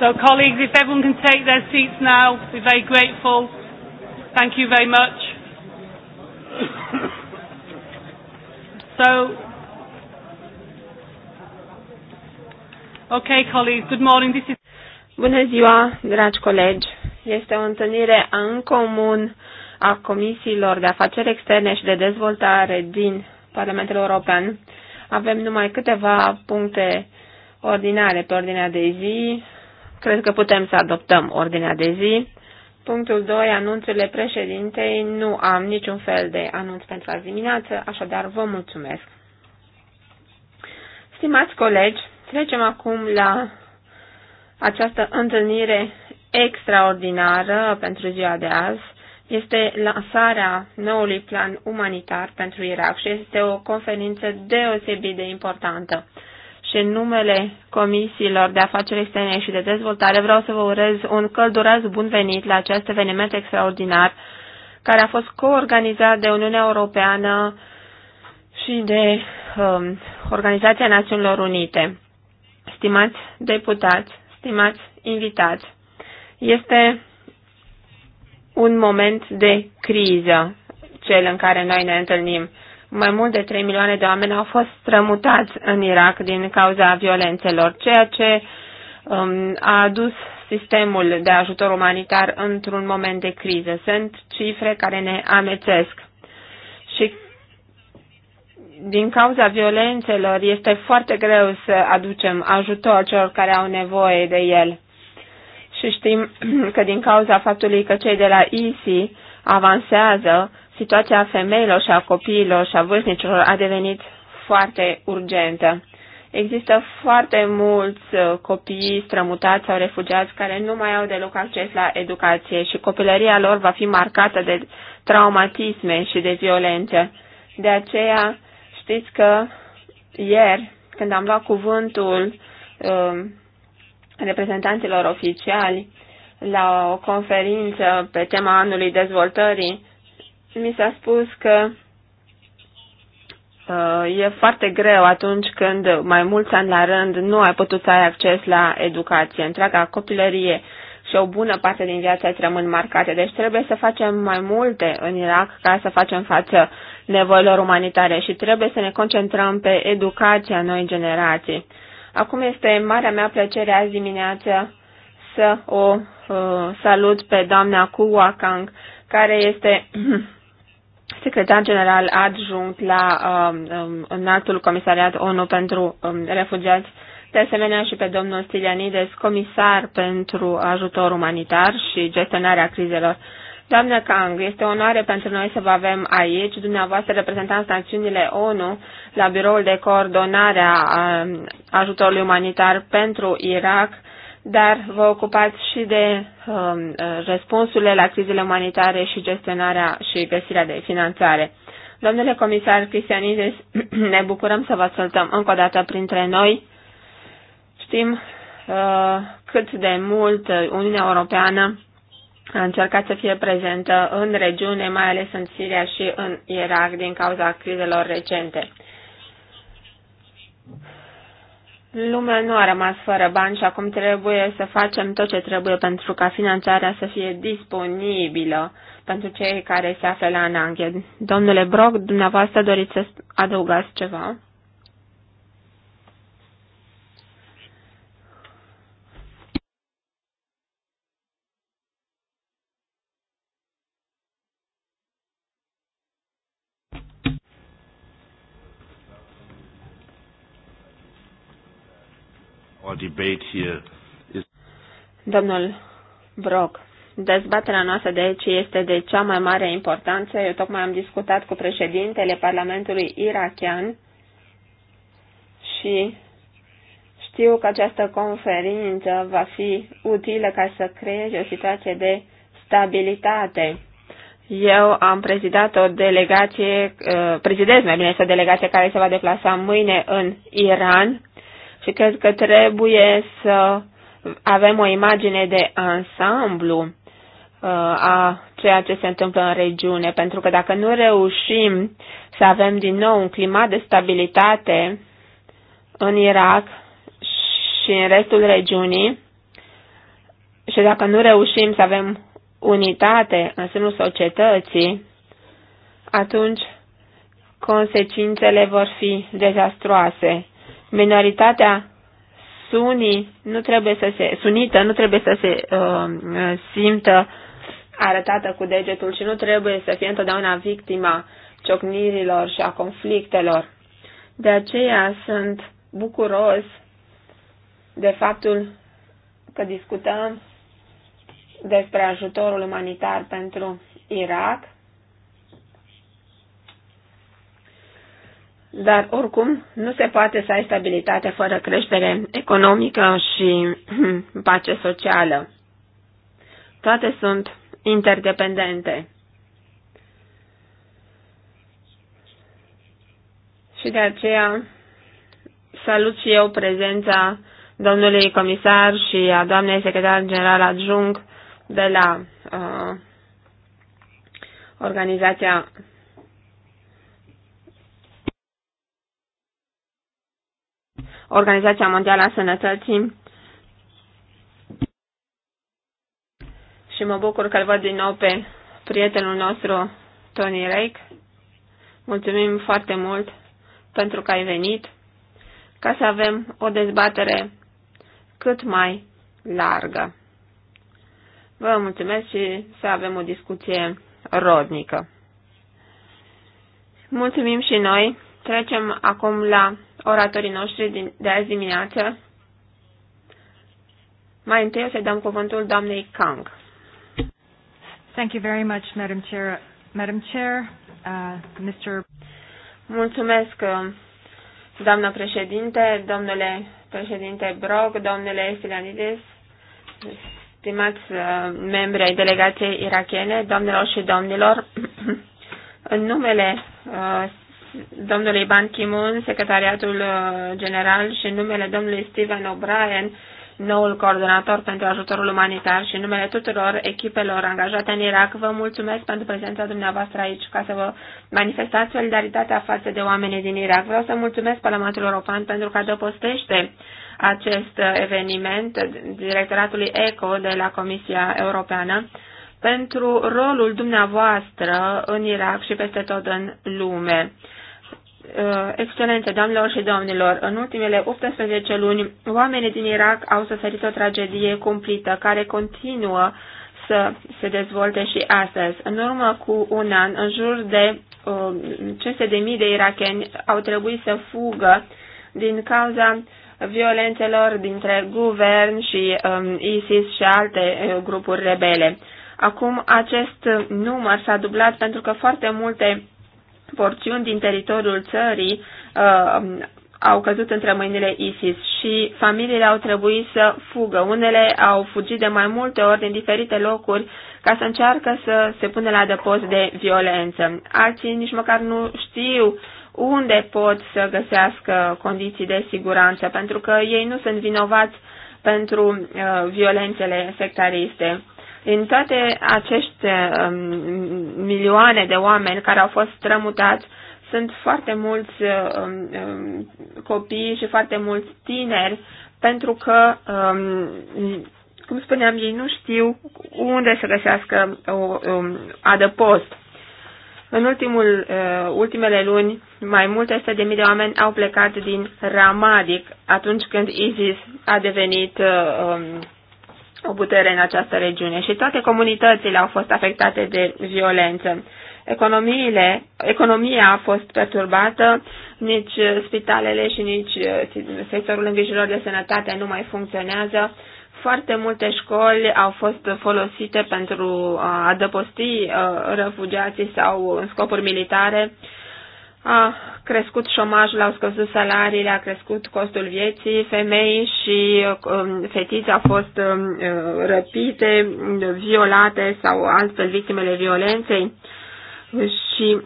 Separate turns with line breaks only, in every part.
So, colleagues, if everyone can take their seats now, we're very grateful. Thank you very much.
so,
okay, colleagues, good morning. This is...
Bună ziua, dragi colegi. Este o întâlnire în comun a Comisiilor de Afaceri Externe și de Dezvoltare din Parlamentul European. Avem numai câteva puncte ordinare pe ordinea de zi, Cred că putem să adoptăm ordinea de zi. Punctul 2. Anunțurile președintei. Nu am niciun fel de anunț pentru azi dimineață, așadar vă mulțumesc. Stimați colegi, trecem acum la această întâlnire extraordinară pentru ziua de azi. Este lansarea noului plan umanitar pentru Irak și este o conferință deosebit de importantă și în numele Comisiilor de Afaceri Externe și de Dezvoltare vreau să vă urez un călduraz bun venit la acest eveniment extraordinar care a fost coorganizat de Uniunea Europeană și de um, Organizația Națiunilor Unite. Stimați deputați, stimați invitați, este un moment de criză cel în care noi ne întâlnim mai mult de 3 milioane de oameni au fost strămutați în Irak din cauza violențelor, ceea ce um, a adus sistemul de ajutor umanitar într-un moment de criză. Sunt cifre care ne amețesc. Și din cauza violențelor este foarte greu să aducem ajutor celor care au nevoie de el. Și știm că din cauza faptului că cei de la ISI avansează, situația femeilor și a copiilor și a vârstnicilor a devenit foarte urgentă. Există foarte mulți uh, copii strămutați sau refugiați care nu mai au deloc acces la educație și copilăria lor va fi marcată de traumatisme și de violențe. De aceea, știți că ieri, când am luat cuvântul um, reprezentanților oficiali la o conferință pe tema anului dezvoltării, și mi s-a spus că uh, e foarte greu atunci când mai mulți ani la rând nu ai putut să ai acces la educație. Întreaga copilărie și o bună parte din viața îți rămân marcate. Deci trebuie să facem mai multe în Irak ca să facem față nevoilor umanitare și trebuie să ne concentrăm pe educația noi generații. Acum este marea mea plăcere azi dimineață să o uh, salut pe doamna Kuwakang, care este secretar general adjunct la um, um, înaltul comisariat ONU pentru um, refugiați, de asemenea și pe domnul Stilianides, comisar pentru ajutor umanitar și gestionarea crizelor. Doamnă Kang, este o onoare pentru noi să vă avem aici. Dumneavoastră reprezentați națiunile ONU la biroul de coordonare a um, ajutorului umanitar pentru Irak dar vă ocupați și de um, răspunsurile la crizele umanitare și gestionarea și găsirea de finanțare. Domnule comisar Cristianides, ne bucurăm să vă ascultăm încă o dată printre noi. Știm uh, cât de mult Uniunea Europeană a încercat să fie prezentă în regiune, mai ales în Siria și în Irak, din cauza crizelor recente. Lumea nu a rămas fără bani și acum trebuie să facem tot ce trebuie pentru ca finanțarea să fie disponibilă pentru cei care se află la ananghe. Domnule Brock, dumneavoastră doriți să adăugați ceva? Domnul Brock, dezbaterea noastră de aici este de cea mai mare importanță. Eu tocmai am discutat cu președintele Parlamentului irachian și știu că această conferință va fi utilă ca să creeze o situație de stabilitate. Eu am prezidat o delegație, uh, prezidez mai bine, o delegație care se va deplasa mâine în Iran și cred că trebuie să avem o imagine de ansamblu uh, a ceea ce se întâmplă în regiune, pentru că dacă nu reușim să avem din nou un climat de stabilitate în Irak și în restul regiunii, și dacă nu reușim să avem unitate în sânul societății, atunci consecințele vor fi dezastroase minoritatea sunii nu trebuie să se, sunită nu trebuie să se uh, simtă arătată cu degetul și nu trebuie să fie întotdeauna victima ciocnirilor și a conflictelor. De aceea sunt bucuros de faptul că discutăm despre ajutorul umanitar pentru Irak Dar oricum nu se poate să ai stabilitate fără creștere economică și pace socială. Toate sunt interdependente. Și de aceea salut și eu prezența domnului comisar și a doamnei secretar general adjunct de la uh, Organizația Organizația Mondială a Sănătății și mă bucur că-l văd din nou pe prietenul nostru, Tony Lake. Mulțumim foarte mult pentru că ai venit, ca să avem o dezbatere cât mai largă. Vă mulțumesc și să avem o discuție rodnică. Mulțumim și noi. Trecem acum la oratorii noștri din, de azi dimineață. Mai întâi o să dăm cuvântul doamnei Kang. Thank you very much, Madam Chair. Madam Chair, uh, Mr. Mulțumesc, uh, doamna președinte, domnule președinte Brog, domnule Filanides, stimați uh, membri ai delegației irachene, doamnelor și domnilor, în numele uh, domnului Ban Ki-moon, secretariatul uh, general și în numele domnului Steven O'Brien, noul coordonator pentru ajutorul umanitar și în numele tuturor echipelor angajate în Irak, vă mulțumesc pentru prezența dumneavoastră aici ca să vă manifestați solidaritatea față de oamenii din Irak. Vreau să mulțumesc Parlamentul European pentru că adăpostește acest eveniment directoratului ECO de la Comisia Europeană pentru rolul dumneavoastră în Irak și peste tot în lume. Uh, excelențe, doamnelor și domnilor, în ultimele 18 luni, oamenii din Irak au suferit o tragedie cumplită care continuă să se dezvolte și astăzi. În urmă cu un an, în jur de uh, 500.000 de iracheni au trebuit să fugă din cauza violențelor dintre guvern și um, ISIS și alte uh, grupuri rebele. Acum acest număr s-a dublat pentru că foarte multe porțiuni din teritoriul țării uh, au căzut între mâinile ISIS și familiile au trebuit să fugă. Unele au fugit de mai multe ori din diferite locuri ca să încearcă să se pună la adăpost de violență. Alții nici măcar nu știu unde pot să găsească condiții de siguranță, pentru că ei nu sunt vinovați pentru uh, violențele sectariste în toate aceste um, milioane de oameni care au fost strămutați, sunt foarte mulți um, um, copii și foarte mulți tineri, pentru că, um, cum spuneam, ei nu știu unde să găsească o, um, adăpost. În ultimul, uh, ultimele luni, mai multe sute de mii de oameni au plecat din Ramadic, atunci când ISIS a devenit uh, um, o putere în această regiune și toate comunitățile au fost afectate de violență. Economiile, economia a fost perturbată, nici uh, spitalele și nici uh, sectorul îngrijirilor de sănătate nu mai funcționează. Foarte multe școli au fost folosite pentru a adăposti uh, refugiații sau în scopuri militare a crescut șomajul, au scăzut salariile, a crescut costul vieții, femei și um, fetițe au fost um, răpite, violate sau altfel victimele violenței și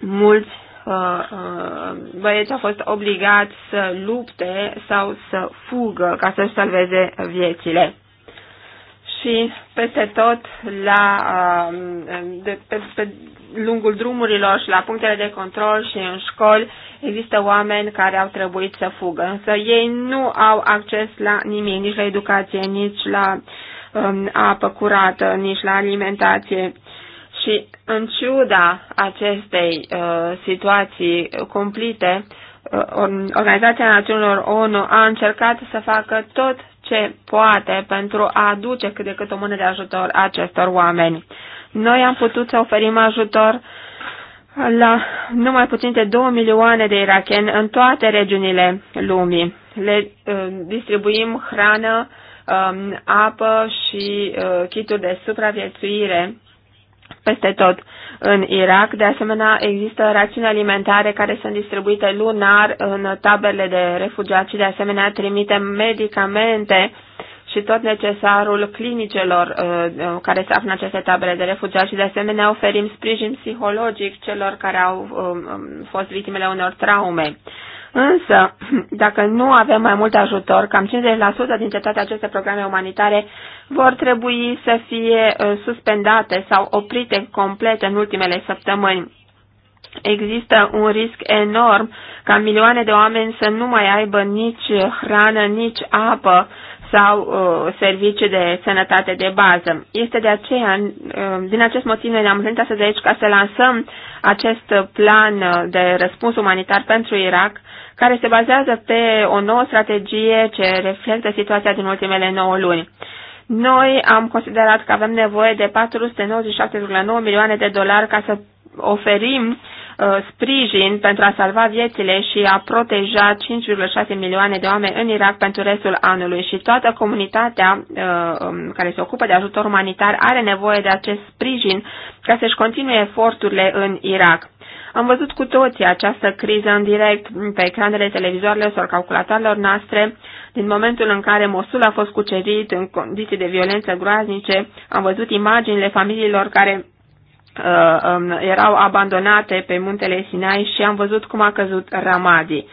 mulți uh, uh, băieți au fost obligați să lupte sau să fugă ca să-și salveze viețile și peste tot la, um, de, pe, pe lungul drumurilor și la punctele de control și în școli există oameni care au trebuit să fugă, însă ei nu au acces la nimic, nici la educație, nici la um, apă curată, nici la alimentație. Și în ciuda acestei uh, situații complete, uh, Organizația Națiunilor ONU a încercat să facă tot ce poate pentru a aduce cât de cât o mână de ajutor acestor oameni. Noi am putut să oferim ajutor la numai puțin de 2 milioane de iracheni în toate regiunile lumii. Le uh, distribuim hrană, um, apă și uh, kituri de supraviețuire peste tot în Irak. De asemenea, există rațiuni alimentare care sunt distribuite lunar în taberele de refugiați și de asemenea trimite medicamente și tot necesarul clinicelor uh, uh care se află în aceste tabere de refugiați și de asemenea oferim sprijin psihologic celor care au uh, fost victimele unor traume. Însă, dacă nu avem mai mult ajutor, cam 50% dintre toate aceste programe umanitare vor trebui să fie uh, suspendate sau oprite complet în ultimele săptămâni. Există un risc enorm ca milioane de oameni să nu mai aibă nici hrană, nici apă sau uh, servicii de sănătate de bază. Este de aceea, uh, din acest motiv, noi ne-am gândit astăzi aici ca să lansăm acest plan uh, de răspuns umanitar pentru Irak, care se bazează pe o nouă strategie ce reflectă situația din ultimele 9 luni. Noi am considerat că avem nevoie de 497,9 milioane de dolari ca să oferim Uh, sprijin pentru a salva viețile și a proteja 5,6 milioane de oameni în Irak pentru restul anului și toată comunitatea uh, um, care se ocupă de ajutor umanitar are nevoie de acest sprijin ca să-și continue eforturile în Irak. Am văzut cu toții această criză în direct mm, pe ecranele televizoarelor sau calculatoarelor noastre. Din momentul în care Mosul a fost cucerit în condiții de violență groaznice, am văzut imaginile familiilor care Uh, um, erau abandonate pe muntele Sinai și am văzut cum a căzut Ramadi.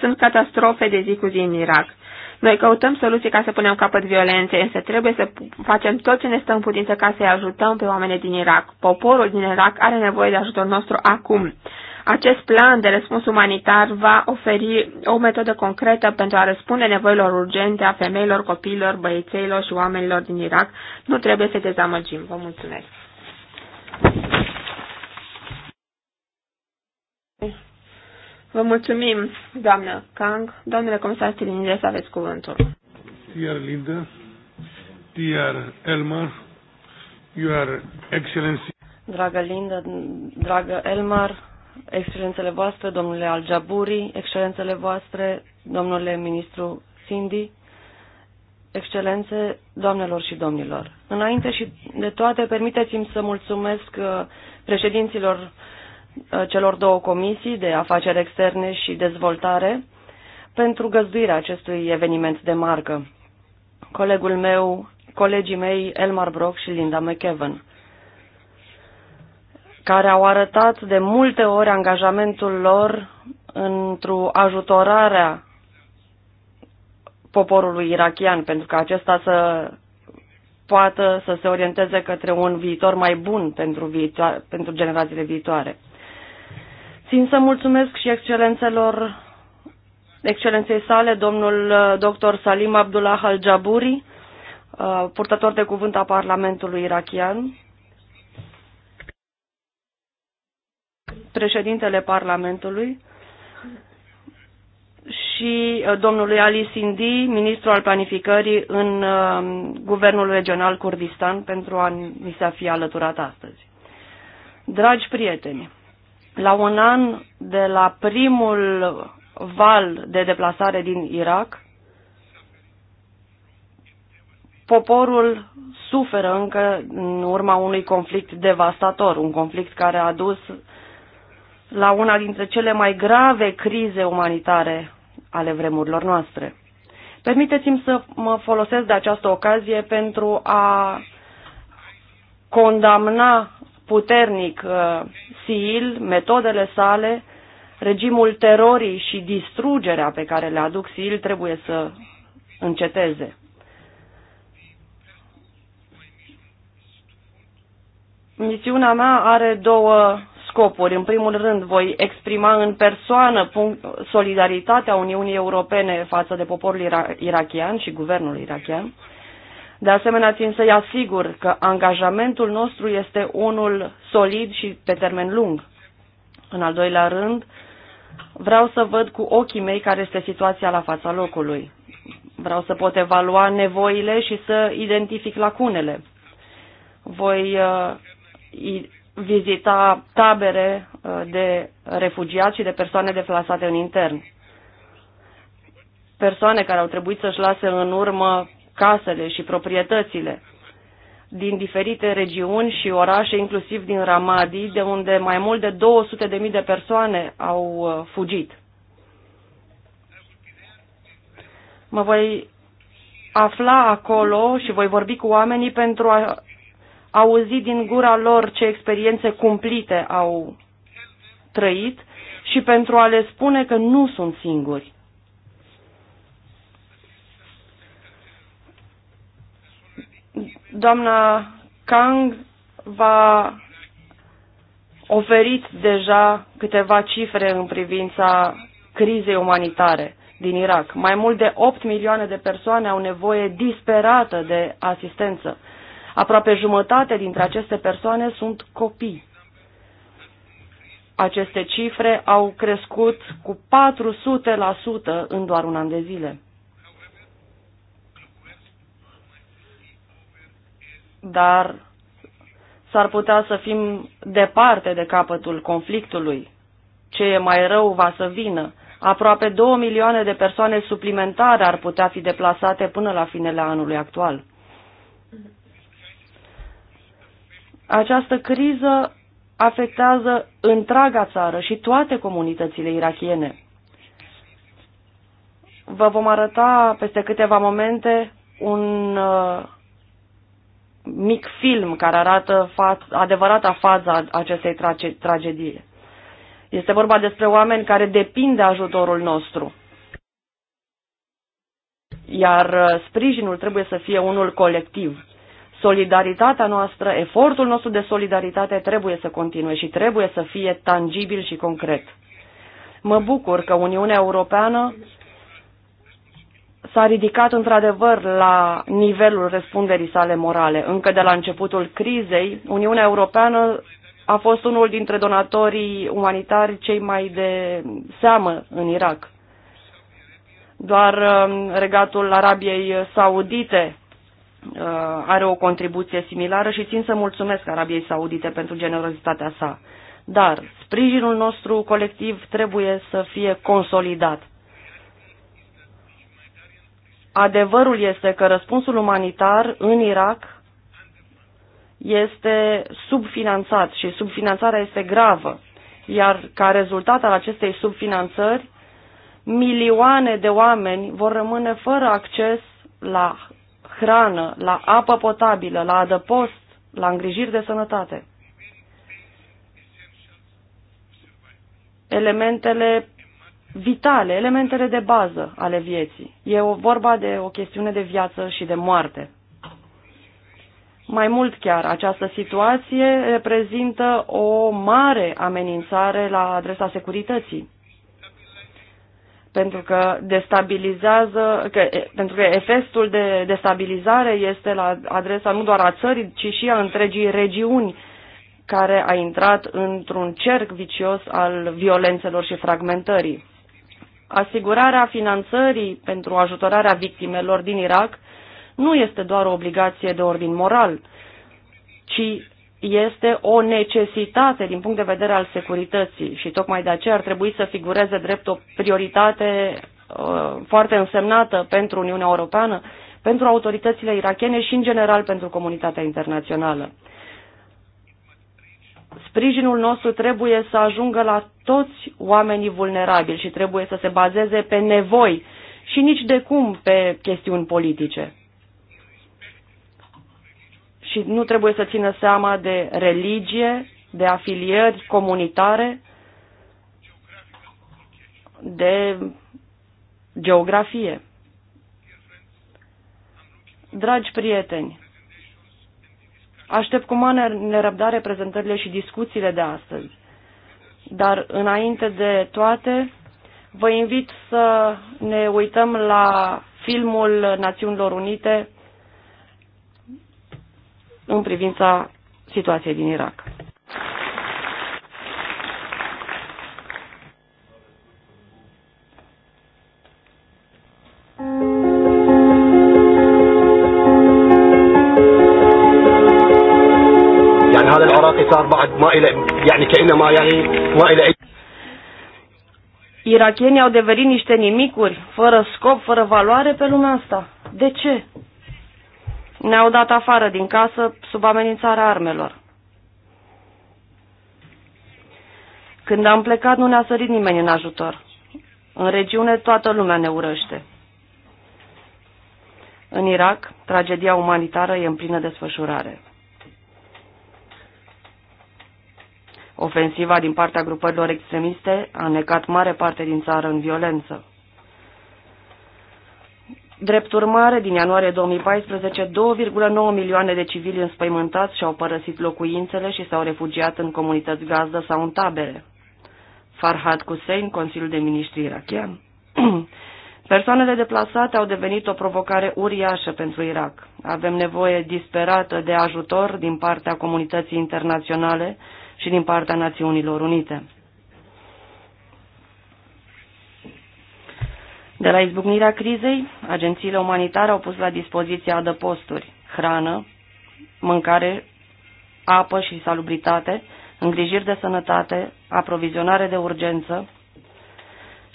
Sunt catastrofe de zi cu zi în Irak. Noi căutăm soluții ca să punem capăt violenței, însă trebuie să facem tot ce ne stă în putință ca să-i ajutăm pe oamenii din Irak. Poporul din Irak are nevoie de ajutor nostru acum. Acest plan de răspuns umanitar va oferi o metodă concretă pentru a răspunde nevoilor urgente a femeilor, copiilor, băiețeilor și oamenilor din Irak. Nu trebuie să dezamăgim. Vă mulțumesc! Vă mulțumim, doamnă Kang. Domnule comisar să aveți cuvântul.
Dear Linda, dear Elmar, your excellency.
Dragă Linda, dragă Elmar, excelențele voastre, domnule Aljaburi, excelențele voastre, domnule ministru Cindy, Excelențe, doamnelor și domnilor, înainte și de toate, permiteți-mi să mulțumesc uh, președinților uh, celor două comisii de afaceri externe și dezvoltare pentru găzduirea acestui eveniment de marcă. Colegul meu, colegii mei Elmar Brock și Linda McKeven, care au arătat de multe ori angajamentul lor într-o ajutorarea poporului irachian, pentru că acesta să poată să se orienteze către un viitor mai bun pentru, viitoare, pentru generațiile viitoare. Țin să mulțumesc și excelențelor, excelenței sale, domnul uh, dr. Salim Abdullah al-Jaburi, uh, purtător de cuvânt a Parlamentului irachian, președintele Parlamentului, și uh, domnului Ali Sindi, ministru al planificării în uh, Guvernul Regional Kurdistan, pentru a mi se fi alăturat astăzi. Dragi prieteni, la un an de la primul val de deplasare din Irak, poporul suferă încă în urma unui conflict devastator, un conflict care a dus la una dintre cele mai grave crize umanitare ale vremurilor noastre. Permiteți-mi să mă folosesc de această ocazie pentru a condamna puternic uh, SIL, metodele sale, regimul terorii și distrugerea pe care le aduc SIL trebuie să înceteze. Misiunea mea are două scopuri. În primul rând, voi exprima în persoană solidaritatea Uniunii Europene față de poporul ira irachian și guvernul irachian. De asemenea, țin să-i asigur că angajamentul nostru este unul solid și pe termen lung. În al doilea rând, vreau să văd cu ochii mei care este situația la fața locului. Vreau să pot evalua nevoile și să identific lacunele. Voi uh, vizita tabere uh, de refugiați și de persoane deflasate în intern. Persoane care au trebuit să-și lase în urmă casele și proprietățile din diferite regiuni și orașe, inclusiv din Ramadi, de unde mai mult de 200.000 de persoane au uh, fugit. Mă voi afla acolo și voi vorbi cu oamenii pentru a auzi din gura lor ce experiențe cumplite au trăit și pentru a le spune că nu sunt singuri. Doamna Kang va oferit deja câteva cifre în privința crizei umanitare din Irak. Mai mult de 8 milioane de persoane au nevoie disperată de asistență. Aproape jumătate dintre aceste persoane sunt copii. Aceste cifre au crescut cu 400% în doar un an de zile. Dar s-ar putea să fim departe de capătul conflictului. Ce e mai rău va să vină. Aproape 2 milioane de persoane suplimentare ar putea fi deplasate până la finele anului actual. Această criză afectează întreaga țară și toate comunitățile irachiene. Vă vom arăta peste câteva momente un uh, mic film care arată fa- adevărata a acestei trage- tragedii. Este vorba despre oameni care depind de ajutorul nostru. Iar uh, sprijinul trebuie să fie unul colectiv solidaritatea noastră, efortul nostru de solidaritate trebuie să continue și trebuie să fie tangibil și concret. Mă bucur că Uniunea Europeană s-a ridicat într-adevăr la nivelul răspunderii sale morale. Încă de la începutul crizei, Uniunea Europeană a fost unul dintre donatorii umanitari cei mai de seamă în Irak. Doar um, regatul Arabiei Saudite Uh, are o contribuție similară și țin să mulțumesc Arabiei Saudite pentru generozitatea sa. Dar sprijinul nostru colectiv trebuie să fie consolidat. Adevărul este că răspunsul umanitar în Irak este subfinanțat și subfinanțarea este gravă, iar ca rezultat al acestei subfinanțări, milioane de oameni vor rămâne fără acces la hrană, la apă potabilă, la adăpost, la îngrijiri de sănătate. Elementele vitale, elementele de bază ale vieții. E o vorba de o chestiune de viață și de moarte. Mai mult chiar, această situație reprezintă o mare amenințare la adresa securității pentru că destabilizează, că, pentru că efectul de destabilizare este la adresa nu doar a țării, ci și a întregii regiuni care a intrat într-un cerc vicios al violențelor și fragmentării. Asigurarea finanțării pentru ajutorarea victimelor din Irak nu este doar o obligație de ordin moral, ci este o necesitate din punct de vedere al securității și tocmai de aceea ar trebui să figureze drept o prioritate uh, foarte însemnată pentru Uniunea Europeană, pentru autoritățile irachene și, în general, pentru comunitatea internațională. Sprijinul nostru trebuie să ajungă la toți oamenii vulnerabili și trebuie să se bazeze pe nevoi și nici de cum pe chestiuni politice și nu trebuie să țină seama de religie, de afiliări comunitare, de geografie. Dragi prieteni, aștept cu mare nerăbdare prezentările și discuțiile de astăzi. Dar înainte de toate, vă invit să ne uităm la filmul Națiunilor Unite în privința situației din Irak. Irakienii au devenit niște nimicuri, fără scop, fără valoare pe lumea asta. De ce? ne-au dat afară din casă sub amenințarea armelor. Când am plecat, nu ne-a sărit nimeni în ajutor. În regiune, toată lumea ne urăște. În Irak, tragedia umanitară e în plină desfășurare. Ofensiva din partea grupărilor extremiste a necat mare parte din țară în violență. Drept urmare, din ianuarie 2014, 2,9 milioane de civili înspăimântați și-au părăsit locuințele și s-au refugiat în comunități gazdă sau în tabere. Farhad Hussein, Consiliul de Ministri irachian. Persoanele deplasate au devenit o provocare uriașă pentru Irak. Avem nevoie disperată de ajutor din partea comunității internaționale și din partea Națiunilor Unite. De la izbucnirea crizei, agențiile umanitare au pus la dispoziție adăposturi, hrană, mâncare, apă și salubritate, îngrijiri de sănătate, aprovizionare de urgență,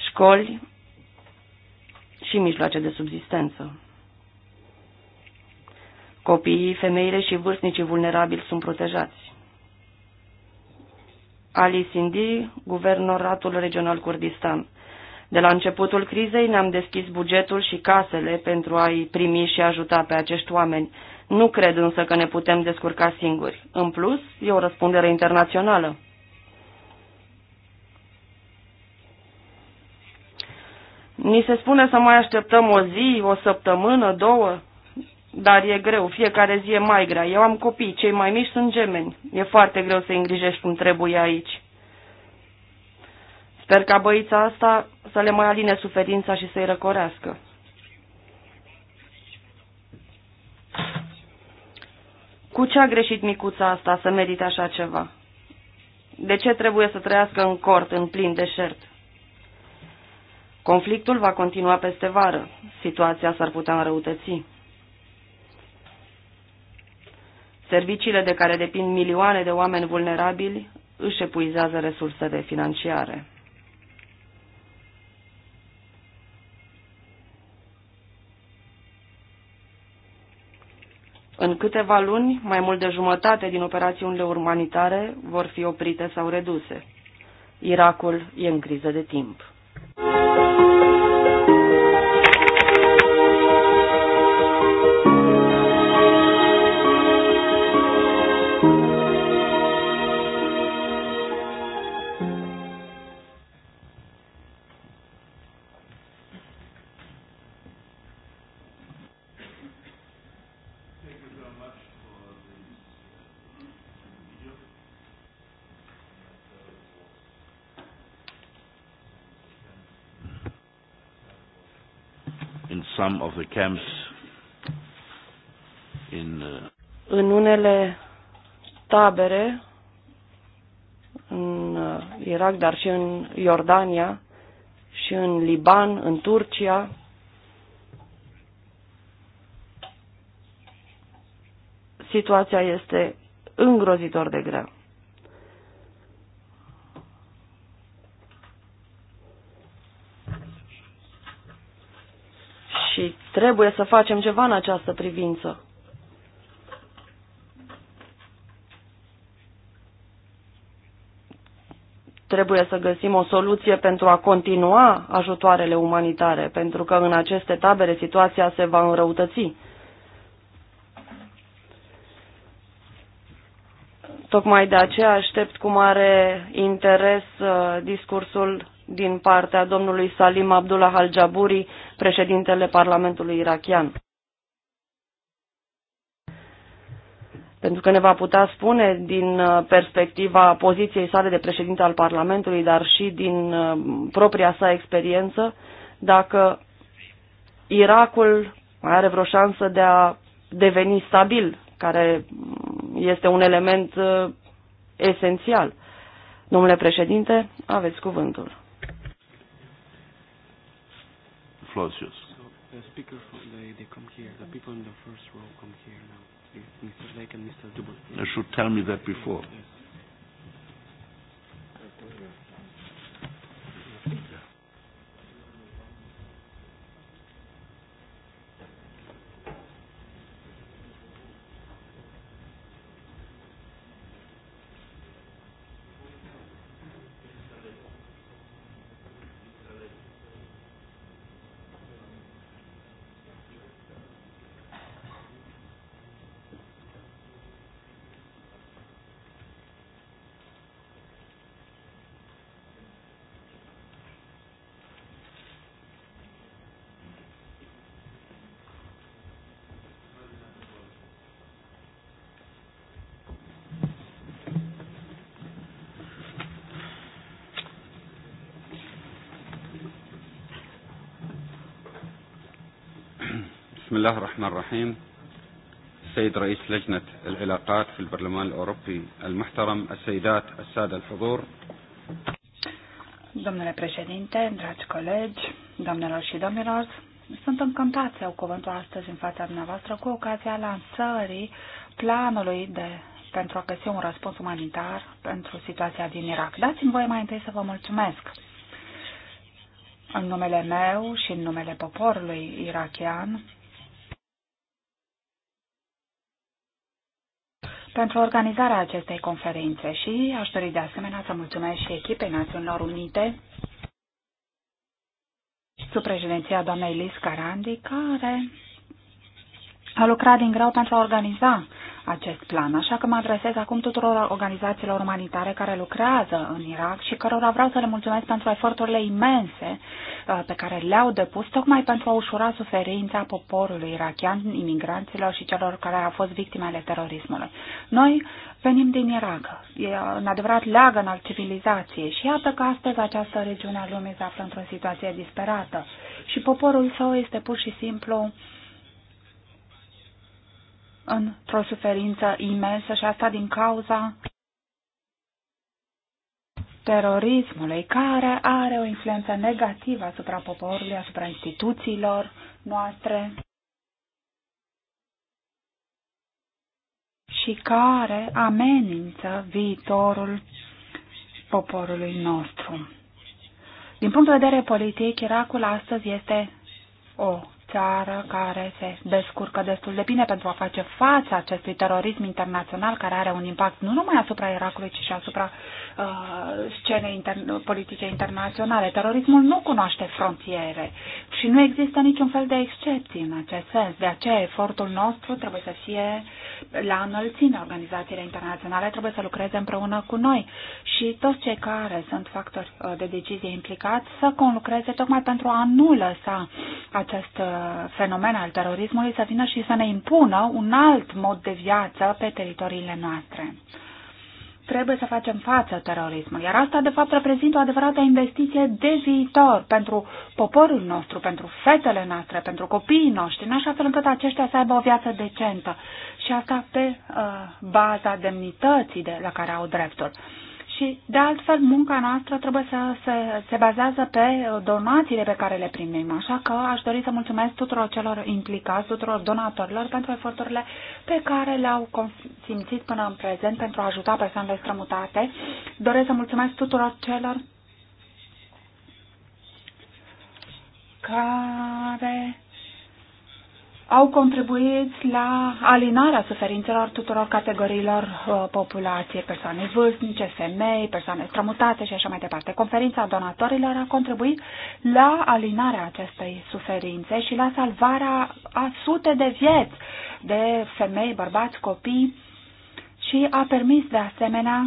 școli și mijloace de subzistență. Copiii, femeile și vârstnicii vulnerabili sunt protejați. Ali Sindi, guvernoratul regional Kurdistan. De la începutul crizei ne-am deschis bugetul și casele pentru a-i primi și ajuta pe acești oameni. Nu cred însă că ne putem descurca singuri. În plus, e o răspundere internațională. Ni se spune să mai așteptăm o zi, o săptămână, două, dar e greu, fiecare zi e mai grea. Eu am copii, cei mai mici sunt gemeni. E foarte greu să îngrijești cum trebuie aici. Sper ca băița asta să le mai aline suferința și să-i răcorească. Cu ce a greșit micuța asta să merite așa ceva? De ce trebuie să trăiască în cort, în plin deșert? Conflictul va continua peste vară. Situația s-ar putea înrăutăți. Serviciile de care depind milioane de oameni vulnerabili își epuizează resursele financiare. În câteva luni, mai mult de jumătate din operațiunile umanitare vor fi oprite sau reduse. Irakul e în criză de timp.
some of the camps in uh,
în unele tabere în uh, Irak, dar și în Iordania și în Liban, în Turcia. Situația este îngrozitor de grea. Trebuie să facem ceva în această privință. Trebuie să găsim o soluție pentru a continua ajutoarele umanitare, pentru că în aceste tabere situația se va înrăutăți. Tocmai de aceea aștept cu mare interes uh, discursul din partea domnului Salim Abdullah Al-Jaburi, președintele Parlamentului irakian. Pentru că ne va putea spune din uh, perspectiva poziției sale de președinte al Parlamentului, dar și din uh, propria sa experiență, dacă Irakul mai are vreo șansă de a deveni stabil, care mm, este un element uh, esențial. Domnule președinte, aveți cuvântul
floor is yours. the speaker, from the, they come here. The people in the first row come here now. Mr. Lake and Mr. Dubois. They should tell me that before. Yes. الله الرحمن الرحيم السيد رئيس لجنة العلاقات في البرلمان الأوروبي المحترم السيدات السادة الحضور
Domnule președinte, dragi colegi, domnilor și domnilor, sunt încântat să iau cuvântul astăzi în fața dumneavoastră cu ocazia lansării planului de pentru a găsi un răspuns umanitar pentru situația din Irak. Dați-mi voie mai întâi să vă mulțumesc în numele meu și în numele poporului irachian pentru organizarea acestei conferințe și aș dori de asemenea să mulțumesc și echipei Națiunilor Unite sub președinția doamnei Liz Carandi, care a lucrat din greu pentru a organiza acest plan. Așa că mă adresez acum tuturor organizațiilor umanitare care lucrează în Irak și cărora vreau să le mulțumesc pentru eforturile imense uh, pe care le-au depus tocmai pentru a ușura suferința poporului irachian, imigranților și celor care au fost victimele terorismului. Noi venim din Irak, e în adevărat leagăn al civilizației și iată că astăzi această regiune a lumii se află într-o situație disperată și poporul său este pur și simplu uh, într-o suferință imensă și asta din cauza terorismului, care are o influență negativă asupra poporului, asupra instituțiilor noastre și care amenință viitorul poporului nostru. Din punct de vedere politic, Irakul astăzi este o țară care se descurcă destul de bine pentru a face față acestui terorism internațional care are un impact nu numai asupra Irakului, ci și asupra uh, scenei inter- politice internaționale. Terorismul nu cunoaște frontiere și nu există niciun fel de excepții în acest sens. De aceea efortul nostru trebuie să fie la înălțime. Organizațiile internaționale trebuie să lucreze împreună cu noi și toți cei care sunt factori uh, de decizie implicați să conlucreze tocmai pentru a nu lăsa acest uh, fenomen al terorismului să vină și să ne impună un alt mod de viață pe teritoriile noastre. Trebuie să facem față terorismului, iar asta de fapt reprezintă o adevărată investiție de viitor pentru poporul nostru, pentru fetele noastre, pentru copiii noștri, în așa fel încât aceștia să aibă o viață decentă și asta pe uh, baza demnității de la care au dreptul. Și, de altfel, munca noastră trebuie să se, se bazează pe uh, donațiile pe care le primim. Așa că aș dori să mulțumesc tuturor celor implicați, tuturor donatorilor pentru eforturile pe care le-au simțit până în prezent pentru a ajuta persoanele strămutate. Doresc să mulțumesc tuturor celor care au contribuit la alinarea suferințelor tuturor categoriilor uh, populației, persoane vârstnice, femei, persoane strămutate și așa mai departe. Conferința donatorilor a contribuit la alinarea acestei suferințe și la salvarea a sute de vieți de femei, bărbați, copii și a permis de asemenea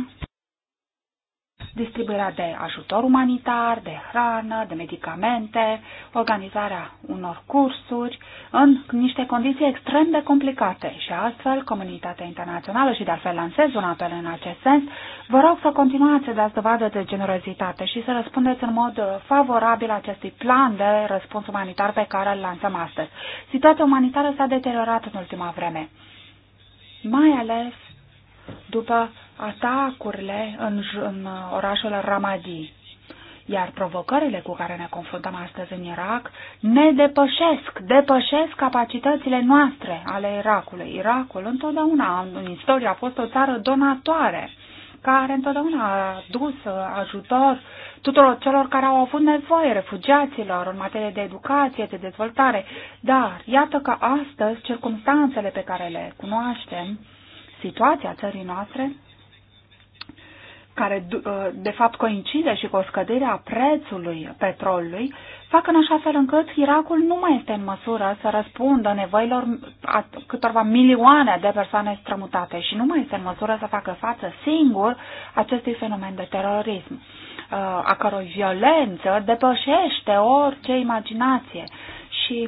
distribuirea de ajutor umanitar, de hrană, de medicamente, organizarea unor cursuri în niște condiții extrem de complicate și astfel comunitatea internațională și de altfel lansez un apel în acest sens, vă rog să continuați să dați dovadă de generozitate și să răspundeți în mod favorabil acestui plan de răspuns umanitar pe care îl lansăm astăzi. Situația umanitară s-a deteriorat în ultima vreme, mai ales după atacurile în, în orașul Ramadi. Iar provocările cu care ne confruntăm astăzi în Irak ne depășesc, depășesc capacitățile noastre ale Irakului. Irakul întotdeauna în istorie a fost o țară donatoare care întotdeauna a dus ajutor tuturor celor care au avut nevoie, refugiaților, în materie de educație, de dezvoltare. Dar iată că astăzi circumstanțele pe care le cunoaștem, situația țării noastre, care uh, de fapt coincide și cu o scădere a prețului petrolului, fac în așa fel încât Irakul nu mai este în măsură să răspundă nevoilor a câtorva milioane de persoane strămutate și nu mai este în măsură să facă față singur acestui fenomen de terorism, uh, a cărui violență depășește orice imaginație și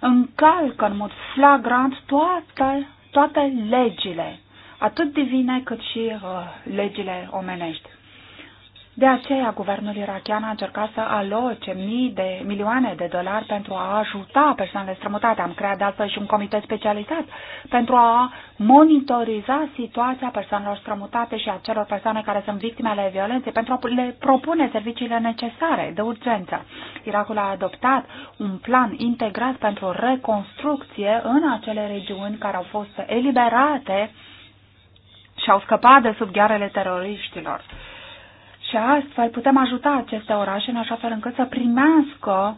încalcă în mod flagrant toate, toate legile atât divine cât și uh, legile omenești. De aceea, guvernul irachian a încercat să aloce mii de milioane de dolari pentru a ajuta persoanele strămutate. Am creat de altfel și un comitet specializat pentru a monitoriza situația persoanelor strămutate și a celor persoane care sunt victime ale violenței, pentru a le propune serviciile necesare de urgență. Irakul a adoptat un plan integrat pentru reconstrucție în acele regiuni care au fost eliberate uh, și-au scăpat de sub ghearele teroriștilor. Și astfel putem ajuta aceste orașe în așa fel încât să primească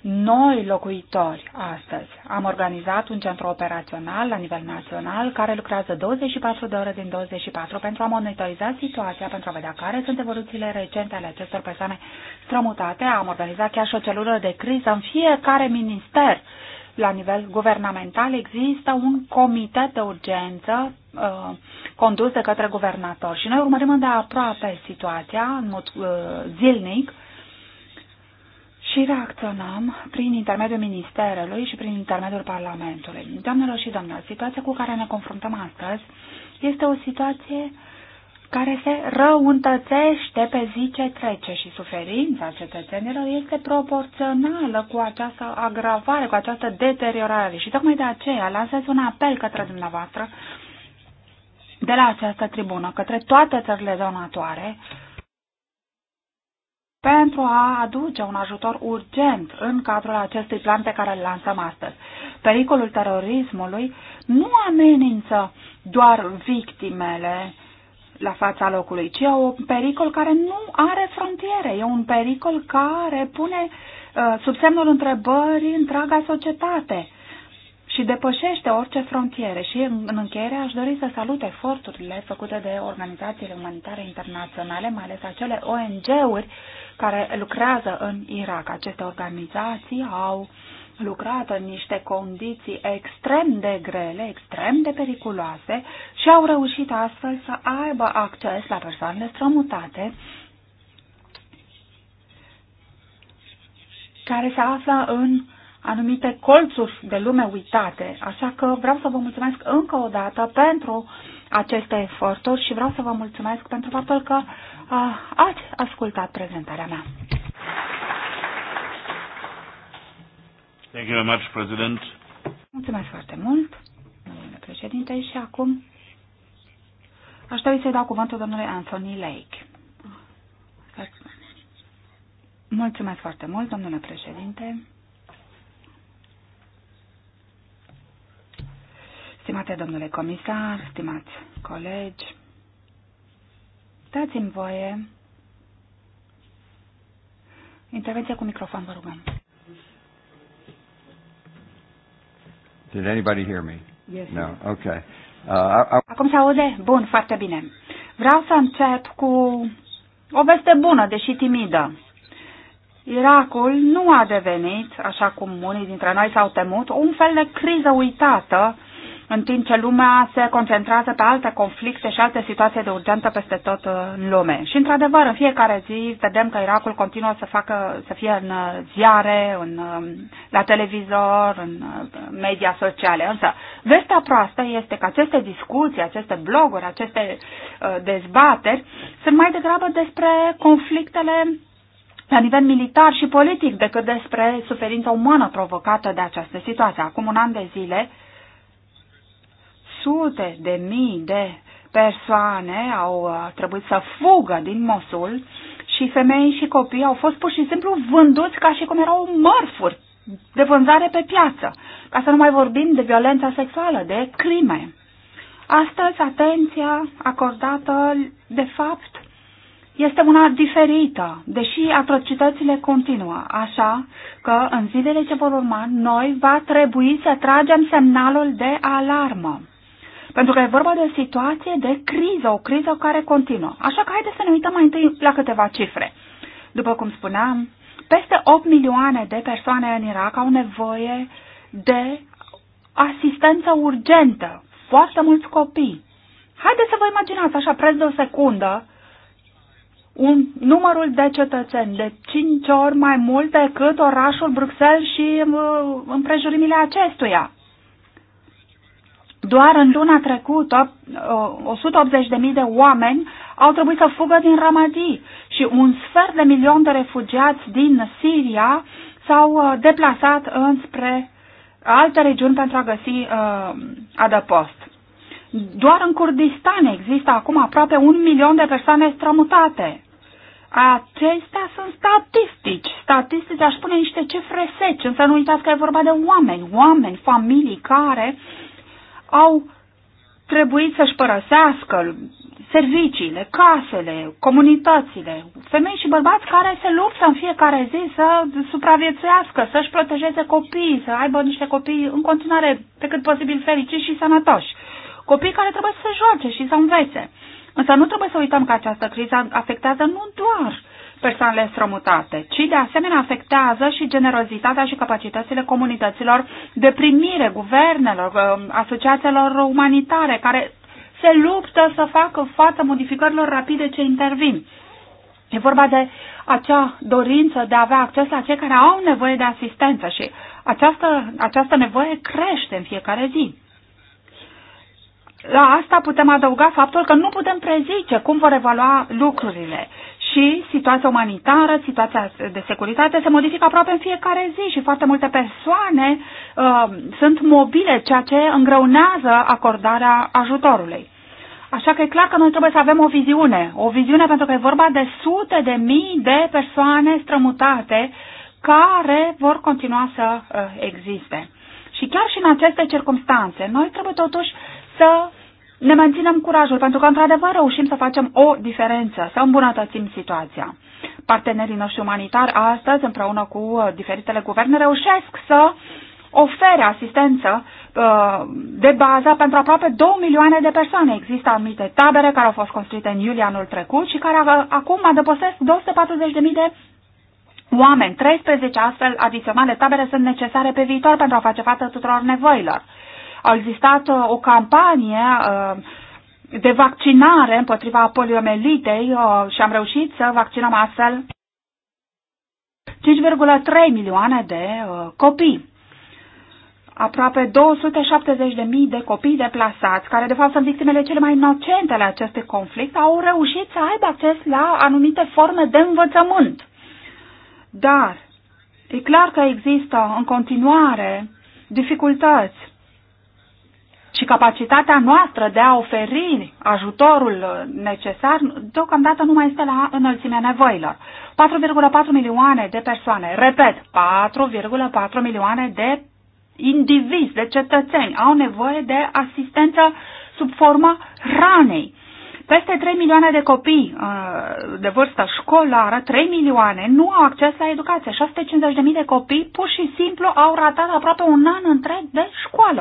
noi locuitori astăzi. Am organizat un centru operațional la nivel național care lucrează 24 de ore din 24 pentru a monitoriza situația, pentru a vedea care sunt evoluțiile recente ale acestor persoane strămutate. Am organizat chiar și o celulă de criză în fiecare minister la nivel guvernamental există un comitet de urgență uh, condus de către guvernator și noi urmărim de aproape situația în mod uh, zilnic și reacționăm prin intermediul Ministerului și prin intermediul Parlamentului. Doamnelor și domnilor, situația cu care ne confruntăm astăzi este o situație uh, care se răuntățește pe zi ce trece și suferința cetățenilor este proporțională cu această agravare, cu această deteriorare. Și tocmai de aceea lansez un apel către dumneavoastră de la această tribună, către toate țările donatoare, pentru a aduce un ajutor urgent în cadrul acestui plan pe care îl lansăm astăzi. Pericolul terorismului nu amenință doar victimele la fața locului, ci e un pericol care nu are frontiere. E un pericol care pune uh, sub semnul întrebării întreaga societate și depășește orice frontiere. Și în încheiere aș dori să salut eforturile făcute de organizațiile umanitare internaționale, mai ales acele ONG-uri care lucrează în Irak. Aceste organizații au uh, lucrat în niște condiții extrem de grele, extrem de periculoase și au reușit astfel să aibă acces la persoanele strămutate care se află în anumite colțuri de lume uitate. Așa că vreau să vă mulțumesc încă o dată pentru aceste eforturi și vreau să vă mulțumesc pentru faptul că uh, ați ascultat prezentarea mea.
Thank you very much, President.
Mulțumesc foarte mult, domnule președinte, și acum aș dori să-i dau cuvântul domnului Anthony Lake. Mulțumesc foarte mult, domnule președinte. Stimate domnule comisar, stimați colegi, dați-mi voie intervenție cu microfon, vă rugăm.
Did anybody hear me? Yes. No. Okay. Uh, I...
Acum se aude? Bun, foarte bine. Vreau să încep cu o veste bună, deși timidă. Irakul nu a devenit, așa cum unii dintre noi s-au temut, un fel de criză uitată în timp ce lumea se concentrează pe alte conflicte și alte situații de urgență peste tot uh, în lume. Și, într-adevăr, în fiecare zi vedem că Irakul continuă să, facă, să fie în uh, ziare, în, um, la televizor, în uh, media sociale. Însă, vestea proastă este că aceste discuții, aceste bloguri, aceste dezbateri sunt mai degrabă despre conflictele la nivel militar și politic decât despre suferința umană provocată de această situație. Acum un an de zile, uh, sute de mii de persoane au uh, trebuit să fugă din Mosul și femei și copii au fost pur și simplu vânduți ca și cum erau mărfuri de vânzare pe piață, ca să nu mai vorbim de violența sexuală, de crime. Astăzi, atenția acordată, de fapt, este una diferită, deși atrocitățile continuă, așa că în zilele ce vor urma, noi va trebui să tragem semnalul de alarmă. Pentru că e vorba de o situație de criză, o criză care continuă. Așa că haideți să ne uităm mai întâi la câteva cifre. După cum spuneam, peste 8 milioane de persoane în Irak au nevoie de asistență urgentă. Foarte mulți copii. Haideți să vă imaginați așa, preț de o secundă, un numărul de cetățeni de 5 ori mai mult decât orașul Bruxelles și uh, împrejurimile acestuia. Doar în luna trecută, 180.000 uh, de oameni au trebuit să fugă din Ramadi și un sfert de milion de refugiați din Siria s-au uh, deplasat înspre alte regiuni pentru a găsi uh, adăpost. Doar în Kurdistan există acum aproape un milion de persoane strămutate. Acestea sunt statistici. Statistici aș spune niște cifre seci, însă nu uitați că e vorba de oameni, oameni, familii care uh, au trebuit să-și părăsească serviciile, casele, comunitățile, femei și bărbați care se luptă în fiecare zi să supraviețuiască, să-și protejeze copiii, să aibă niște copii în continuare pe cât posibil fericiți și sănătoși. Copii care trebuie să se joace și să învețe. Însă nu trebuie să uităm că această criză afectează nu doar uh, persoanele strămutate, ci de asemenea afectează și generozitatea și capacitățile comunităților de primire, guvernelor, um, asociațiilor umanitare, care se luptă să facă față modificărilor rapide ce intervin. E vorba de acea dorință de a avea acces la cei care au nevoie de asistență și această, această nevoie crește în fiecare zi. La asta putem adăuga faptul că nu putem prezice cum vor evalua lucrurile și situația umanitară, situația de securitate se modifică aproape în fiecare zi și foarte multe persoane uh, sunt mobile, ceea ce îngreunează acordarea ajutorului. Așa că e clar că noi trebuie să avem o viziune. O viziune pentru că e vorba de sute de mii de persoane strămutate care vor continua să uh, existe. Și chiar și în aceste circunstanțe, noi trebuie totuși să ne menținem curajul, pentru că, într-adevăr, reușim să facem o diferență, să îmbunătățim situația. Partenerii noștri umanitari astăzi, împreună cu uh, diferitele guverne, reușesc să ofere asistență uh, de bază pentru aproape 2 milioane de persoane. Există anumite tabere care au fost construite în iulie anul trecut și care uh, acum adăpostesc 240.000 de oameni. 13 astfel adiționale tabere sunt necesare pe viitor pentru a face față tuturor nevoilor a existat uh, o campanie uh, de vaccinare împotriva poliomelitei uh, și am reușit să vaccinăm astfel 5,3 milioane de copii aproape 270.000 de copii deplasați, care de fapt sunt victimele cele mai inocente ale acestui conflict, au reușit să aibă acces la anumite forme de învățământ. Dar e clar că există în continuare dificultăți și capacitatea noastră de a oferi ajutorul necesar deocamdată nu mai este la înălțimea nevoilor. 4,4 milioane de persoane, repet, 4,4 milioane de indivizi, de cetățeni au nevoie de asistență sub formă ranei. Peste 3 milioane de copii uh, de vârstă școlară, 3 milioane, nu au acces la educație. 650.000 de copii pur și simplu au ratat aproape un an întreg de școală.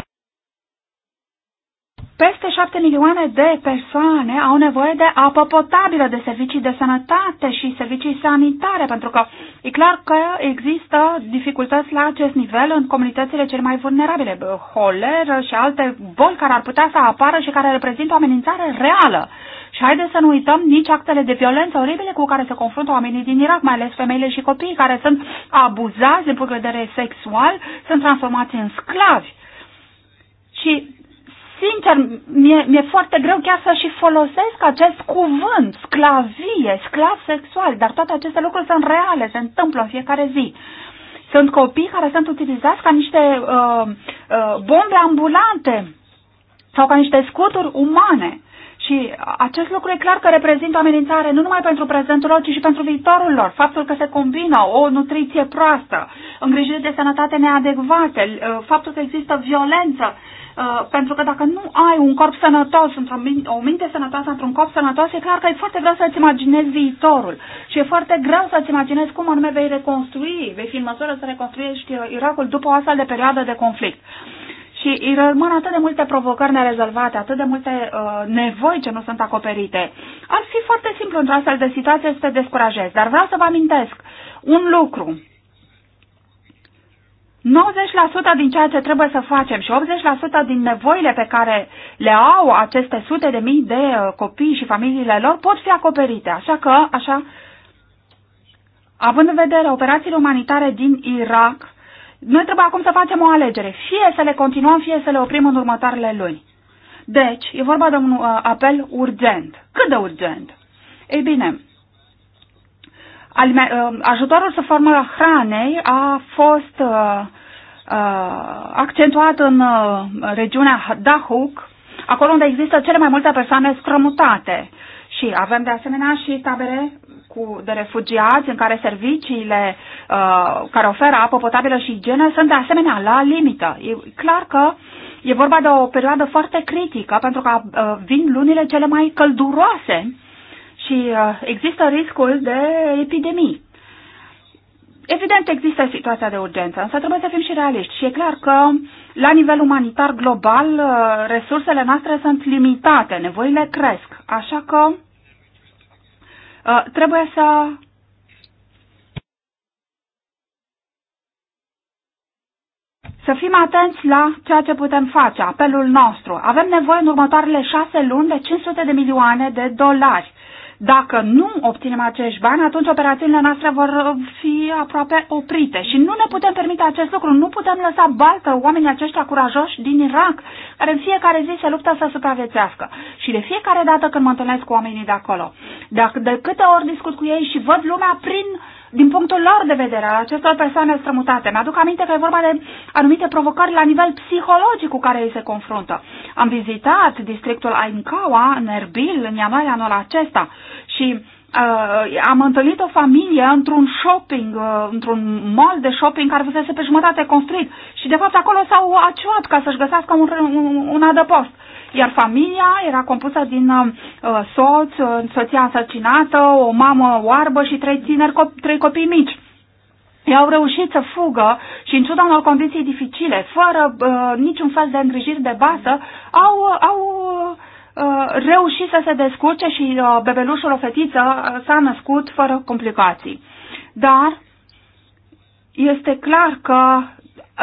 Peste șapte milioane de persoane au nevoie de apă potabilă, de servicii de sănătate și servicii sanitare, pentru că e clar că există dificultăți la acest nivel în comunitățile cele mai vulnerabile, holeră și alte boli care ar putea să apară și care reprezintă o amenințare reală. Și haideți să nu uităm nici actele de violență oribile cu care se confruntă oamenii din Irak, mai ales femeile și copiii care sunt abuzați din punct de vedere sexual, sunt transformați în sclavi. Și sincer, mi-e, mi-e foarte greu chiar să și folosesc acest cuvânt, sclavie, sclav sexual, dar toate aceste lucruri sunt reale, se întâmplă în fiecare zi. Sunt copii care sunt utilizați ca niște uh, uh, bombe ambulante sau ca niște scuturi umane. Și acest lucru e clar că reprezintă o amenințare nu numai pentru prezentul lor, ci și pentru viitorul lor. Faptul că se combină o nutriție proastă, îngrijire de sănătate neadecvate, uh, faptul că există violență Uh, pentru că dacă nu ai un corp sănătos, o minte sănătoasă într-un corp sănătos, e clar că e foarte greu să-ți imaginezi viitorul și e foarte greu să-ți imaginezi cum anume vei reconstrui, vei fi în măsură să reconstruiești Irakul după o astfel de perioadă de conflict. Și îi rămân atât de multe provocări nerezolvate, atât de multe uh, nevoi ce nu sunt acoperite. Ar fi foarte simplu într-o astfel de situație să te descurajezi, dar vreau să vă amintesc un lucru. 90% din ceea ce trebuie să facem și 80% din nevoile pe care le au aceste sute de mii de uh, copii și familiile lor pot fi acoperite. Așa că, așa, având în vedere operațiile umanitare din Irak, noi trebuie acum să facem o alegere. Fie să le continuăm, fie să le oprim în următoarele luni. Deci, e vorba de un uh, apel urgent. Cât de urgent? Ei bine, Uh, ajutorul să formă hranei a fost uh, uh, accentuat în regiunea Dahuk, acolo unde există cele mai multe persoane strămutate. Și avem de asemenea și tabere cu, de refugiați în care serviciile uh, care oferă apă potabilă și igienă sunt de asemenea la limită. E clar că e vorba de o perioadă foarte critică pentru că uh, vin lunile cele mai călduroase ci uh, există riscul de epidemii. Evident, există situația de urgență, însă trebuie să fim și realiști. Și e clar că, la nivel umanitar global, uh, resursele noastre sunt limitate, nevoile cresc. Așa că uh, trebuie să Să fim atenți la ceea ce putem face, apelul nostru. Avem nevoie în următoarele șase luni de 500 de milioane de dolari. Dacă nu obținem acești bani, atunci operațiunile noastre vor fi aproape oprite și nu ne putem permite acest lucru. Nu putem lăsa baltă oamenii aceștia curajoși din Irak, care în fiecare zi se luptă să supraviețească. Și de fiecare dată când mă întâlnesc cu oamenii de acolo, dacă de câte ori discut cu ei și văd lumea prin din punctul lor de vedere al acestor persoane strămutate. Mi-aduc aminte că e vorba de anumite provocări la nivel psihologic cu care ei se confruntă. Am vizitat districtul Ainkawa, în Erbil, în ianuarie anul acesta și uh, am întâlnit o familie într-un shopping, uh, într-un mall de shopping care fusese pe jumătate construit și de fapt acolo s-au aciuat ca să-și găsească un, un, un adăpost iar familia era compusă din uh, soț, uh, soția însărcinată, o mamă oarbă și trei tineri, co- trei copii mici. Ei au reușit să fugă și în ciuda unor condiții dificile, fără uh, niciun fel de îngrijiri de bază, au, au uh, reușit să se descurce și uh, bebelușul, o fetiță, uh, s-a născut fără complicații. Dar este clar că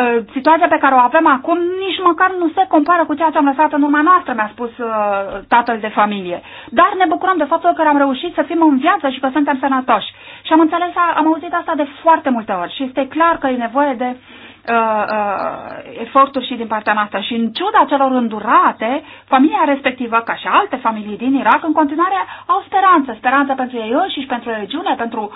Ă, situația pe care o avem acum nici măcar nu se compară cu ceea ce am lăsat în urma noastră, mi-a spus uh, tatăl de familie. Dar ne bucurăm de faptul că am reușit să fim în viață și că suntem sănătoși. Și am înțeles, am auzit asta de foarte multe ori și este clar că e nevoie de uh, uh, uh, eforturi și din partea noastră. Și în ciuda celor îndurate, familia respectivă, ca și alte familii din Irak, în continuare au speranță. Speranță pentru ei înșiși, pentru regiune, pentru,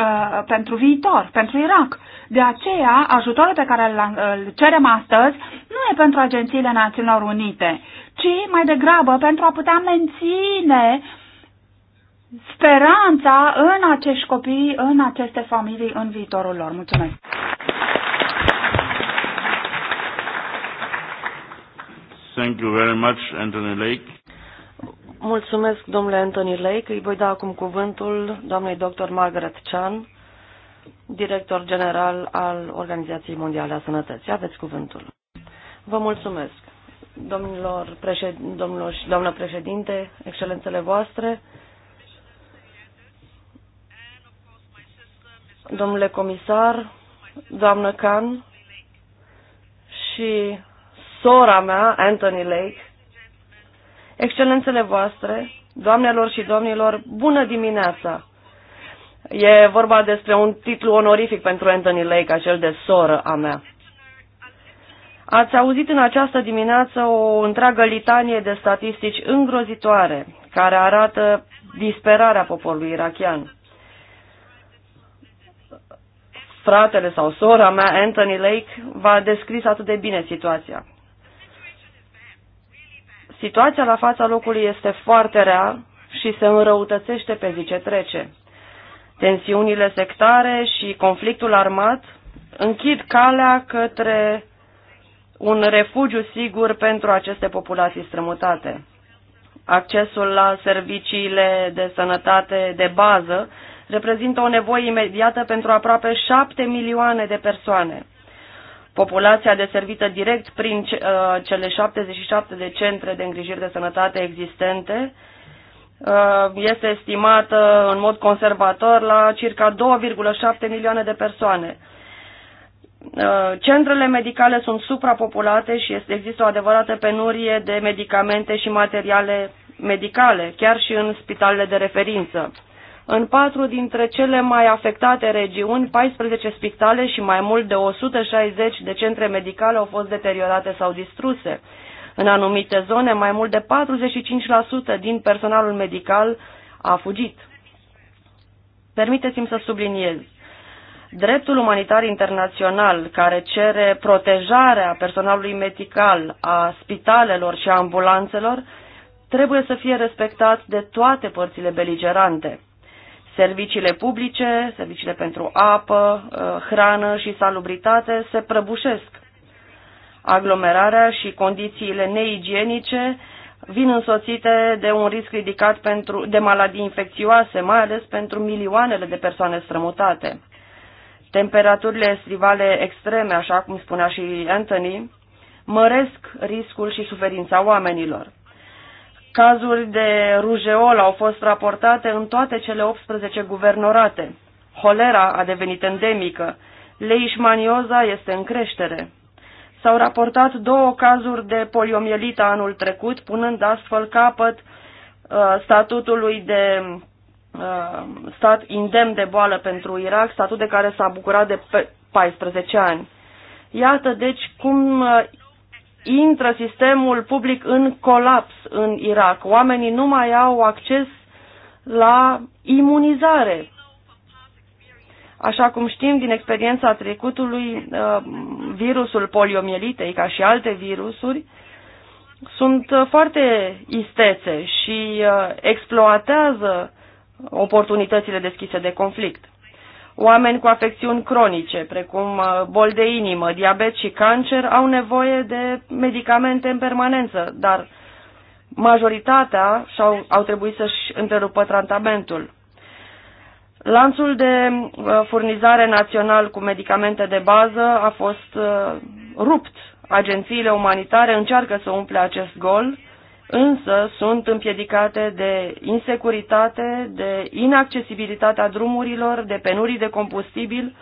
uh, pentru viitor, pentru Irak. De aceea, ajutorul pe care îl cerem astăzi nu e pentru agențiile Națiunilor Unite, ci mai degrabă pentru a putea menține speranța în acești copii, în aceste familii, în viitorul lor.
Mulțumesc!
Thank you very much, Anthony Lake.
Mulțumesc, domnule Anthony Lake. Îi voi da acum cuvântul doamnei dr. Margaret Chan, director general al Organizației Mondiale a Sănătății. Aveți cuvântul. Vă mulțumesc, domnilor președ... domnilor și doamnă președinte, excelențele voastre, domnule comisar, doamnă Khan și sora mea, Anthony Lake. Excelențele voastre, doamnelor și domnilor, bună dimineața! E vorba despre un titlu onorific pentru Anthony Lake, acel de soră a mea. Ați auzit în această dimineață o întreagă litanie de statistici îngrozitoare, care arată disperarea poporului irachian. Fratele sau sora mea, Anthony Lake, v-a descris atât de bine situația. Situația la fața locului este foarte rea și se înrăutățește pe zi ce trece. Tensiunile sectare și conflictul armat închid calea către un refugiu sigur pentru aceste populații strămutate. Accesul la serviciile de sănătate de bază reprezintă o nevoie imediată pentru aproape șapte milioane de persoane populația deservită direct prin uh, cele 77 de centre de îngrijiri de sănătate existente uh, este estimată în mod conservator la circa 2,7 milioane de persoane. Uh, centrele medicale sunt suprapopulate și există o adevărată penurie de medicamente și materiale medicale, chiar și în spitalele de referință. În patru dintre cele mai afectate regiuni, 14 spitale și mai mult de 160 de centre medicale au fost deteriorate sau distruse. În anumite zone, mai mult de 45% din personalul medical a fugit. Permiteți-mi să subliniez. Dreptul umanitar internațional, care cere protejarea personalului medical, a spitalelor și a ambulanțelor, trebuie să fie respectat de toate părțile beligerante. Serviciile publice, serviciile pentru apă, uh, hrană și salubritate se prăbușesc. Aglomerarea și condițiile neigienice vin însoțite de un risc ridicat pentru, de maladii infecțioase, mai ales pentru milioanele de persoane strămutate. Temperaturile estivale extreme, așa cum spunea și Anthony, măresc riscul și suferința oamenilor. Cazuri de rujeol au fost raportate în toate cele 18 guvernorate. Holera a devenit endemică. Leishmanioza este în creștere. S-au raportat două cazuri de poliomielită anul trecut, punând astfel capăt uh, statutului de uh, stat indemn de boală pentru Irak, statut de care s-a bucurat de 14 ani. Iată deci cum uh, intră sistemul public în colaps în Irak. Oamenii nu mai au acces la imunizare. Așa cum știm din experiența trecutului, uh, virusul poliomielitei, ca și alte virusuri, sunt uh, foarte istețe și uh, exploatează oportunitățile deschise de conflict. Oameni cu afecțiuni cronice, precum uh, boli de inimă, diabet și cancer, au nevoie de medicamente în permanență, dar majoritatea -au, au trebuit să-și întrerupă tratamentul. Lanțul de uh, furnizare național cu medicamente de bază a fost uh, rupt. Agențiile umanitare încearcă să umple acest gol însă sunt împiedicate de insecuritate, de inaccesibilitatea drumurilor, de penurii de combustibil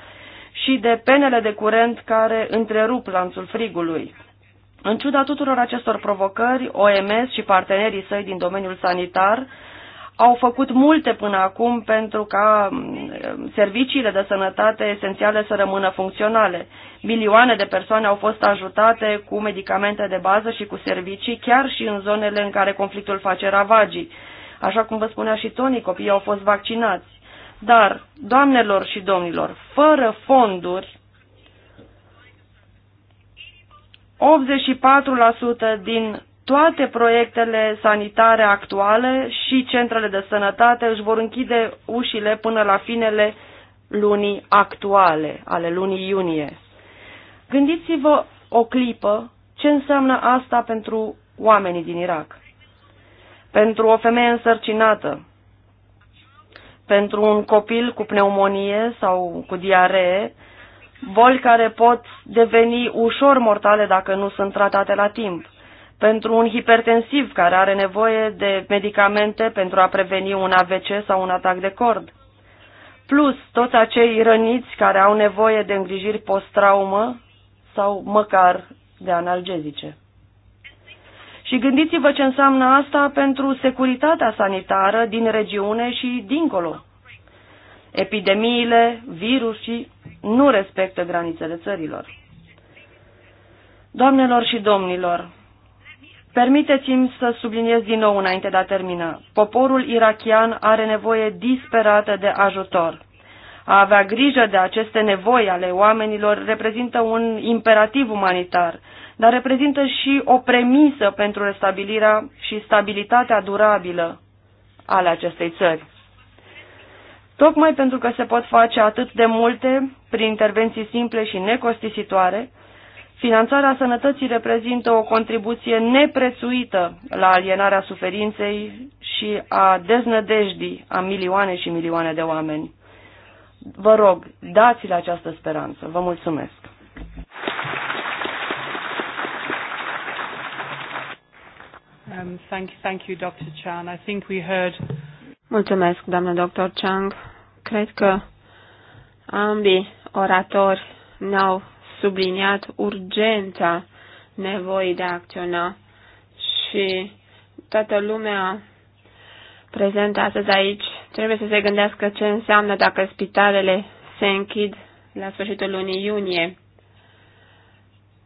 și de penele de curent care întrerup lanțul frigului. În ciuda tuturor acestor provocări, OMS și partenerii săi din domeniul sanitar au făcut multe până acum pentru ca mm, serviciile de sănătate esențiale să rămână funcționale. Milioane de persoane au fost ajutate cu medicamente de bază și cu servicii, chiar și în zonele în care conflictul face ravagii. Așa cum vă spunea și Tony, copiii au fost vaccinați. Dar, doamnelor și domnilor, fără fonduri, 84% din toate proiectele sanitare actuale și centrele de sănătate își vor închide ușile până la finele lunii actuale, ale lunii iunie. Gândiți-vă o clipă ce înseamnă asta pentru oamenii din Irak. Pentru o femeie însărcinată, pentru un copil cu pneumonie sau cu diaree, boli care pot deveni ușor mortale dacă nu sunt tratate la timp, pentru un hipertensiv care are nevoie de medicamente pentru a preveni un AVC sau un atac de cord, plus toți acei răniți care au nevoie de îngrijiri post-traumă sau măcar de analgezice. Și gândiți-vă ce înseamnă asta pentru securitatea sanitară din regiune și dincolo. Epidemiile, virusii nu respectă granițele țărilor. Doamnelor și domnilor, permiteți-mi să subliniez din nou înainte de a termina. Poporul irachian are nevoie disperată de ajutor a avea grijă de aceste nevoi ale oamenilor reprezintă un imperativ umanitar, dar reprezintă și o premisă pentru restabilirea și stabilitatea durabilă ale acestei țări. Tocmai pentru că se pot face atât de multe prin intervenții simple și necostisitoare, finanțarea sănătății reprezintă o contribuție neprețuită la alienarea suferinței și a deznădejdii a milioane și milioane de oameni. Vă rog, dați-le această speranță. Vă mulțumesc.
Um, thank, thank you, Dr. Chan. I think we heard...
Mulțumesc, doamnă doctor Chang. Cred că ambii oratori ne-au subliniat urgența nevoii de a acționa și toată lumea prezentă astăzi aici Trebuie să se gândească ce înseamnă dacă spitalele se închid la sfârșitul lunii iunie.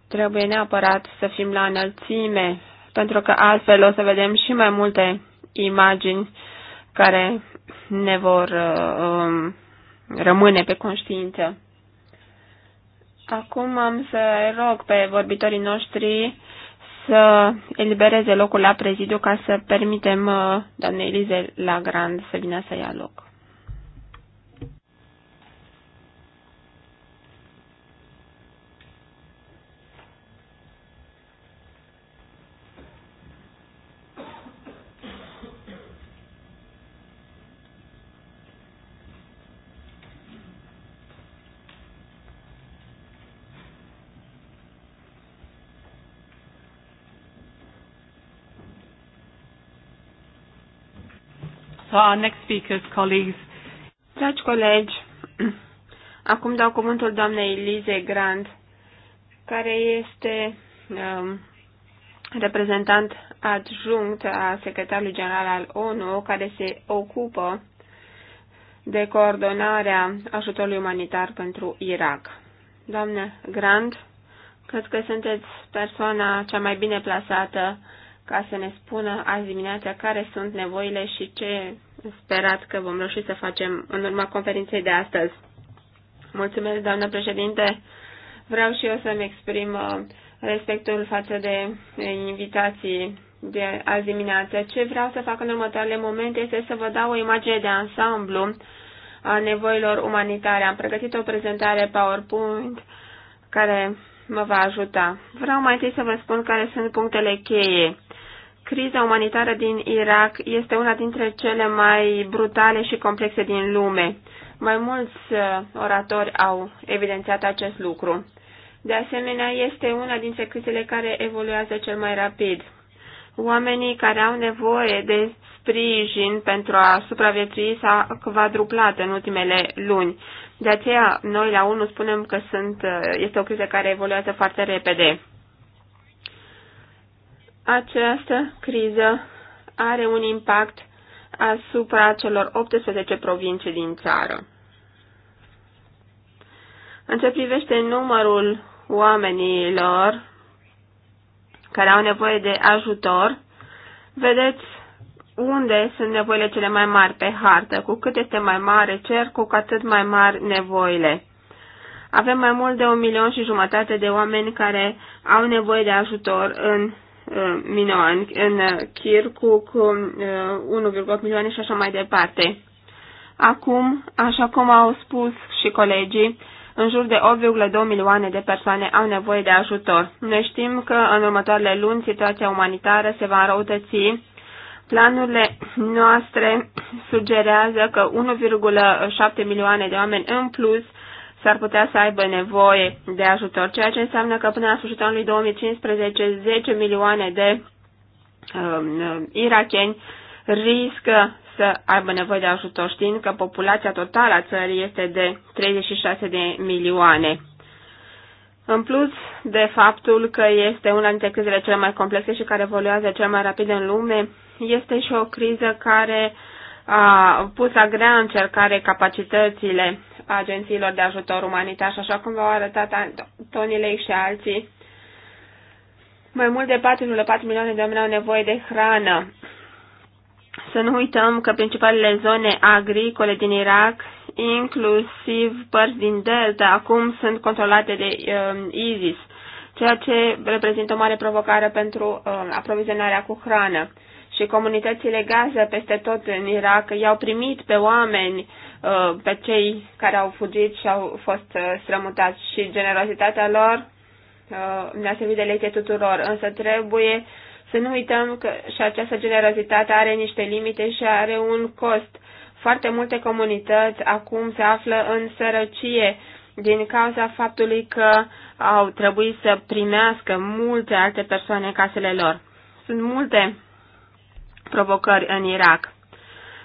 Trebuie neapărat să fim la înălțime, pentru că altfel o să vedem și mai multe imagini care ne vor uh, um, rămâne pe conștiință. Acum am să rog pe vorbitorii noștri să elibereze locul la prezidiu ca să permitem uh, doamnei Elize Lagrand să vină să ia loc.
So our next
speakers, colleagues.
Dragi colegi, acum dau cuvântul doamnei Elize Grant, care este um, reprezentant adjunct a secretarului general al ONU, care se ocupă de coordonarea ajutorului umanitar pentru Irak. Doamne Grant, cred că sunteți persoana cea mai bine plasată ca să ne spună azi dimineața care sunt nevoile și ce sperat că vom reuși să facem în urma conferinței de astăzi. Mulțumesc, doamnă președinte. Vreau și eu să-mi exprim uh, respectul față de invitații de azi dimineață. Ce vreau să fac în următoarele momente este să vă dau o imagine de ansamblu a nevoilor umanitare. Am pregătit o prezentare PowerPoint care mă va ajuta. Vreau mai întâi să vă spun care sunt punctele cheie. Criza umanitară din Irak este una dintre cele mai brutale și complexe din lume. Mai mulți uh, oratori au evidențiat acest lucru. De asemenea, este una dintre crizele care evoluează cel mai rapid. Oamenii care au nevoie de sprijin pentru a supraviețui s-a quadruplat în ultimele luni. De aceea, noi la unul spunem că sunt, este o criză care evoluează foarte repede. Această criză are un impact asupra celor 18 provincii din țară. În ce privește numărul oamenilor care au nevoie de ajutor, vedeți unde sunt nevoile cele mai mari pe hartă. Cu cât este mai mare cer, cu atât mai mari nevoile. Avem mai mult de un milion și jumătate de oameni care au nevoie de ajutor în uh, Minoan, în Kirkuk, uh, 1,8 uh, milioane și așa mai departe. Acum, așa cum au spus și colegii, în jur de 8,2 milioane de persoane au nevoie de ajutor. Noi știm că în următoarele luni situația umanitară se va înrăutăți Planurile noastre sugerează că 1,7 milioane de oameni în plus s-ar putea să aibă nevoie de ajutor, ceea ce înseamnă că până la sfârșitul anului 2015 10 milioane de um, iracheni riscă să aibă nevoie de ajutor, știind că populația totală a țării este de 36 de milioane. În plus de faptul că este una dintre crizele cele mai complexe și care evoluează cel mai rapid în lume, este și o criză care a pus la grea încercare capacitățile agențiilor de ajutor umanitar și așa cum v-au arătat Tony și alții, mai mult de 4,4 milioane de oameni au nevoie de hrană. Să nu uităm că principalele zone agricole din Irak, inclusiv părți din delta, acum sunt controlate de uh, ISIS, ceea ce reprezintă o mare provocare pentru uh, aprovizionarea cu hrană și comunitățile Gaza peste tot în Irak i-au primit pe oameni, uh, pe cei care au fugit și au fost uh, strămutați și generozitatea lor ne-a uh, servit de lecție tuturor, însă trebuie să nu uităm că și această generozitate are niște limite și are un cost. Foarte multe comunități acum se află în sărăcie din cauza faptului că au trebuit să primească multe alte persoane în casele lor. Sunt multe provocări în Irak.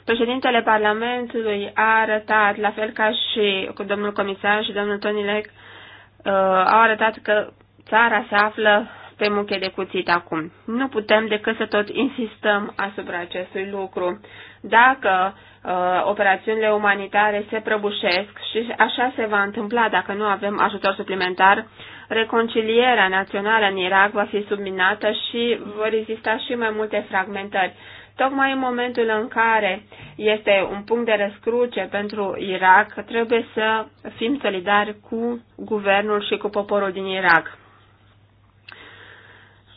Președintele Parlamentului a arătat, la fel ca și cu domnul comisar și domnul Tonilec, uh, au arătat că țara se află pe muche de cuțit acum. Nu putem decât să tot insistăm asupra acestui lucru dacă uh, operațiunile umanitare se prăbușesc și așa se va întâmpla dacă nu avem ajutor suplimentar, reconcilierea națională în Irak va fi subminată și vor exista și mai multe fragmentări. Tocmai în momentul în care este un punct de răscruce pentru Irak, trebuie să fim solidari cu guvernul și cu poporul din Irak.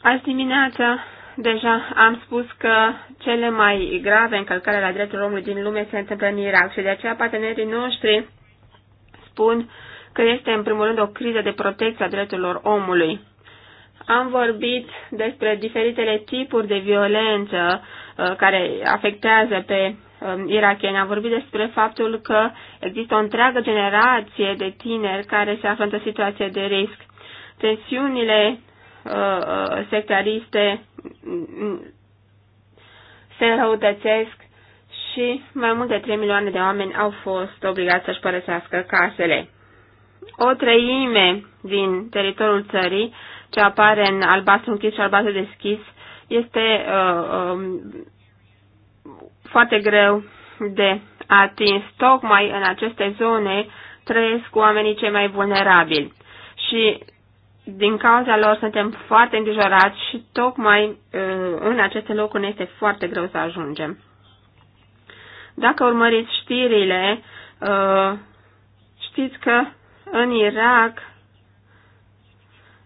Azi dimineață deja am spus că cele mai grave încălcări ale drepturilor omului din lume se întâmplă în Irak și de aceea partenerii noștri spun că este în primul rând o criză de protecție a drepturilor omului. Am vorbit despre diferitele tipuri de violență uh, care afectează pe um, irakieni. Am vorbit despre faptul că există o întreagă generație de tineri care se află într-o situație de risc. Tensiunile Uh, uh, sectariste se înrăutățesc și mai mult de 3 milioane de oameni au fost obligați să-și părăsească casele. O treime din teritoriul țării, ce apare în albastru închis și albastru deschis, este uh, um, foarte greu de atins. Tocmai în aceste zone trăiesc oamenii cei mai vulnerabili. Și din cauza lor suntem foarte îngrijorați și tocmai în aceste locuri ne este foarte greu să ajungem. Dacă urmăriți știrile, știți că în Irak,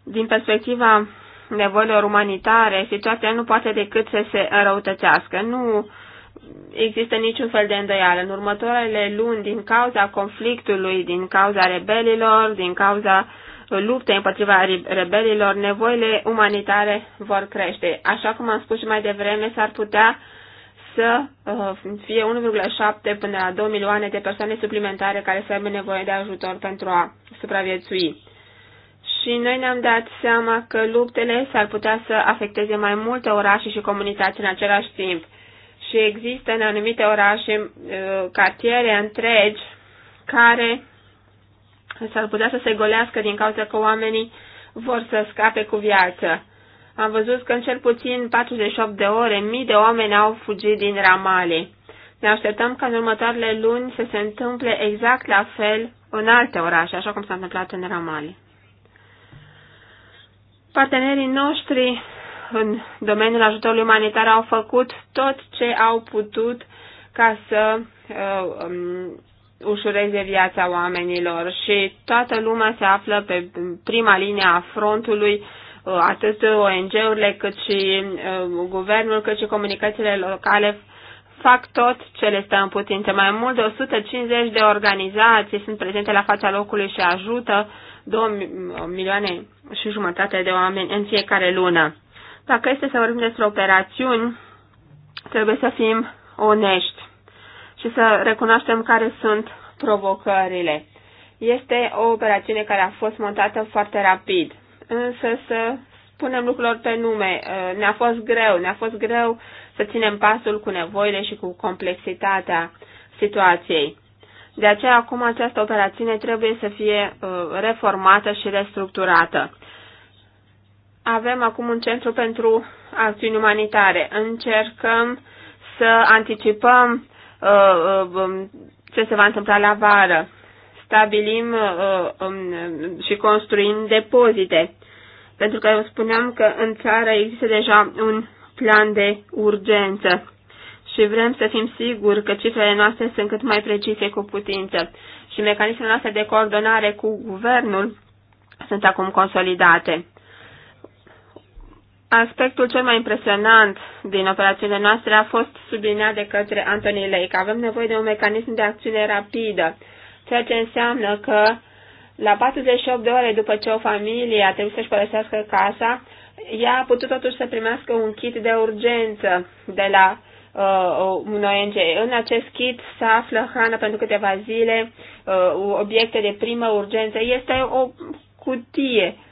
din perspectiva nevoilor umanitare, situația nu poate decât să se răutățească. Nu există niciun fel de îndoială. În următoarele luni, din cauza conflictului, din cauza rebelilor, din cauza uh, lupte împotriva rebelilor, nevoile umanitare vor crește. Așa cum am spus și mai devreme, s-ar putea să uh, fie 1,7 până la 2 milioane de persoane suplimentare care să aibă nevoie de ajutor pentru a supraviețui. Și noi ne-am dat seama că luptele s-ar putea să afecteze mai multe orașe și comunități în același timp. Și există în anumite orașe uh, cartiere întregi care s-ar putea să se golească din cauza că oamenii vor să scape cu viață. Am văzut că în cel puțin 48 de ore mii de oameni au fugit din Ramale. Ne așteptăm ca în următoarele luni să se întâmple exact la fel în alte orașe, așa cum s-a întâmplat în Ramale. Partenerii noștri în domeniul ajutorului umanitar au făcut tot ce au putut ca să uh, um, ușureze viața oamenilor și toată lumea se află pe prima linie a frontului, uh, atât ONG-urile cât și uh, guvernul, cât și comunicațiile locale fac tot ce le stă în putință. Mai mult de 150 de organizații sunt prezente la fața locului și ajută 2 uh, milioane și jumătate de oameni în fiecare lună. Dacă este să vorbim despre operațiuni, trebuie să fim onești și să recunoaștem care sunt provocările. Este o operațiune care a fost montată foarte rapid, însă să spunem lucrurilor pe nume, uh, ne-a fost greu, ne-a fost greu să ținem pasul cu nevoile și cu complexitatea situației. De aceea acum această operațiune trebuie să fie uh, reformată și restructurată. Avem acum un centru pentru acțiuni umanitare. Încercăm să anticipăm Uh, um, ce se va întâmpla la vară. Stabilim uh, um, și construim depozite. Pentru că eu spuneam că în țară există deja un plan de urgență și vrem să fim siguri că cifrele noastre sunt cât mai precise cu putință și mecanismele noastre de coordonare cu guvernul sunt acum consolidate. Aspectul cel mai impresionant din operațiunile noastre a fost subliniat de către Anthony Lake. Avem nevoie de un mecanism de acțiune rapidă, ceea ce înseamnă că la 48 de ore după ce o familie a trebuit să-și părăsească casa, ea a putut totuși să primească un kit de urgență de la uh, un ONG. În acest kit se află hrană pentru câteva zile, uh, obiecte de primă urgență. Este o cutie uh,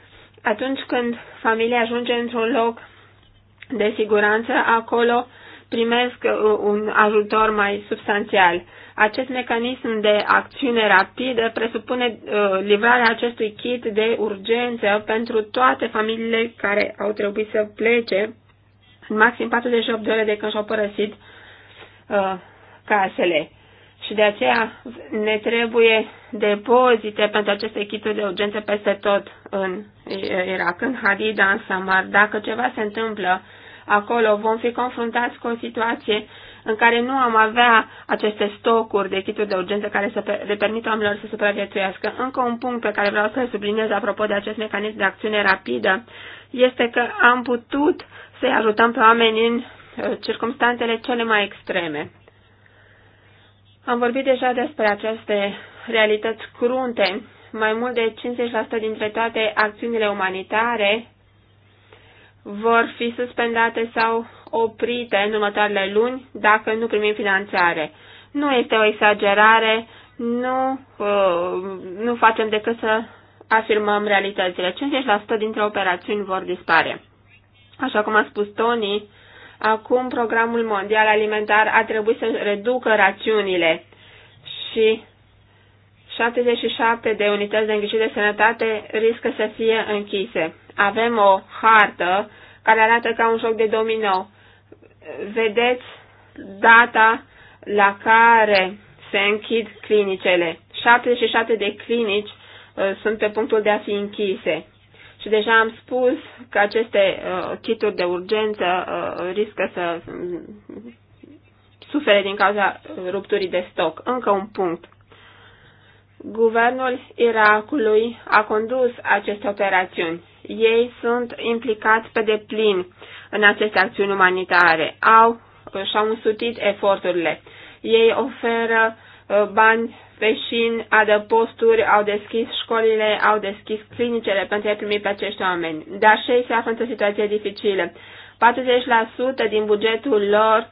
atunci când familia ajunge într-un loc de siguranță, acolo primesc uh, un ajutor mai substanțial. Acest mecanism de acțiune rapidă presupune uh, livrarea acestui kit de urgență pentru toate familiile care au trebuit să plece în maxim 48 de ore de când și-au părăsit uh, casele și de aceea ne trebuie depozite pentru aceste kituri de urgență peste tot în Irak, în Hadida, în Samar. Dacă ceva se întâmplă acolo, vom fi confruntați cu o situație în care nu am avea aceste stocuri de kituri de urgență care să le permită oamenilor să supraviețuiască. Încă un punct pe care vreau să-l subliniez apropo de acest mecanism de acțiune rapidă este că am putut să-i ajutăm pe oameni în uh, circumstanțele cele mai extreme. Am vorbit deja despre aceste realități crunte. Mai mult de 50% dintre toate acțiunile umanitare vor fi suspendate sau oprite în următoarele luni dacă nu primim finanțare. Nu este o exagerare, nu, uh, nu facem decât să afirmăm realitățile. 50% dintre operațiuni vor dispare. Așa cum a spus Tony, Acum programul mondial alimentar a trebuit să reducă rațiunile și 77 de unități de îngrijire de sănătate riscă să fie închise. Avem o hartă care arată ca un joc de domino. Vedeți data la care se închid clinicele. 77 de clinici uh, sunt pe punctul de a fi închise. Și deja am spus că aceste uh, kituri de urgență uh, riscă să uh, sufere din cauza rupturii de stoc. Încă un punct. Guvernul Irakului a condus aceste operațiuni. Ei sunt implicați pe deplin în aceste acțiuni umanitare. Au și-au însutit eforturile. Ei oferă Uh, bani veșini, adăposturi, au deschis școlile, au deschis clinicele pentru a primi pe acești oameni. Dar și ei se află într-o situație dificilă. 40% din bugetul lor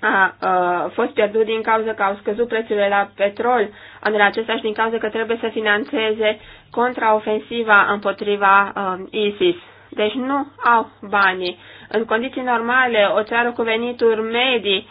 a, a uh, fost pierdut din cauza că au scăzut prețurile la petrol anul acesta și din cauza că trebuie să financeze contraofensiva împotriva a, um, ISIS. Deci nu au banii. În condiții normale, o țară cu venituri medii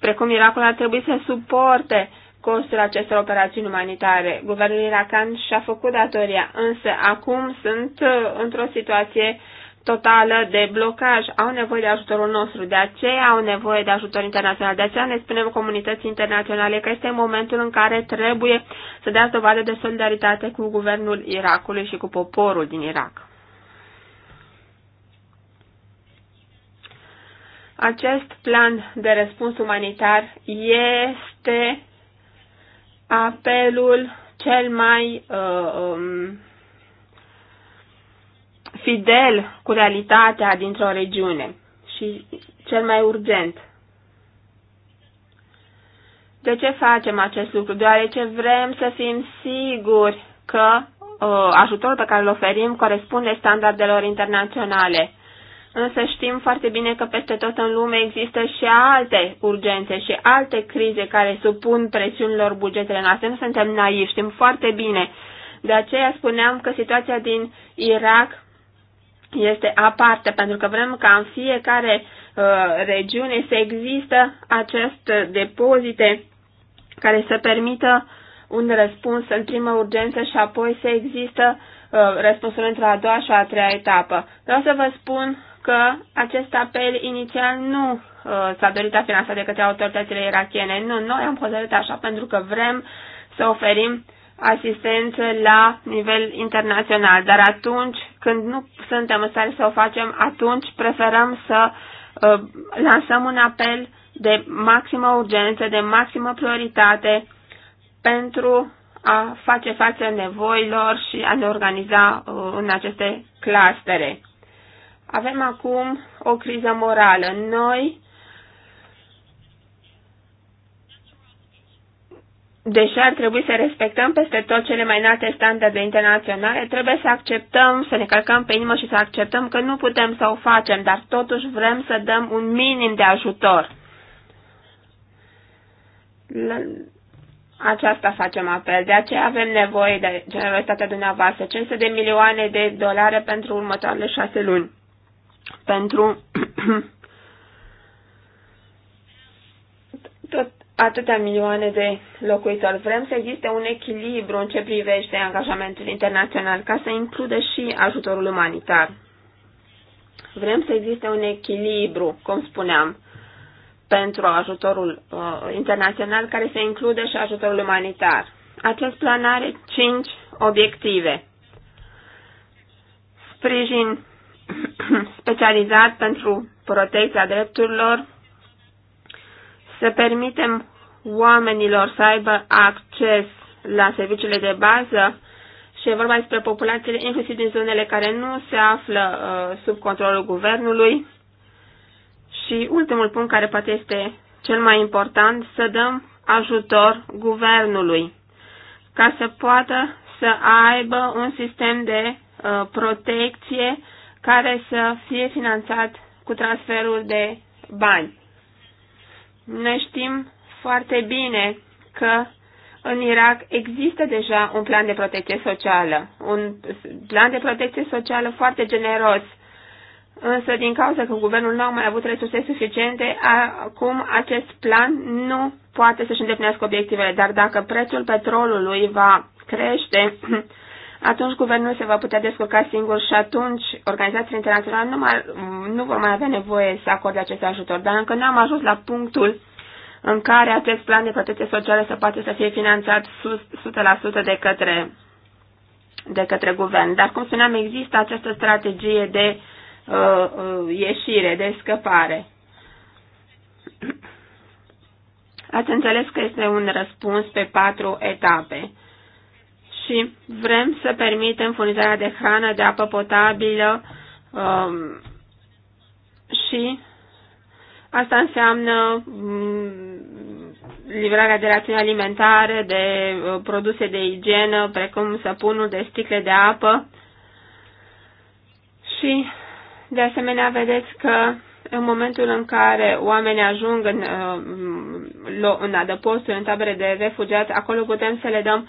precum Irakul ar trebui să suporte costul acestor operațiuni umanitare. Guvernul irakan și-a făcut datoria, însă acum sunt uh, într-o situație totală de blocaj. Au nevoie de ajutorul nostru, de aceea au nevoie de ajutor internațional. De aceea ne spunem comunității internaționale că este momentul în care trebuie să dea dovadă de solidaritate cu guvernul Irakului și cu poporul din Irak. Acest plan de răspuns umanitar este apelul cel mai uh, um, fidel cu realitatea dintr-o regiune și cel mai urgent. De ce facem acest lucru? Deoarece vrem să fim siguri că uh, ajutorul pe care îl oferim corespunde standardelor internaționale. Însă știm foarte bine că peste tot în lume există și alte urgențe și alte crize care supun presiunilor bugetele noastre. Nu suntem naivi, știm foarte bine. De aceea spuneam că situația din Irak este aparte, pentru că vrem ca în fiecare uh, regiune să există aceste depozite care să permită un răspuns în primă urgență și apoi să există uh, răspunsul într a doua și a treia etapă. Vreau să vă spun că acest apel inițial nu uh, s-a dorit a fi de către autoritățile irachiene. Nu, noi am hotărât așa pentru că vrem să oferim asistență la nivel internațional, dar atunci când nu suntem în stare să o facem, atunci preferăm să uh, lansăm un apel de maximă urgență, de maximă prioritate pentru a face față nevoilor și a ne organiza uh, în aceste clastere. Avem acum o criză morală. Noi, deși ar trebui să respectăm peste tot cele mai înalte standarde internaționale, trebuie să acceptăm, să ne calcăm pe inimă și să acceptăm că nu putem să o facem, dar totuși vrem să dăm un minim de ajutor. La aceasta facem apel. De aceea avem nevoie de generalitatea dumneavoastră. 500 de milioane de dolari pentru următoarele șase luni pentru tot atâtea milioane de locuitori. Vrem să existe un echilibru în ce privește angajamentul internațional ca să includă și ajutorul umanitar. Vrem să existe un echilibru, cum spuneam, pentru ajutorul uh, internațional care să includă și ajutorul umanitar. Acest plan are cinci obiective. Sprijin specializat pentru protecția drepturilor, să permitem oamenilor să aibă acces la serviciile de bază și e vorba despre populațiile inclusiv din zonele care nu se află uh, sub controlul guvernului. Și ultimul punct care poate este cel mai important, să dăm ajutor guvernului ca să poată să aibă un sistem de uh, protecție care să fie finanțat cu transferul de bani. Noi știm foarte bine că în Irak există deja un plan de protecție socială, un plan de protecție socială foarte generos, însă din cauza că guvernul nu a mai avut resurse suficiente, acum acest plan nu poate să-și îndeplinească obiectivele, dar dacă prețul petrolului va crește atunci guvernul se va putea descurca singur și atunci organizațiile internaționale nu, mai, nu vor mai avea nevoie să acorde acest ajutor. Dar încă nu am ajuns la punctul în care acest plan de protecție socială să poate să fie finanțat 100% de către, de către guvern. Dar, cum spuneam, există această strategie de uh, uh, ieșire, de scăpare. Ați înțeles că este un răspuns pe patru etape și vrem să permitem furnizarea de hrană, de apă potabilă um, și asta înseamnă um, livrarea de rațiuni alimentare, de uh, produse de igienă, precum săpunul de sticle de apă și de asemenea vedeți că în momentul în care oamenii ajung în, uh, în adăposturi, în tabere de refugiați, acolo putem să le dăm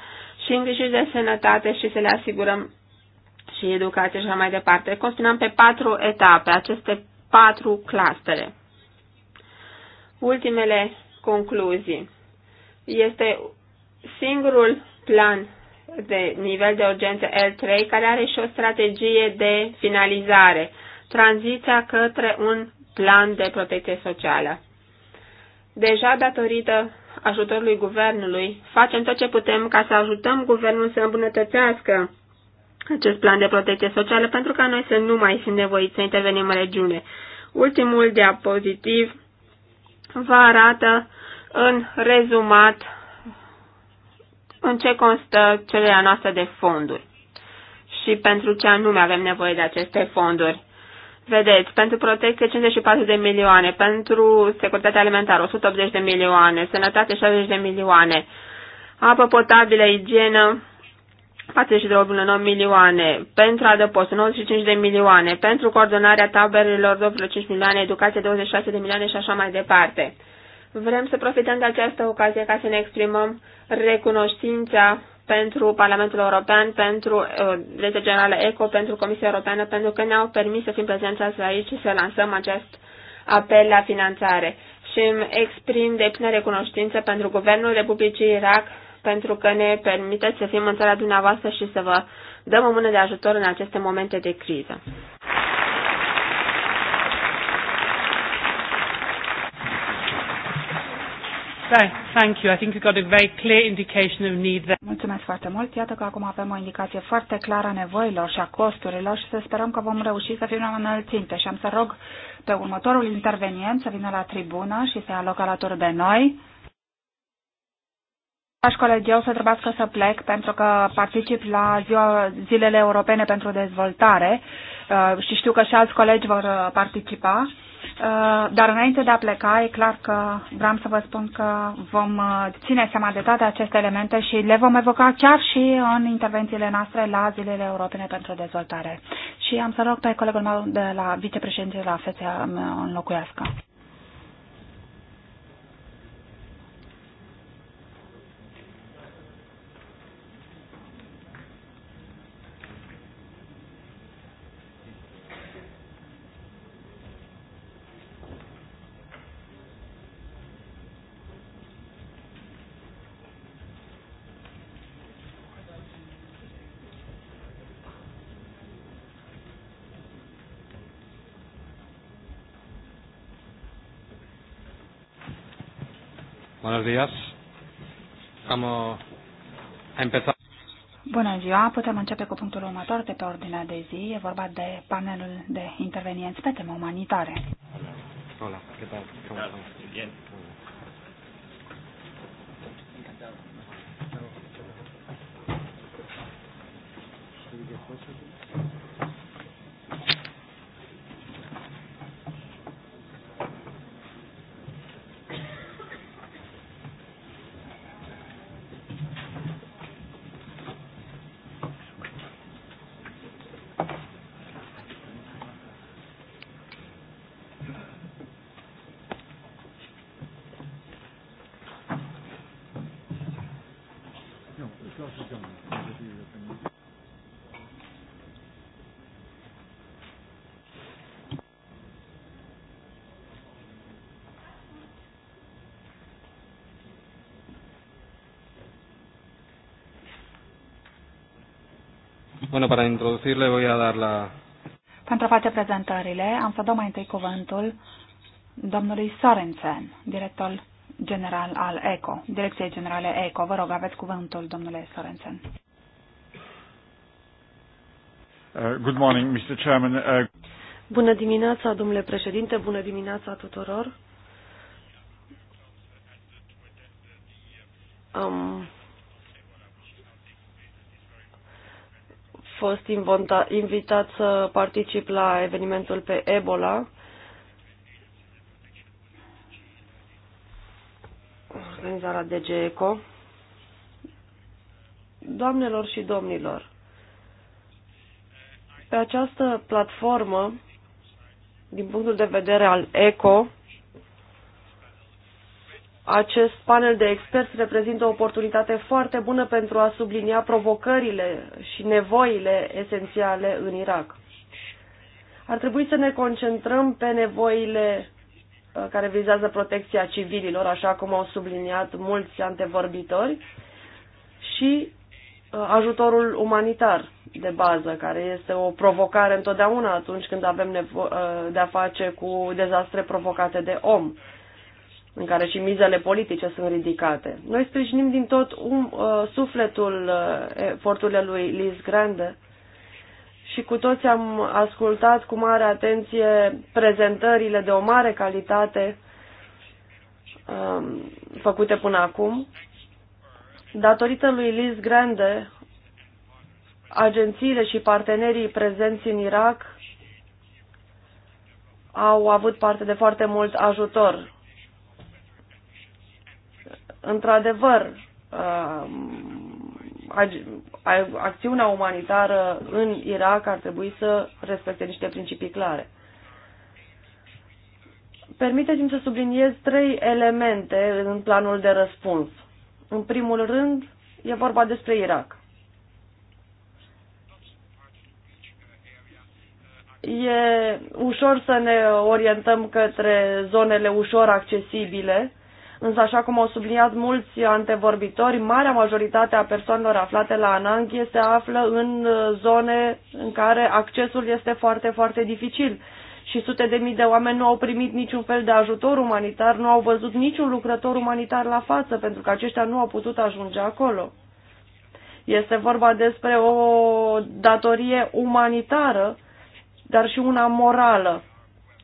și îngrijiri de sănătate și să le asigurăm și educație și așa mai departe. Continuăm pe patru etape, aceste patru clastere. Ultimele concluzii. Este singurul plan de nivel de urgență L3 care are și o strategie de finalizare, tranziția către un plan de protecție socială. Deja datorită ajutorului guvernului. Facem tot ce putem ca să ajutăm guvernul să îmbunătățească acest plan de protecție socială pentru ca noi să nu mai fim nevoiți să intervenim în regiune. Ultimul diapozitiv vă arată în rezumat în ce constă cererea noastră de fonduri și pentru ce anume avem nevoie de aceste fonduri. Vedeți, pentru protecție 54 de milioane, pentru securitate alimentară 180 de milioane, sănătate 60 de milioane, apă potabilă, igienă 42,9 milioane, pentru adăpost 95 de milioane, pentru coordonarea taberelor 2,5 milioane, educație 26 de milioane și așa mai departe. Vrem să profităm de această ocazie ca să ne exprimăm recunoștința pentru Parlamentul European, pentru uh, Direcția Generală ECO, pentru Comisia Europeană, pentru că ne-au permis să fim prezenți aici și să lansăm acest apel la finanțare. Și îmi exprim de plină recunoștință pentru Guvernul Republicii Irak, pentru că ne permiteți să fim în țara dumneavoastră și să vă dăm o mână de ajutor în aceste momente de criză. Thank you. I think got a
very clear indication of need there. Mulțumesc foarte mult. Iată că acum avem o indicație foarte clară a nevoilor și a costurilor și să sperăm că vom reuși să fim la înălțime. Și am să rog pe următorul intervenient să vină la tribună și să ia loc alături de noi. Aș colegi, eu să trebuiască să plec pentru că particip la ziua, Zilele Europene pentru Dezvoltare uh, și știu că și alți colegi vor uh, participa. Uh, dar înainte de a pleca, e clar că vreau să vă spun că vom uh, ține seama de toate aceste elemente și le vom evoca chiar și în intervențiile noastre la Zilele Europene pentru Dezvoltare. Și am să rog pe colegul meu de la vicepreședinte la FED să
înlocuiască. Buenos días. Am empezat.
Bună ziua, putem începe cu punctul următor de pe ordinea de zi. E vorba de panelul de intervenienți pe teme umanitare.
Hola, ¿qué tal? ¿Cómo Bien. Encantado. Bueno, para introducirle voy a dar la...
Pentru a face prezentările, am să dau mai întâi cuvântul domnului Sorensen, director general al ECO, Direcției Generale ECO. Vă rog, aveți cuvântul, domnule Sorensen.
Uh, good morning, Mr. Chairman. Uh...
Bună dimineața, domnule președinte, bună dimineața tuturor. Um, fost invitat să particip la evenimentul pe Ebola. Organizarea Eco, Doamnelor și domnilor, pe această platformă, din punctul de vedere al ECO, acest panel de experți reprezintă o oportunitate foarte bună pentru a sublinia provocările și nevoile esențiale în Irak. Ar trebui să ne concentrăm pe nevoile uh, care vizează protecția civililor, așa cum au subliniat mulți antevorbitori, și uh, ajutorul umanitar de bază, care este o provocare întotdeauna atunci când avem uh, de a face cu dezastre provocate de om în care și mizele politice sunt ridicate. Noi sprijinim din tot um, uh, sufletul uh, eforturile lui Liz Grande și cu toți am ascultat cu mare atenție prezentările de o mare calitate um, făcute până acum. Datorită lui Liz Grande, agențiile și partenerii prezenți în Irak au avut parte de foarte mult ajutor într-adevăr, uh, acțiunea umanitară în Irak ar trebui să respecte niște principii clare. Permiteți-mi să subliniez trei elemente în planul de răspuns. În primul rând, e vorba despre Irak. E ușor să ne orientăm către zonele ușor accesibile, Însă, așa cum au subliniat mulți antevorbitori, marea majoritate a persoanelor aflate la ananghie se află în uh, zone în care accesul este foarte, foarte dificil și sute de mii de oameni nu au primit niciun fel de ajutor umanitar, nu au văzut niciun lucrător umanitar la față, pentru că aceștia nu au putut ajunge acolo. Este vorba despre o datorie umanitară, dar și una morală,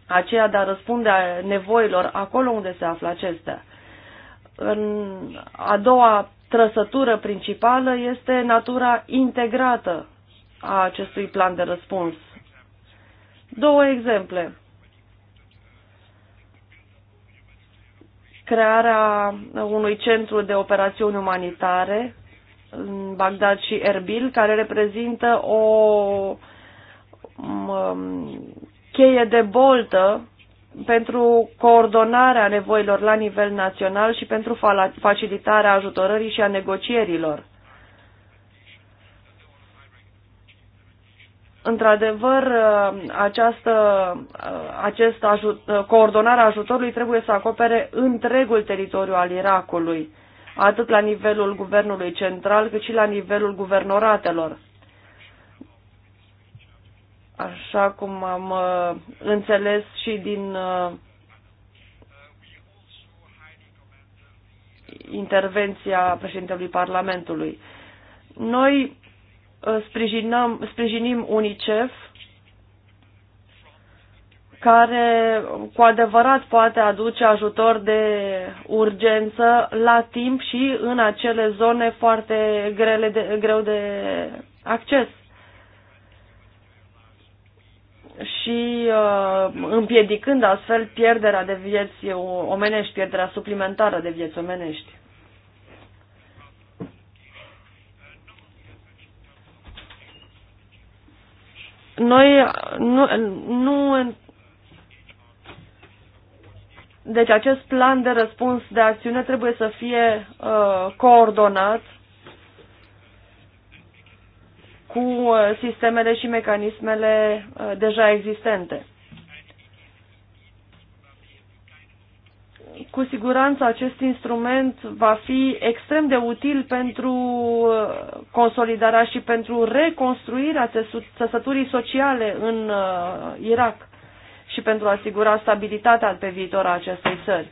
aceea de a răspunde a nevoilor acolo unde se află acestea în a doua trăsătură principală este natura integrată a acestui plan de răspuns. Două exemple. Crearea unui centru de operațiuni umanitare în Bagdad și Erbil, care reprezintă o um, cheie de boltă pentru coordonarea nevoilor la nivel național și pentru facilitarea ajutorării și a negocierilor. Într-adevăr, această acest ajut, coordonarea ajutorului trebuie să acopere întregul teritoriu al Irakului, atât la nivelul guvernului central cât și la nivelul guvernoratelor așa cum am uh, înțeles și din uh, intervenția președintelui Parlamentului. Noi uh, sprijinăm, sprijinim UNICEF care cu adevărat poate aduce ajutor de urgență la timp și în acele zone foarte grele de, greu de acces și uh, împiedicând astfel pierderea de vieți omenești, pierderea suplimentară de vieți omenești. Noi nu, nu deci acest plan de răspuns de acțiune trebuie să fie uh, coordonat cu uh, sistemele și mecanismele uh, deja existente. Cu siguranță acest instrument va fi extrem de util pentru uh, consolidarea și pentru reconstruirea țăsăturii sociale în Irak și pentru a asigura stabilitatea pe viitor a acestei țări.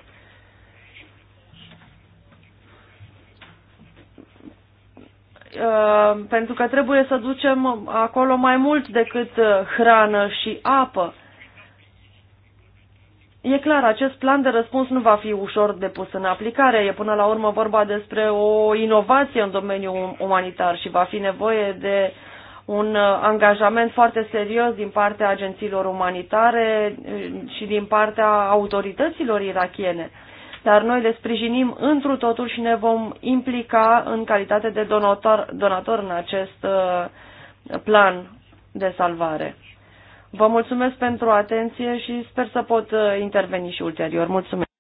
Uh, pentru că trebuie să ducem acolo mai mult decât uh, hrană și apă. E clar, acest plan de răspuns nu va fi ușor de pus în aplicare. E până la urmă vorba despre o inovație în domeniul um- umanitar și va fi nevoie de un uh, angajament foarte serios din partea agențiilor umanitare și din partea autorităților irachiene dar noi le sprijinim întru totul și ne vom implica în calitate de donator, donator în acest uh, plan de salvare. Vă mulțumesc pentru atenție și sper să pot uh, interveni și ulterior. Mulțumesc!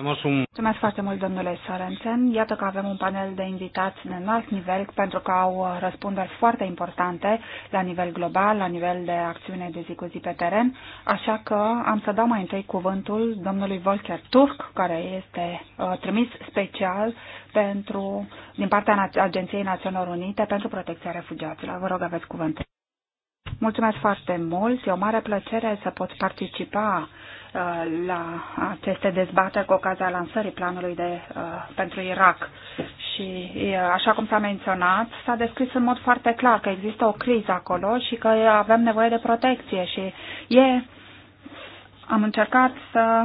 Mulțumesc foarte
mult, domnule Sorensen. Iată că avem un panel de invitați de înalt nivel pentru că au uh, răspunderi foarte importante la nivel global, la nivel de acțiune de zi cu zi pe teren, așa că am să dau mai întâi cuvântul domnului Volker Turk, care este uh, trimis special pentru, din partea Agenției Națiunilor Unite pentru protecția refugiaților. Vă rog, aveți cuvântul. Mulțumesc foarte mult. E o mare plăcere să pot participa Uh, la aceste dezbateri cu ocazia lansării planului de, uh, pentru Irak. Și, uh, așa cum s-a menționat, s-a descris în mod foarte clar că există o criză acolo și că avem nevoie de protecție. Și e, am încercat să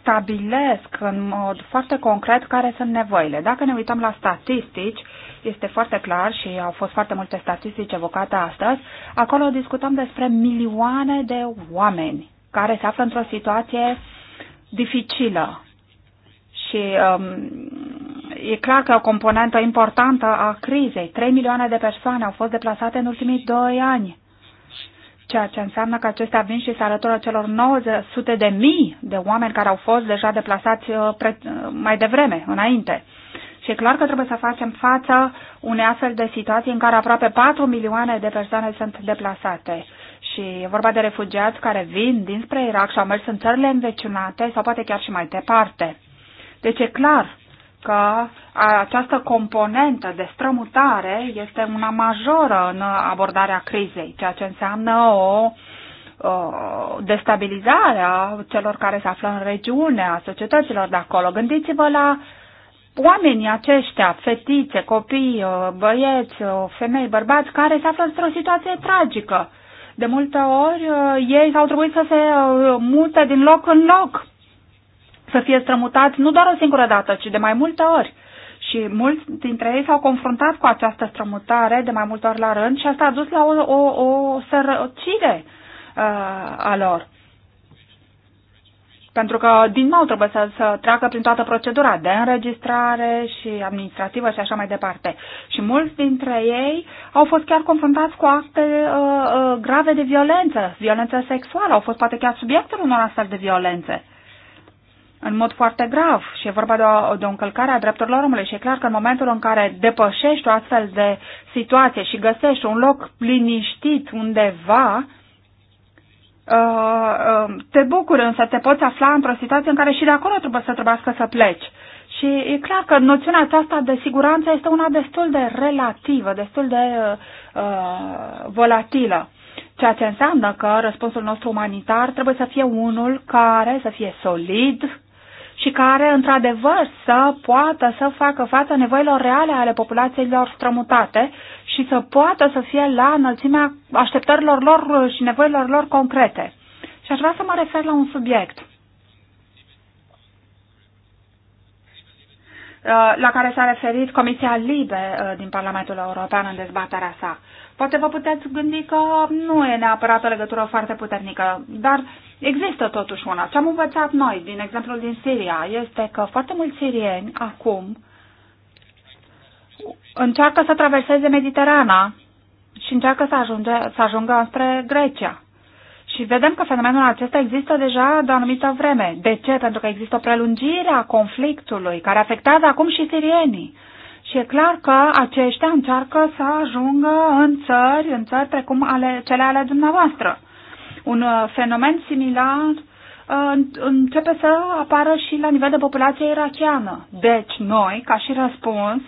stabilesc în mod foarte concret care sunt nevoile. Dacă ne uităm la statistici, este foarte clar și au fost foarte multe statistici evocate astăzi, acolo discutăm despre milioane de oameni care se află într-o situație dificilă. Și um, e clar că o componentă importantă a crizei, 3 milioane de persoane au fost deplasate în ultimii 2 ani, ceea ce înseamnă că acestea vin și se alătură celor 900 de mii de oameni care au fost deja deplasați uh, pre, uh, mai devreme, înainte. Și e clar că trebuie să facem față unei astfel de situații în care aproape 4 milioane de persoane sunt deplasate și e vorba de refugiați care vin dinspre Irak și au mers în țările învecinate sau poate chiar și mai departe. Deci e clar că această componentă de strămutare este una majoră în abordarea crizei, ceea ce înseamnă o destabilizare a celor care se află în regiune, a societăților de acolo. Gândiți-vă la oamenii aceștia, fetițe, copii, băieți, femei, bărbați, care se află într-o situație tragică. De multe ori uh, ei au trebuit să se uh, mute din loc în loc, să fie strămutați nu doar o singură dată, ci de mai multe ori. Și mulți dintre ei s-au confruntat cu această strămutare de mai multe ori la rând și asta a dus la o, o, o sărăcire uh, a lor pentru că din nou trebuie să, să treacă prin toată procedura de înregistrare și administrativă și așa mai departe. Și mulți dintre ei au fost chiar confruntați cu acte uh, uh, grave de violență, violență sexuală, au fost poate chiar subiectul unor astfel de violențe în mod foarte grav și e vorba de o, de o încălcare a drepturilor omului și e clar că în momentul în care depășești o astfel de situație și găsești un loc liniștit undeva, Uh, um, te bucuri, însă te poți afla într-o situație în care și de acolo trebuie să trebuiască să pleci. Și e clar că noțiunea aceasta de siguranță este una destul de relativă, destul de uh, uh volatilă. Ceea ce înseamnă că răspunsul nostru umanitar trebuie să fie unul care să fie solid, și care, într-adevăr, să poată să facă față nevoilor reale ale populațiilor strămutate și să poată să fie la înălțimea așteptărilor lor și nevoilor lor concrete. Și aș vrea să mă refer la un subiect uh, la care s-a referit Comisia Libe uh, din Parlamentul European în dezbaterea sa. Poate vă puteți gândi că nu e neapărat o legătură foarte puternică, dar uh, Există totuși una. Ce am învățat noi din exemplul din Siria este că foarte mulți sirieni acum încearcă să traverseze Mediterana și încearcă să, ajunge, să ajungă spre Grecia. Și vedem că fenomenul acesta există deja de o anumită vreme. De ce? Pentru că există o prelungire a conflictului care afectează acum și sirienii. Și e clar că aceștia încearcă să ajungă în țări, în țări precum ale, cele ale dumneavoastră. Un uh, fenomen similar uh, începe să apară și la nivel de populație irachiană. Deci noi, ca și răspuns,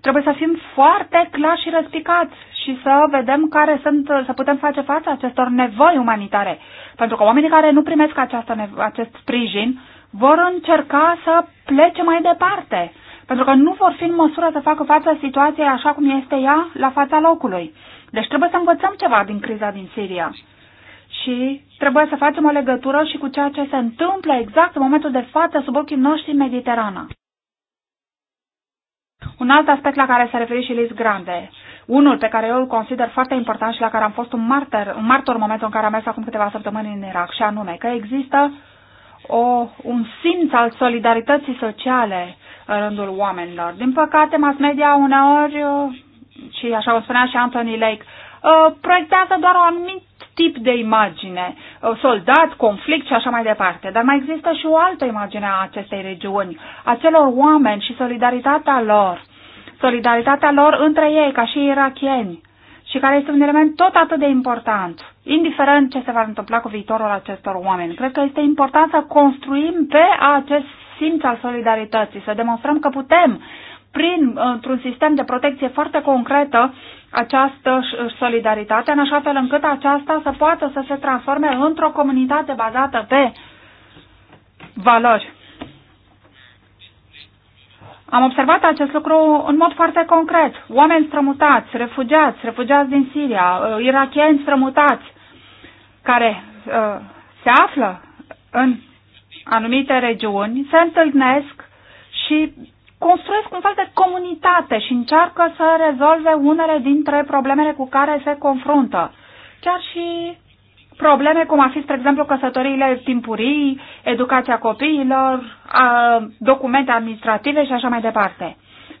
trebuie să fim foarte clari și răspicați și să vedem care sunt, să putem face față acestor nevoi umanitare. Pentru că oamenii care nu primesc această, acest sprijin vor încerca să plece mai departe, pentru că nu vor fi în măsură să facă față situației așa cum este ea la fața locului. Deci trebuie să învățăm ceva din criza din Siria și trebuie să facem o legătură și cu ceea ce se întâmplă exact în momentul de față sub ochii noștri în Mediterana. Un alt aspect la care s-a referit și Liz Grande, unul pe care eu îl consider foarte important și la care am fost un martor, un martor în momentul în care am mers acum câteva săptămâni în Irak, și anume că există o, un simț al solidarității sociale în rândul oamenilor. Din păcate, mass media uneori, uh, și așa o spunea și Anthony Lake, uh, proiectează doar o anumit, tip de imagine, uh, soldat, conflict și așa mai departe. Dar mai există și o altă imagine a acestei regiuni, a celor oameni și solidaritatea lor, solidaritatea lor între ei ca și irachieni și care este un element tot atât de important, indiferent ce se va întâmpla cu viitorul acestor oameni. Cred că este important să construim pe acest simț al solidarității, să demonstrăm că putem prin, într-un sistem de protecție foarte concretă această solidaritate, în așa fel încât aceasta să poată să se transforme într-o comunitate bazată pe valori. Am observat acest lucru în mod foarte concret. Oameni strămutați, refugiați, refugiați din Siria, uh, iracheni strămutați, care uh, se află în anumite regiuni, se întâlnesc și construiesc un fel de comunitate și încearcă să rezolve unele dintre problemele cu care se confruntă. Chiar și probleme cum ar fi, spre exemplu, căsătoriile timpurii, educația copiilor, documente administrative și așa mai departe.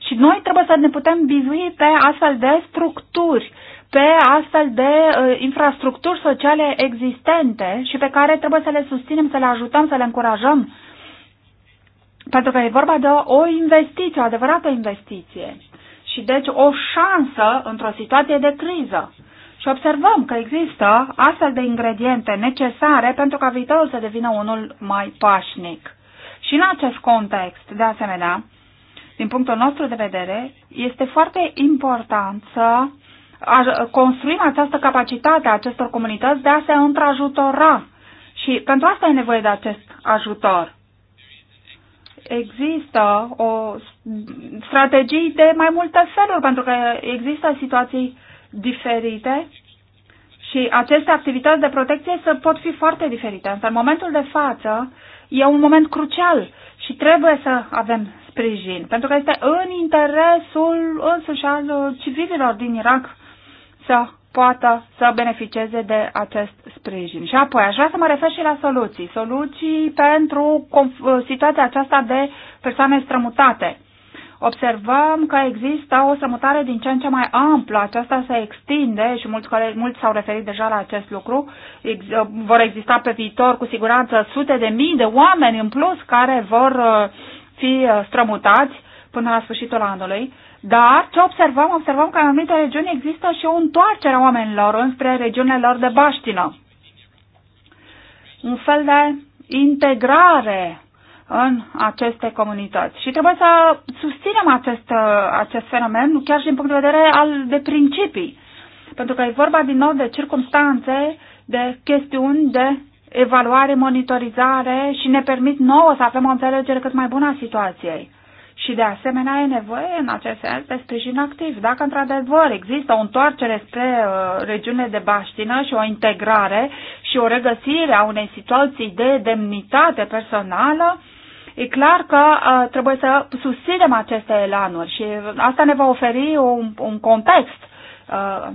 Și noi trebuie să ne putem bizui pe astfel de structuri, pe astfel de uh, infrastructuri sociale existente și pe care trebuie să le susținem, să le ajutăm, să le încurajăm pentru că e vorba de o investiție, o adevărată investiție. Și deci o șansă într-o situație de criză. Și observăm că există astfel de ingrediente necesare pentru ca viitorul să devină unul mai pașnic. Și în acest context, de asemenea, din punctul nostru de vedere, este foarte important să construim această capacitate a acestor comunități de a se întrajutora. Și pentru asta e nevoie de acest ajutor există o strategii de mai multe feluri, pentru că există situații diferite și aceste activități de protecție să pot fi foarte diferite. Însă în momentul de față e un moment crucial și trebuie să avem sprijin, pentru că este în interesul însuși al civililor din Irak să poată să beneficieze de acest sprijin. Și apoi aș vrea să mă refer și la soluții. Soluții pentru situația aceasta de persoane strămutate. Observăm că există o strămutare din ce în ce mai amplă, aceasta se extinde și mulți, colegi, mulți s-au referit deja la acest lucru. Ex vor exista pe viitor cu siguranță sute de mii de oameni în plus care vor uh, fi uh, strămutați până la sfârșitul anului, dar ce observăm? Observăm că în anumite regiuni există și o întoarcere a oamenilor înspre regiunile lor de baștină. Un fel de integrare în aceste comunități. Și trebuie să susținem acest, acest fenomen chiar și din punct de vedere al de principii. Pentru că e vorba din nou de circumstanțe, de chestiuni de evaluare, monitorizare și ne permit nouă să avem o înțelegere cât mai bună a situației. Și de asemenea e nevoie în acest sens de sprijin activ. Dacă într-adevăr există o întoarcere spre uh, regiunile de baștină și o integrare și o regăsire a unei situații de demnitate personală, E clar că uh, trebuie să susținem aceste elanuri și asta ne va oferi un, un context. Uh,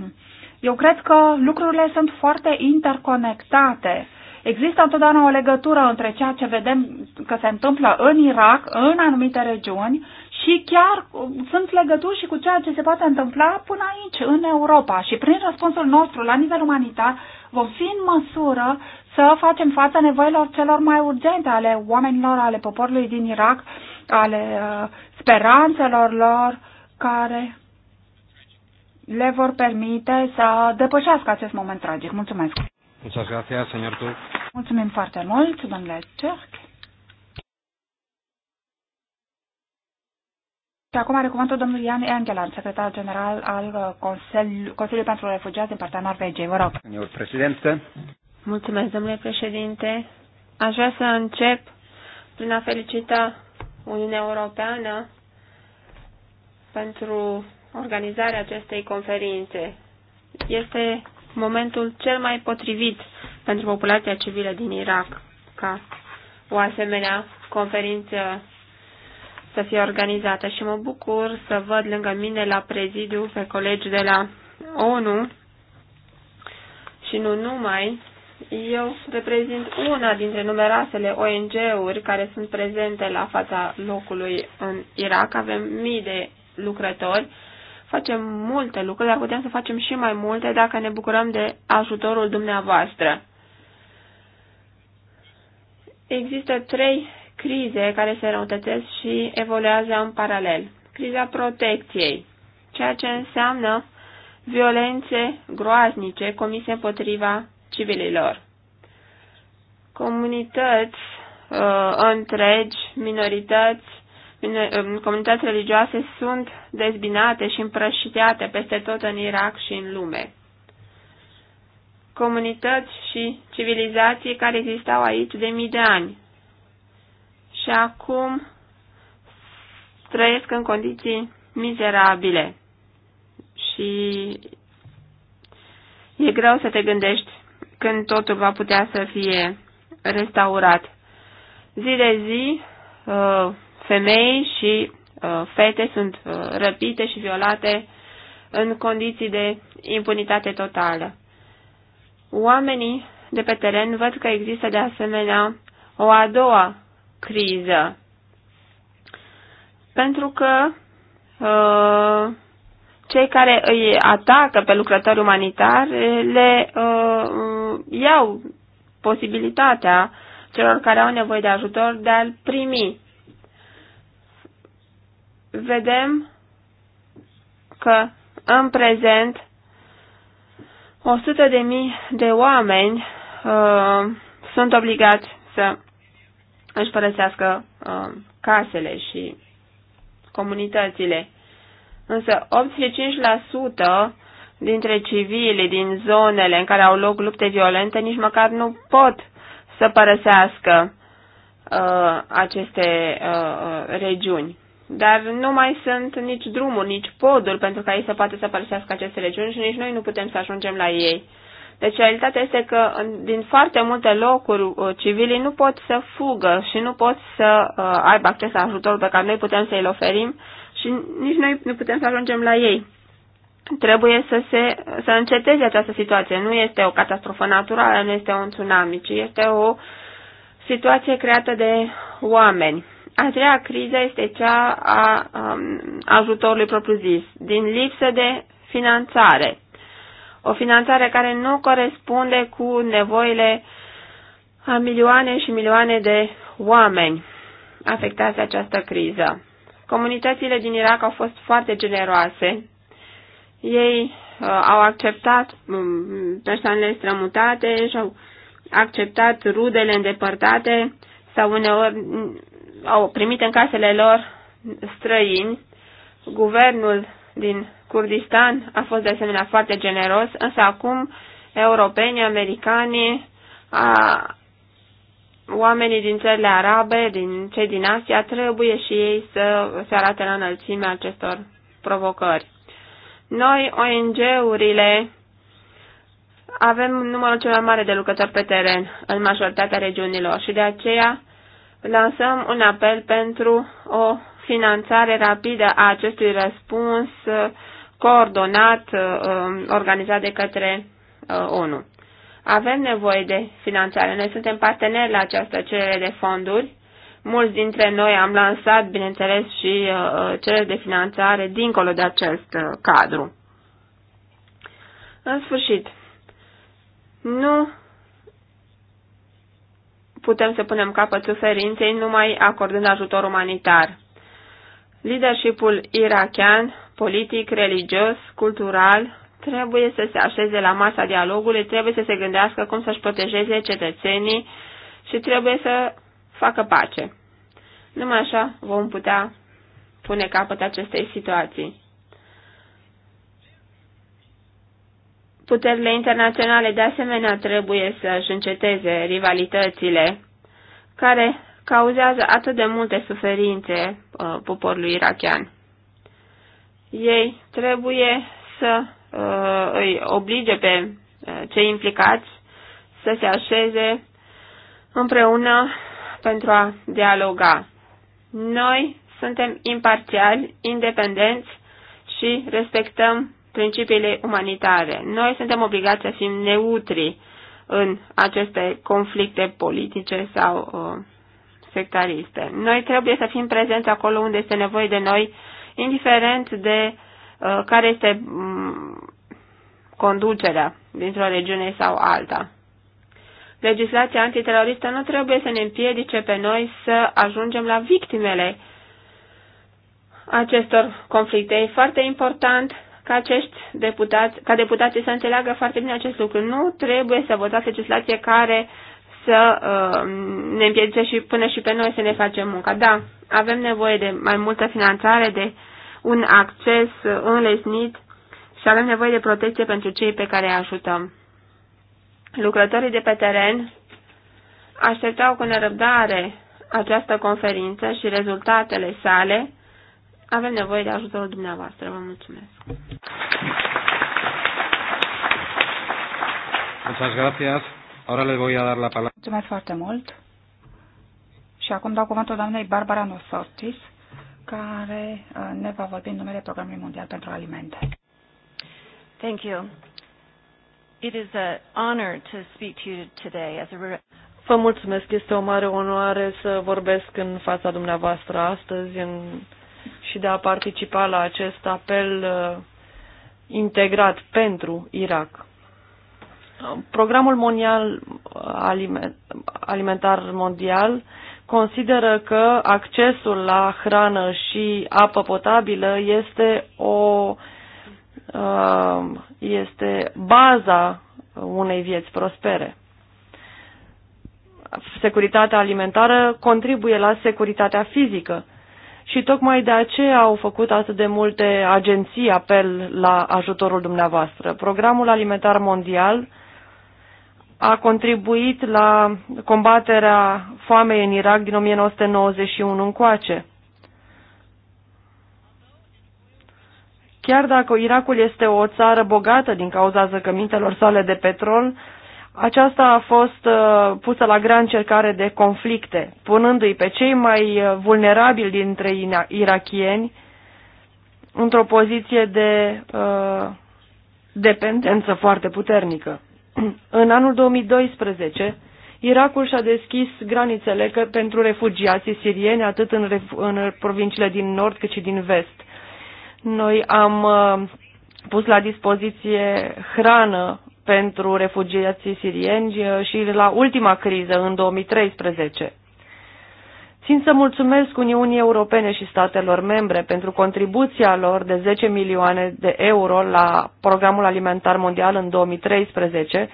eu cred că lucrurile sunt foarte interconectate Există întotdeauna o legătură între ceea ce vedem că se întâmplă în Irak, în anumite regiuni, și chiar sunt legături și cu ceea ce se poate întâmpla până aici, în Europa. Și prin răspunsul nostru, la nivel umanitar, vom fi în măsură să facem față nevoilor celor mai urgente ale oamenilor, ale poporului din Irak, ale uh, speranțelor lor, care le vor permite să depășească acest moment tragic. Mulțumesc!
Muchas gracias, señor Turk.
Mulțumim foarte mult, domnule Turk. Și acum are cuvântul domnul Ian Engeland, secretar general al uh, Consiliului, Consiliu
pentru Refugiați din partea Norvegiei. Vă
rog. Domnul președinte.
Mulțumesc, domnule președinte. Aș vrea să încep prin a felicita Uniunea Europeană pentru organizarea acestei conferințe. Este momentul cel mai potrivit pentru populația civilă din Irak ca o asemenea conferință să fie organizată și mă bucur să văd lângă mine la prezidiu pe colegi de la ONU și nu numai. Eu reprezint una dintre numeroasele ONG-uri care sunt prezente la fața locului în Irak. Avem mii de lucrători Facem multe lucruri, dar putem să facem și mai multe dacă ne bucurăm de ajutorul dumneavoastră. Există trei crize care se răutățesc și evoluează în paralel. Criza protecției, ceea ce înseamnă violențe groaznice comise împotriva civililor. Comunități uh, întregi, minorități comunități religioase sunt dezbinate și împrăștiate peste tot în Irak și în lume. Comunități și civilizații care existau aici de mii de ani. Și acum trăiesc în condiții mizerabile. Și e greu să te gândești când totul va putea să fie restaurat. Zi de zi, uh, femei și uh, fete sunt uh, răpite și violate în condiții de impunitate totală. Oamenii de pe teren văd că există de asemenea o a doua criză, pentru că uh, cei care îi atacă pe lucrători umanitari le uh, iau posibilitatea celor care au nevoie de ajutor de a-l primi vedem că în prezent 100.000 de mii de oameni uh, sunt obligați să își părăsească uh, casele și comunitățile. Însă 85% dintre civili din zonele în care au loc lupte violente nici măcar nu pot să părăsească uh, aceste uh, uh regiuni. Dar nu mai sunt nici drumuri, nici poduri pentru ca ei să poată să părăsească aceste regiuni și nici noi nu putem să ajungem la ei. Deci realitatea este că din foarte multe locuri uh, civilii nu pot să fugă și nu pot să uh, aibă acces la ajutorul pe care noi putem să-i oferim și nici noi nu putem să ajungem la ei. Trebuie să, se, să înceteze această situație. Nu este o catastrofă naturală, nu este un tsunami, ci este o situație creată de oameni. A treia criză este cea a um, ajutorului propriu-zis, din lipsă de finanțare. O finanțare care nu corespunde cu nevoile a milioane și milioane de oameni afectați de această criză. Comunitățile din Irak au fost foarte generoase. Ei uh, au acceptat um, persoanele strămutate și au acceptat rudele îndepărtate sau uneori au primit în casele lor străini. Guvernul din Kurdistan a fost de asemenea foarte generos, însă acum europenii, americanii, a, oamenii din țările arabe, din cei din Asia, trebuie și ei să se arate la înălțimea acestor provocări. Noi, ONG-urile, avem numărul cel mai mare de lucrători pe teren în majoritatea regiunilor și de aceea lansăm un apel pentru o finanțare rapidă a acestui răspuns uh, coordonat, uh, um, organizat de către uh, ONU. Avem nevoie de finanțare. Noi suntem parteneri la această cerere de fonduri. Mulți dintre noi am lansat, bineînțeles, și cereri de finanțare dincolo de acest cadru. În sfârșit, nu putem să punem capăt suferinței numai acordând ajutor umanitar. Leadershipul irachian, politic, religios, cultural, trebuie să se așeze la masa dialogului, trebuie să se gândească cum să-și protejeze cetățenii și trebuie să facă pace. Numai așa vom putea pune capăt acestei situații. Puterile internaționale de asemenea trebuie să-și înceteze rivalitățile care cauzează atât de multe suferințe uh, poporului irachian. Ei trebuie să uh, îi oblige pe uh, cei implicați să se așeze împreună pentru a dialoga. Noi suntem imparțiali, independenți și respectăm principiile umanitare. Noi suntem obligați să fim neutri în aceste conflicte politice sau uh, sectariste. Noi trebuie să fim prezenți acolo unde este nevoie de noi, indiferent de uh, care este um, conducerea dintr-o regiune sau alta. Legislația antiteroristă nu trebuie să ne împiedice pe noi să ajungem la victimele acestor conflicte. E foarte important ca acești deputați, ca deputații să înțeleagă foarte bine acest lucru. Nu trebuie să votați legislație care să uh, ne împiedice și până și pe noi să ne facem munca. Da, avem nevoie de mai multă finanțare, de un acces înlesnit și avem nevoie de protecție pentru cei pe care îi ajutăm. Lucrătorii de pe teren așteptau cu nerăbdare această conferință și rezultatele sale avem nevoie de ajutorul dumneavoastră. Vă mulțumesc.
Muchas gracias. Ahora le voy a dar la palabra. Mulțumesc foarte mult. Și acum dau cuvântul doamnei Barbara Nosortis, care uh, ne va vorbi în numele Programului Mondial pentru Alimente.
Thank you. It is an honor to speak to you today as a
Vă mulțumesc, este o mare onoare să vorbesc în fața dumneavoastră astăzi în și de a participa la acest apel uh, integrat pentru Irak. Programul mondial, alimentar mondial consideră că accesul la hrană și apă potabilă este o uh, este baza unei vieți prospere. Securitatea alimentară contribuie la securitatea fizică și tocmai de aceea au făcut atât de multe agenții apel la ajutorul dumneavoastră. Programul Alimentar Mondial a contribuit la combaterea foamei în Irak din 1991 încoace. Chiar dacă Irakul este o țară bogată din cauza zăcămintelor sale de petrol, aceasta a fost uh, pusă la grea încercare de conflicte, punându-i pe cei mai uh, vulnerabili dintre irachieni într-o poziție de uh, dependență foarte puternică. În anul 2012, Irakul și-a deschis granițele că pentru refugiații sirieni, atât în, în provinciile din nord cât și din vest. Noi am uh, pus la dispoziție hrană pentru refugiații sirieni uh, și la ultima criză, în 2013. Țin să mulțumesc Uniunii Europene și statelor membre pentru contribuția lor de 10 milioane de euro la Programul Alimentar Mondial în 2013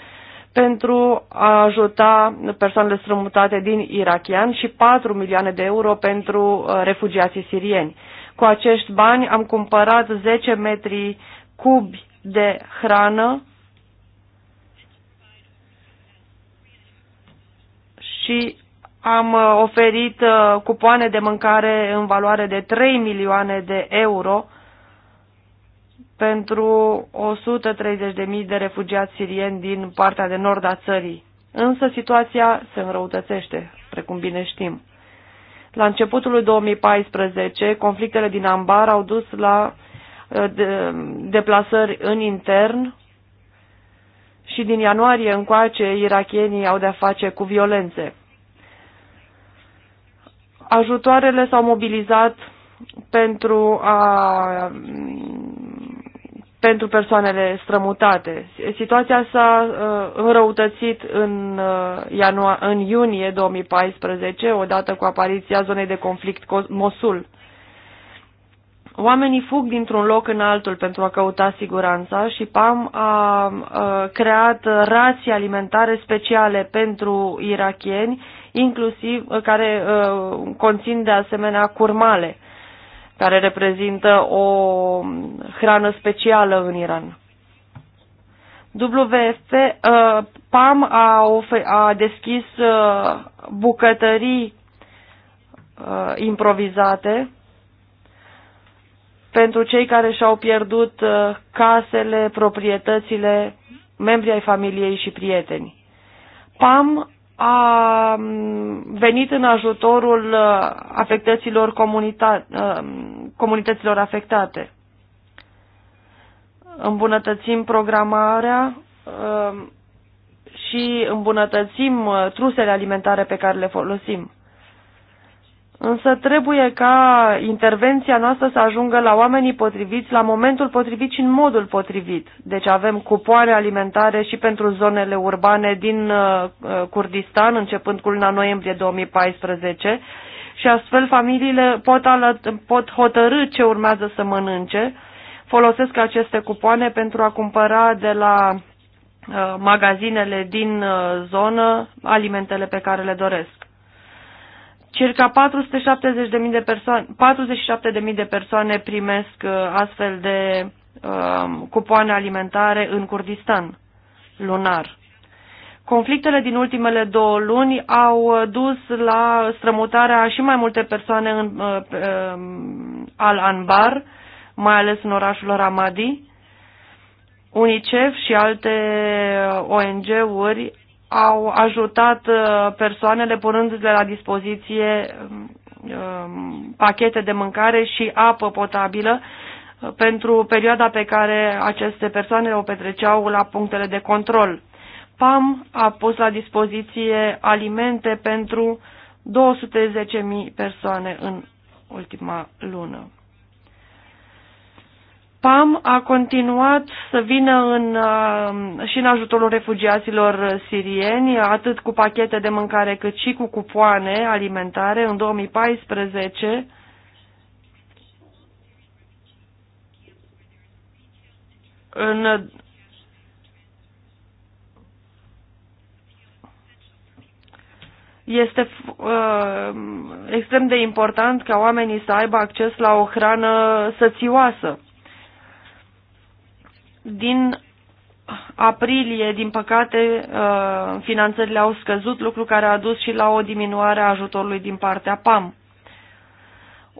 pentru a ajuta persoanele strămutate din Irachian și 4 milioane de euro pentru uh, refugiații sirieni. Cu acești bani am cumpărat 10 metri cubi de hrană și am uh, oferit uh, cupoane de mâncare în valoare de 3 milioane de euro pentru 130.000 de refugiați sirieni din partea de nord a țării. Însă situația se înrăutățește, precum bine știm. La începutul lui 2014, conflictele din Ambar au dus la uh, deplasări în intern și din ianuarie încoace irachienii au de-a face cu violențe. Ajutoarele s-au mobilizat pentru, a, pentru persoanele strămutate. Situația s-a uh, înrăutățit în, uh, ianua, în iunie 2014, odată cu apariția zonei de conflict Mosul. Oamenii fug dintr-un loc în altul pentru a căuta siguranța și PAM a, a creat rații alimentare speciale pentru irachieni, inclusiv care a, conțin de asemenea curmale, care reprezintă o hrană specială în Iran. WFP, a, PAM a, ofer, a deschis a, bucătării a, improvizate pentru cei care și-au pierdut uh, casele, proprietățile, membrii ai familiei și prieteni. PAM a mm, venit în ajutorul uh, afectăților comunita- uh, comunităților afectate. Îmbunătățim programarea și îmbunătățim trusele alimentare pe care le folosim. Însă trebuie ca intervenția noastră să ajungă la oamenii potriviți, la momentul potrivit și în modul potrivit. Deci avem cupoare alimentare și pentru zonele urbane din uh, uh, Kurdistan, începând cu luna noiembrie 2014, și astfel familiile pot, alăt, pot hotărâ ce urmează să mănânce. Folosesc aceste cupoane pentru a cumpăra de la uh, magazinele din zonă alimentele pe care le doresc. Circa 470.000 de persoane, 47.000 de persoane primesc uh, astfel de uh, cupoane alimentare în Kurdistan lunar. Conflictele din ultimele două luni au uh, dus la strămutarea și mai multe persoane în uh, uh, Al-Anbar, mai ales în orașul Ramadi. UNICEF și alte uh, ONG-uri au ajutat uh, persoanele punându-le la dispoziție um, um, pachete de mâncare și apă potabilă uh, pentru perioada pe care aceste persoane o petreceau la punctele de control. PAM a pus la dispoziție alimente pentru 210.000 persoane în ultima lună. PAM a continuat să vină în, um, și în ajutorul refugiaților sirieni, atât cu pachete de mâncare cât și cu cupoane alimentare. În 2014 în este uh, extrem de important ca oamenii să aibă acces la o hrană sățioasă. Din aprilie, din păcate, uh, finanțările au scăzut, lucru care a dus și la o diminuare a ajutorului din partea PAM.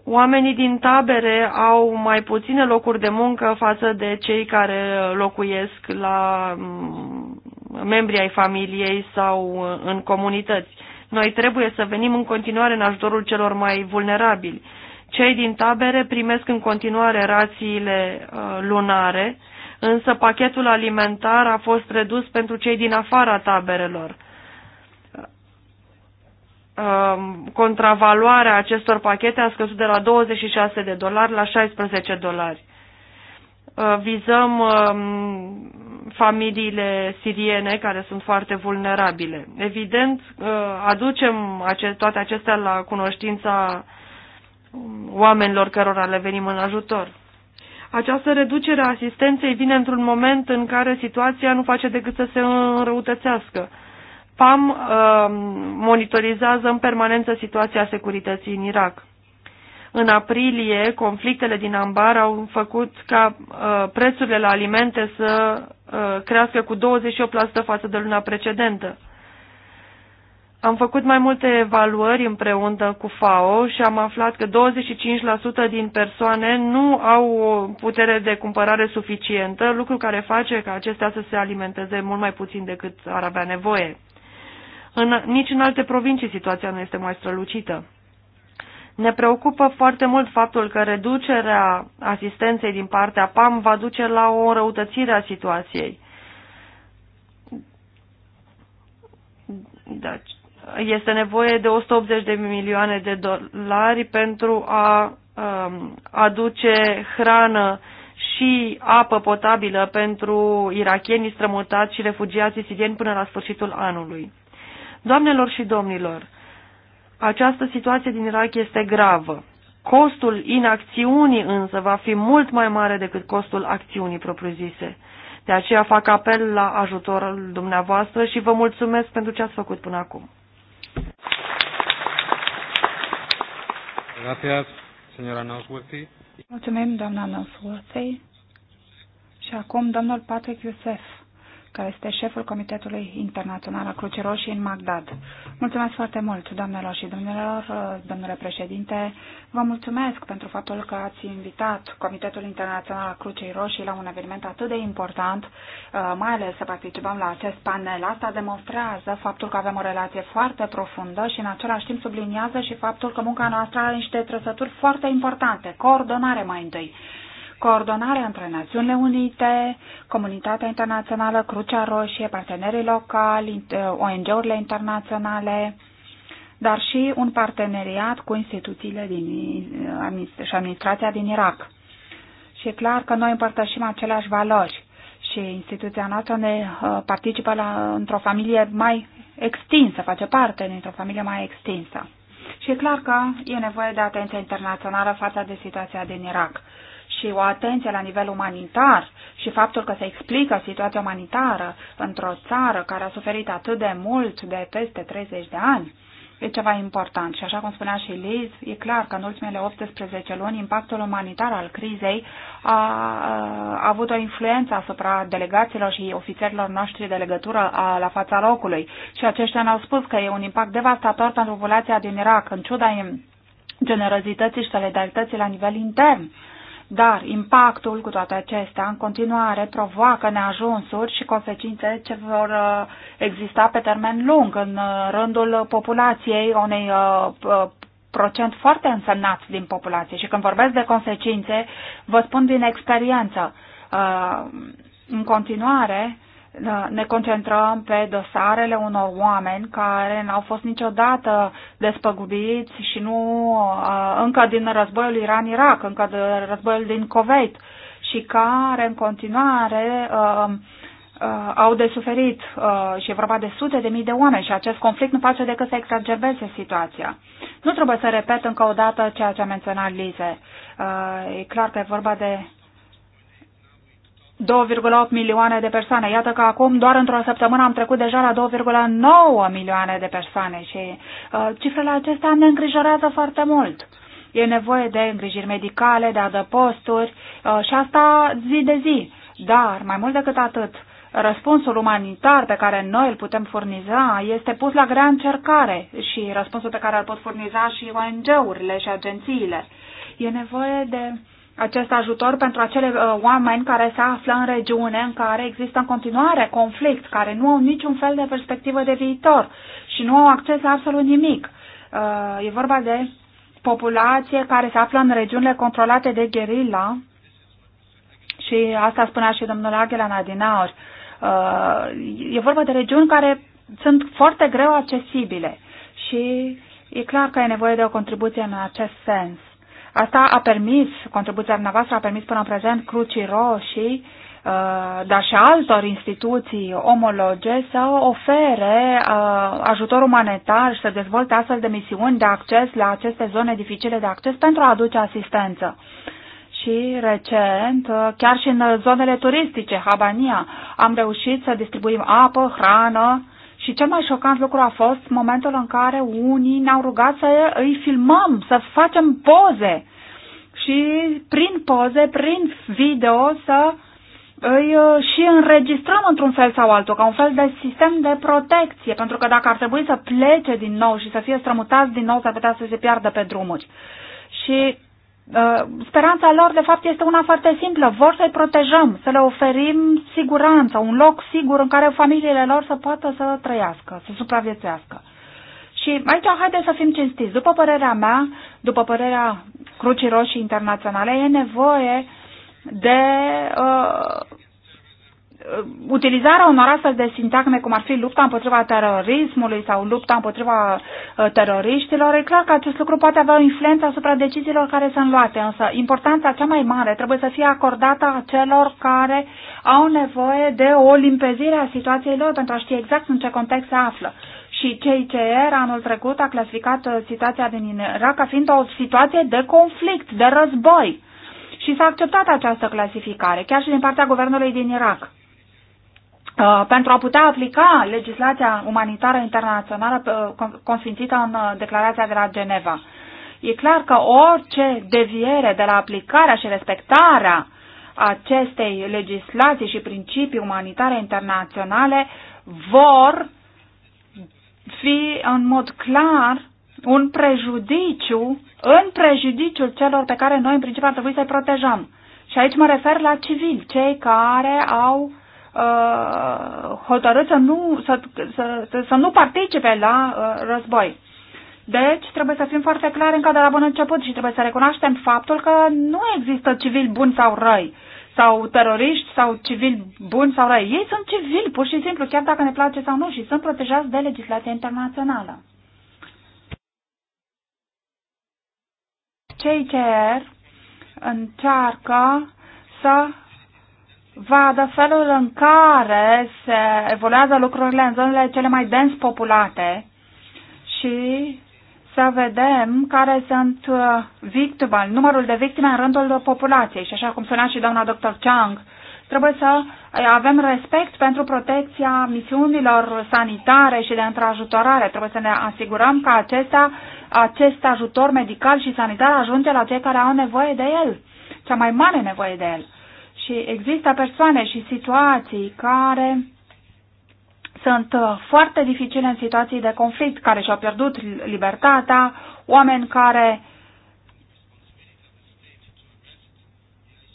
Oamenii din tabere au mai puține locuri de muncă față de cei care locuiesc la mm, membrii ai familiei sau uh, în comunități. Noi trebuie să venim în continuare în ajutorul celor mai vulnerabili. Cei din tabere primesc în continuare rațiile uh, lunare, însă pachetul alimentar a fost redus pentru cei din afara taberelor. Ehm, contravaloarea acestor pachete a scăzut de la 26 de dolari la 16 dolari. Ehm, vizăm ehm, familiile siriene care sunt foarte vulnerabile. Evident, aducem toate acestea la cunoștința oamenilor cărora le venim în ajutor. Această reducere a asistenței vine într-un moment în care situația nu face decât să se înrăutățească. PAM uh, monitorizează în permanență situația securității în Irak. În aprilie, conflictele din Ambar au făcut ca uh, prețurile la alimente să uh, crească cu 28% față de luna precedentă. Am făcut mai multe evaluări împreună cu FAO și am aflat că 25% din persoane nu au o putere de cumpărare suficientă, lucru care face ca acestea să se alimenteze mult mai puțin decât ar avea nevoie. În, nici în alte provincii situația nu este mai strălucită. Ne preocupă foarte mult faptul că reducerea asistenței din partea PAM va duce la o înrăutățire a situației. Deci, este nevoie de 180 de milioane de dolari pentru a um, aduce hrană și apă potabilă pentru irachienii strămutați și refugiații sirieni până la sfârșitul anului. Doamnelor și domnilor, această situație din Irak este gravă. Costul inacțiunii însă va fi mult mai mare decât costul acțiunii propriu-zise. De aceea fac apel la ajutorul dumneavoastră și vă mulțumesc pentru ce ați făcut până acum.
Gracias, señora Nosworthy.
Mulțumim, doamna Nosworthy. Și acum, domnul Patrick Youssef care este șeful Comitetului Internațional al Crucii Roșii în Magdad. Mulțumesc foarte mult, doamnelor și domnilor, domnule președinte. Vă mulțumesc pentru faptul că ați invitat Comitetul Internațional al Crucii Roșii la un eveniment atât de important, uh, mai ales să participăm la acest panel. Asta demonstrează faptul că avem o relație foarte profundă și în același timp subliniază și faptul că munca noastră are niște trăsături foarte importante, coordonare mai întâi coordonarea între Națiunile Unite, comunitatea internațională, Crucea Roșie, partenerii locali, eh, ONG-urile internaționale, dar și un parteneriat cu instituțiile din, eh, și administrația din Irak. Și e clar că noi împărtășim aceleași valori și instituția noastră ne eh, participă la, într-o familie mai extinsă, face parte dintr-o familie mai extinsă. Și e clar că e nevoie de atenție internațională față de situația din Irak și o atenție la nivel umanitar și faptul că se explică situația umanitară într-o țară care a suferit atât de mult de peste 30 de ani, e ceva important. Și așa cum spunea și Liz, e clar că în ultimele 18 luni impactul umanitar al crizei a, a avut o influență asupra delegaților și ofițerilor noștri de legătură a, la fața locului. Și aceștia ne-au spus că e un impact devastator pentru populația din Irak, în ciuda generozității și solidarității la nivel intern. Dar impactul cu toate acestea în continuare provoacă neajunsuri și consecințe ce vor uh, exista pe termen lung în uh, rândul populației unei uh, procent foarte însemnat din populație. Și când vorbesc de consecințe, vă spun din experiență. În continuare, Ă, ne concentrăm pe dosarele unor oameni care n-au fost niciodată despăgubiți și nu ă, încă din războiul Iran-Irak, încă de războiul din Kuwait și care în continuare ă, au de suferit și e vorba de sute de mii de oameni și acest conflict nu face decât să exacerbeze situația. Nu trebuie să repet încă o dată ceea ce a menționat Lize. E clar că e vorba de 2,8 milioane de persoane. Iată că acum, doar într-o săptămână, am trecut deja la 2,9 milioane de persoane și uh, cifrele acestea ne îngrijorează foarte mult. E nevoie de îngrijiri medicale, de adăposturi uh, și asta zi de zi. Dar, mai mult decât atât, răspunsul umanitar pe care noi îl putem furniza este pus la grea încercare și răspunsul pe care îl pot furniza și ONG-urile și agențiile. E nevoie de acest ajutor pentru acele uh, oameni care se află în regiune în care există în continuare conflict, care nu au niciun fel de perspectivă de viitor și nu au acces la absolut nimic. Uh, e vorba de populație care se află în regiunile controlate de gherila și asta spunea și domnul Aghela Nadinaur. Uh, e vorba de regiuni care sunt foarte greu accesibile și e clar că e nevoie de o contribuție în acest sens. Asta a permis, contribuția dumneavoastră a permis până în prezent Crucii Roșii, uh, dar și altor instituții omologe să ofere uh, ajutor umanitar și să dezvolte astfel de misiuni de acces la aceste zone dificile de acces pentru a aduce asistență și recent, uh, chiar și în zonele turistice, Habania, am reușit să distribuim apă, hrană și cel mai șocant lucru a fost momentul în care unii ne-au rugat să îi filmăm, să facem poze și prin poze, prin video să îi uh, și înregistrăm într-un fel sau altul, ca un fel de sistem de protecție, pentru că dacă ar trebui să plece din nou și să fie strămutați din nou, s-ar putea să se piardă pe drumuri. Și Uh, speranța lor, de fapt, este una foarte simplă. Vor să-i protejăm, să le oferim siguranță, un loc sigur în care familiile lor să poată să trăiască, să supraviețuiască. Și aici, haideți să fim cinstiți. După părerea mea, după părerea Crucii Roșii Internaționale, e nevoie de uh, Uh, utilizarea unor astfel de sintagme, cum ar fi lupta împotriva terorismului sau lupta împotriva uh, teroriștilor, e clar că acest lucru poate avea o influență asupra deciziilor care sunt luate, însă importanța cea mai mare trebuie să fie acordată celor care au nevoie de o limpezire a situației lor pentru a ști exact în ce context se află. Și CICR anul trecut a clasificat uh, situația din Irak ca fiind o situație de conflict, de război. Și s-a acceptat această clasificare, chiar și din partea guvernului din Irak. Uh, pentru a putea aplica legislația umanitară internațională uh, consfințită în uh, Declarația de la Geneva. E clar că orice deviere de la aplicarea și respectarea acestei legislații și principii umanitare internaționale vor fi în mod clar un prejudiciu în prejudiciul celor pe care noi în principiu ar trebui să-i protejăm. Și aici mă refer la civili, cei care au uh, uh, hotărât să nu, să, să, să nu participe la uh, război. Deci trebuie să fim foarte clari încă de la bun început și trebuie să recunoaștem faptul că nu există civili buni sau răi sau teroriști sau civili buni sau răi. Ei sunt civili, pur și simplu, chiar dacă ne place sau nu, și sunt protejați de legislația internațională. Cei care er încearcă să vadă da felul în care se evoluează lucrurile în zonele cele mai dens populate și să vedem care sunt uh, victime, numărul de victime în rândul populației. Și așa cum spunea și doamna dr. Chang, trebuie să uh, avem respect pentru protecția misiunilor sanitare și de întrajutorare. Trebuie să ne asigurăm că acesta, acest ajutor medical și sanitar ajunge la cei care au nevoie de el, cea mai mare nevoie de el. Și există persoane și situații care sunt uh, foarte dificile în situații de conflict, care și-au pierdut libertatea, oameni care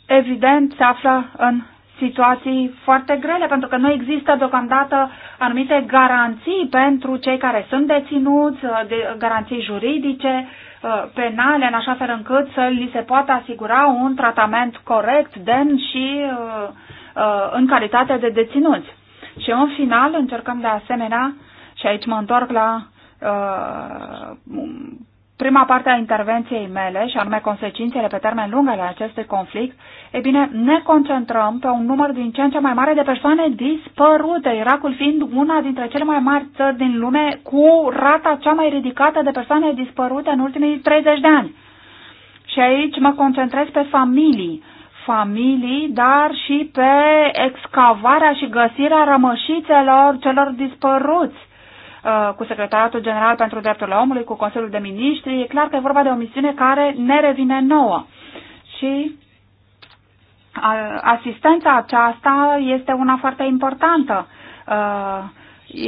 evident se află în situații foarte grele, pentru că nu există deocamdată anumite garanții pentru cei care sunt deținuți, uh, garanții juridice, Uh, penale în așa fel încât să li se poată asigura un tratament corect, demn și uh, uh, în calitate de deținuți. Și în final încercăm de asemenea, și aici mă întorc la prima parte a intervenției mele, și anume consecințele pe termen lung ale acestui conflict, e bine, ne concentrăm pe un număr din ce în ce mai mare de persoane dispărute, Irakul fiind una dintre cele mai mari țări din lume cu rata cea mai ridicată de persoane dispărute în ultimii 30 de ani. Și aici mă concentrez pe familii, familii, dar și pe excavarea și găsirea rămășițelor celor dispăruți Uh, cu Secretariatul General pentru Drepturile Omului, cu Consiliul de Ministri. E clar că e vorba de o misiune care ne revine nouă. Și asistența aceasta este una foarte importantă. Uh,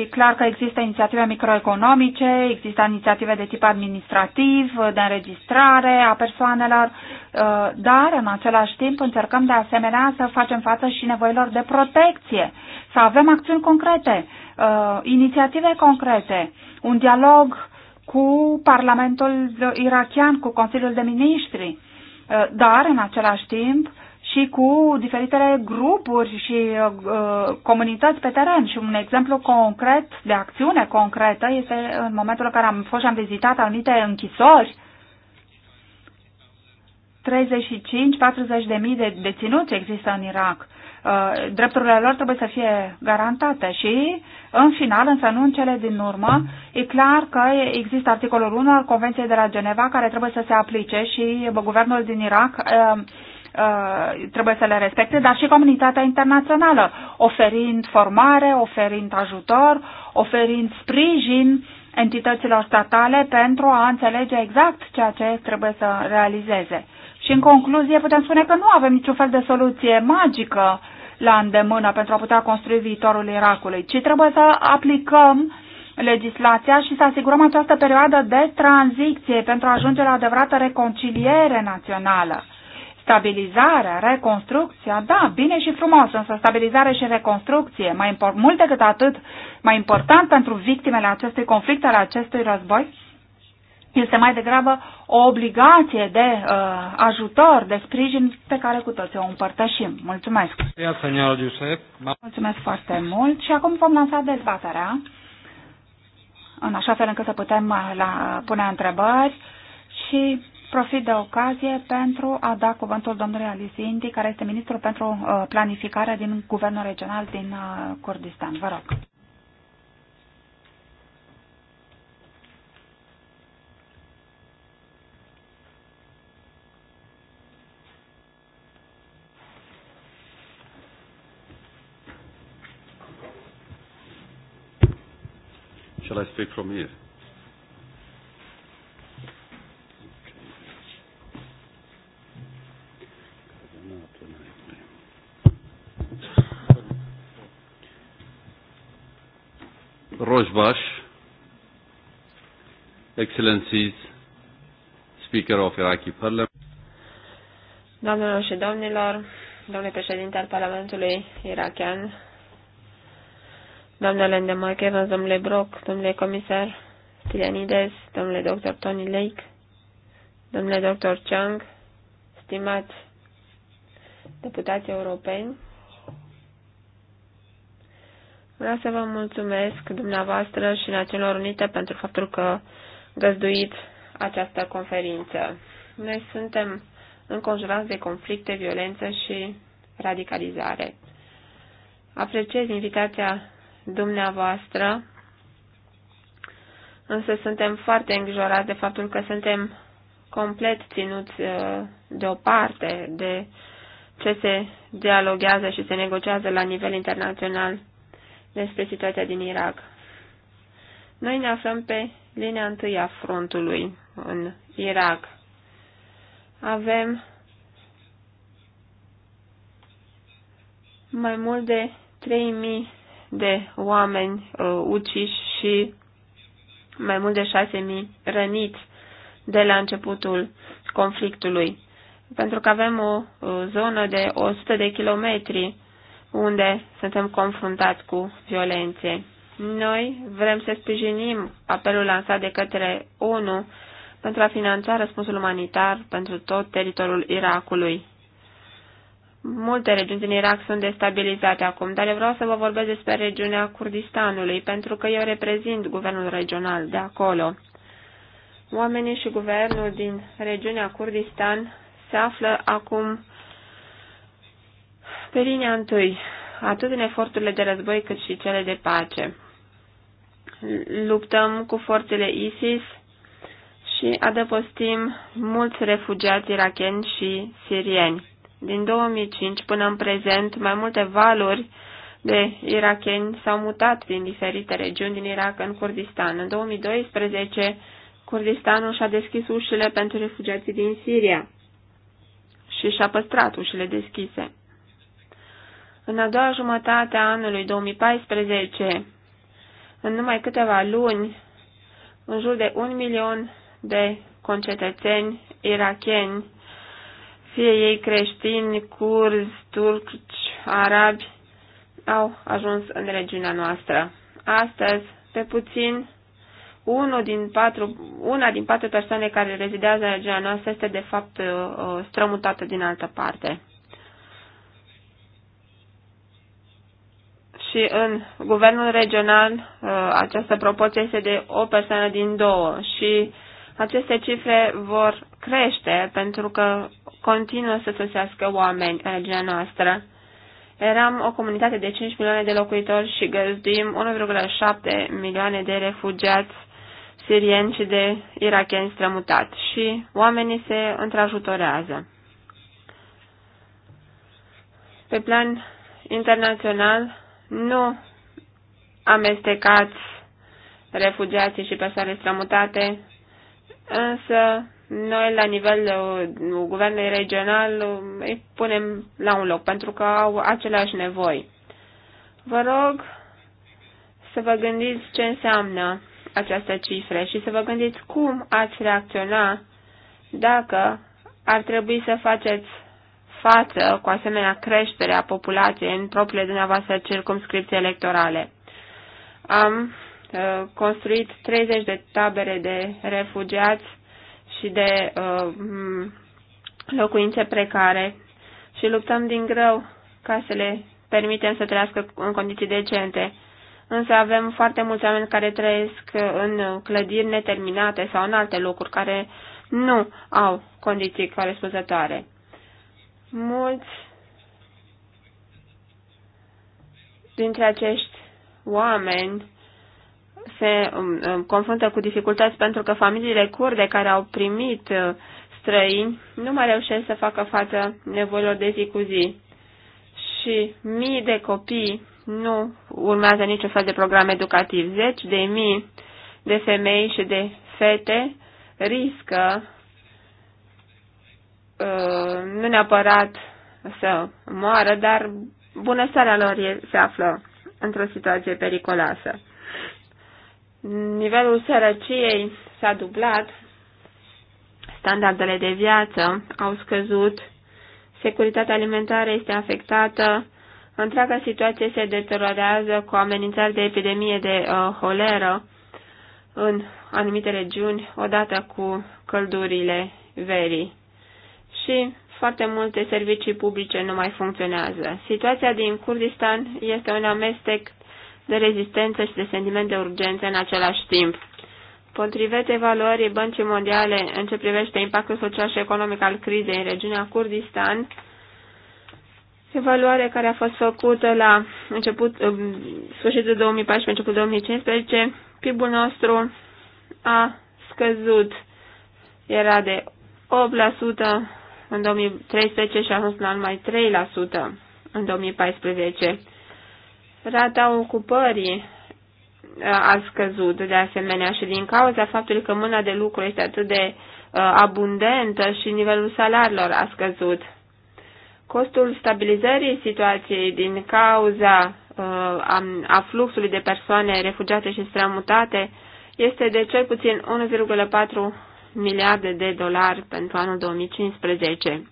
e clar că există inițiative microeconomice, există inițiative de tip administrativ, de înregistrare a persoanelor, uh, dar în același timp încercăm de asemenea să facem față și nevoilor de protecție, să avem acțiuni concrete uh, inițiative concrete, un dialog cu Parlamentul irachian, cu Consiliul de Ministri, uh, dar în același timp și cu diferitele grupuri și uh, uh comunități pe teren. Și un exemplu concret de acțiune concretă este în momentul în care am fost și am vizitat anumite închisori 35-40 de mii de deținuți există în Irak. Uh, drepturile lor trebuie să fie garantate și, în final, însă nu în cele din urmă, e clar că există articolul 1 al Convenției de la Geneva care trebuie să se aplice și guvernul din Irak uh, uh, trebuie să le respecte, dar și comunitatea internațională, oferind formare, oferind ajutor, oferind sprijin entităților statale pentru a înțelege exact ceea ce trebuie să realizeze. Și în concluzie putem spune că nu avem niciun fel de soluție magică la îndemână pentru a putea construi viitorul Irakului, ci trebuie să aplicăm legislația și să asigurăm această perioadă de tranziție pentru a ajunge la adevărată reconciliere națională. Stabilizarea, reconstrucția, da, bine și frumos, însă stabilizare și reconstrucție, mai mult decât atât, mai important pentru victimele acestui conflict, al acestui război, este mai degrabă o obligație de uh, ajutor, de sprijin pe care cu toții o împărtășim. Mulțumesc! Mulțumesc foarte mult și acum vom lansa dezbaterea în așa fel încât să putem uh, la, pune întrebări și profit de ocazie pentru a da cuvântul domnului Alice Indi, care este ministrul pentru uh, planificare din Guvernul Regional din uh, Kurdistan. Vă rog!
Shall I speak from here? Rojbash, Excellencies, Speaker of Iraqi Parliament.
Doamnelor
și domnilor, domnule președinte al Parlamentului Irakian doamnele Endemacheva, domnule Brock, domnule comisar Stilianides, domnule doctor Tony Lake, domnule doctor Chang, stimați deputați europeni, vreau să vă mulțumesc dumneavoastră și Națiunilor Unite pentru faptul că găzduiți această conferință. Noi suntem înconjurați de conflicte, violență și radicalizare. Apreciez invitația dumneavoastră, însă suntem foarte îngrijorați de faptul că suntem complet ținuți uh, deoparte de ce se dialoguează și se negociază la nivel internațional despre situația din Irak. Noi ne aflăm pe linia întâi a frontului în Irak. Avem mai mult de 3000 de oameni uh, uciși și mai mult de 6.000 răniți de la începutul conflictului. Pentru că avem o uh, zonă de 100 de kilometri unde suntem confruntați cu violențe. Noi vrem să sprijinim apelul lansat de către ONU pentru a finanța răspunsul umanitar pentru tot teritoriul Irakului. Multe regiuni din Irak sunt destabilizate acum, dar eu vreau să vă vorbesc despre regiunea Kurdistanului, pentru că eu reprezint guvernul regional de acolo. Oamenii și guvernul din regiunea Kurdistan se află acum pe linia întâi, atât în eforturile de război cât și cele de pace. Luptăm cu forțele ISIS și adăpostim mulți refugiați iracheni și sirieni. Din 2005 până în prezent, mai multe valuri de iracheni s-au mutat din diferite regiuni din Irak în Kurdistan. În 2012, Kurdistanul și-a deschis ușile pentru refugiații din Siria și și-a păstrat ușile deschise. În a doua jumătate a anului 2014, în numai câteva luni, în jur de un milion de concetățeni iracheni fie ei creștini, curzi, turci, arabi, au ajuns în regiunea noastră. Astăzi, pe puțin, unul din patru, una din patru persoane care rezidează în regiunea noastră este de fapt strămutată din altă parte. Și în guvernul regional ă, această proporție este de o persoană din două și aceste cifre vor crește pentru că continuă să sosească oameni în regiunea noastră. Eram o comunitate de 5 milioane de locuitori și găzduim 1,7 milioane de refugiați sirieni și de iracheni strămutați și oamenii se întrajutorează. Pe plan internațional, nu amestecați refugiații și persoane strămutate, însă noi la uh, guvernului regional uh, îi punem la un loc pentru că au aceleași nevoi. Vă rog să vă gândiți ce înseamnă această cifre și să vă gândiți cum ați reacționa dacă ar trebui să faceți față cu asemenea creștere a populației în propriile dumneavoastră circumscripții electorale. Am uh, construit 30 de tabere de refugiați și de uh, locuințe precare și luptăm din greu ca să le permitem să trăiască în condiții decente. Însă avem foarte mulți oameni care trăiesc în clădiri neterminate sau în alte locuri care nu au condiții corespunzătoare. Mulți dintre acești oameni se um, um, confruntă cu dificultăți pentru că familiile curde care au primit uh, străini nu mai reușesc să facă față nevoilor de zi cu zi. Și mii de copii nu urmează niciun fel de program educativ. Zeci de mii de femei și de fete riscă uh, nu neapărat să moară, dar bunăstarea lor se află într-o situație periculoasă. Nivelul sărăciei s-a dublat, standardele de viață au scăzut, securitatea alimentară este afectată, întreaga situație se deteriorează cu amenințări de epidemie de uh, holeră în anumite regiuni, odată cu căldurile verii. Și foarte multe servicii publice nu mai funcționează. Situația din Kurdistan este un amestec de rezistență și de sentiment de urgență în același timp. Potrivit evaluării Băncii Mondiale în ce privește impactul social și economic al crizei în regiunea Kurdistan, evaluare care a fost făcută la început, sfârșitul 2014, începutul 2015, PIB-ul nostru a scăzut. Era de 8% în 2013 și a ajuns la numai 3% în 2014. Rata ocupării uh, a scăzut de asemenea și din cauza faptului că mâna de lucru este atât de uh, abundentă și nivelul salariilor a scăzut. Costul stabilizării situației din cauza uh, a fluxului de persoane refugiate și strămutate este de cel puțin 1,4 miliarde de dolari pentru anul 2015.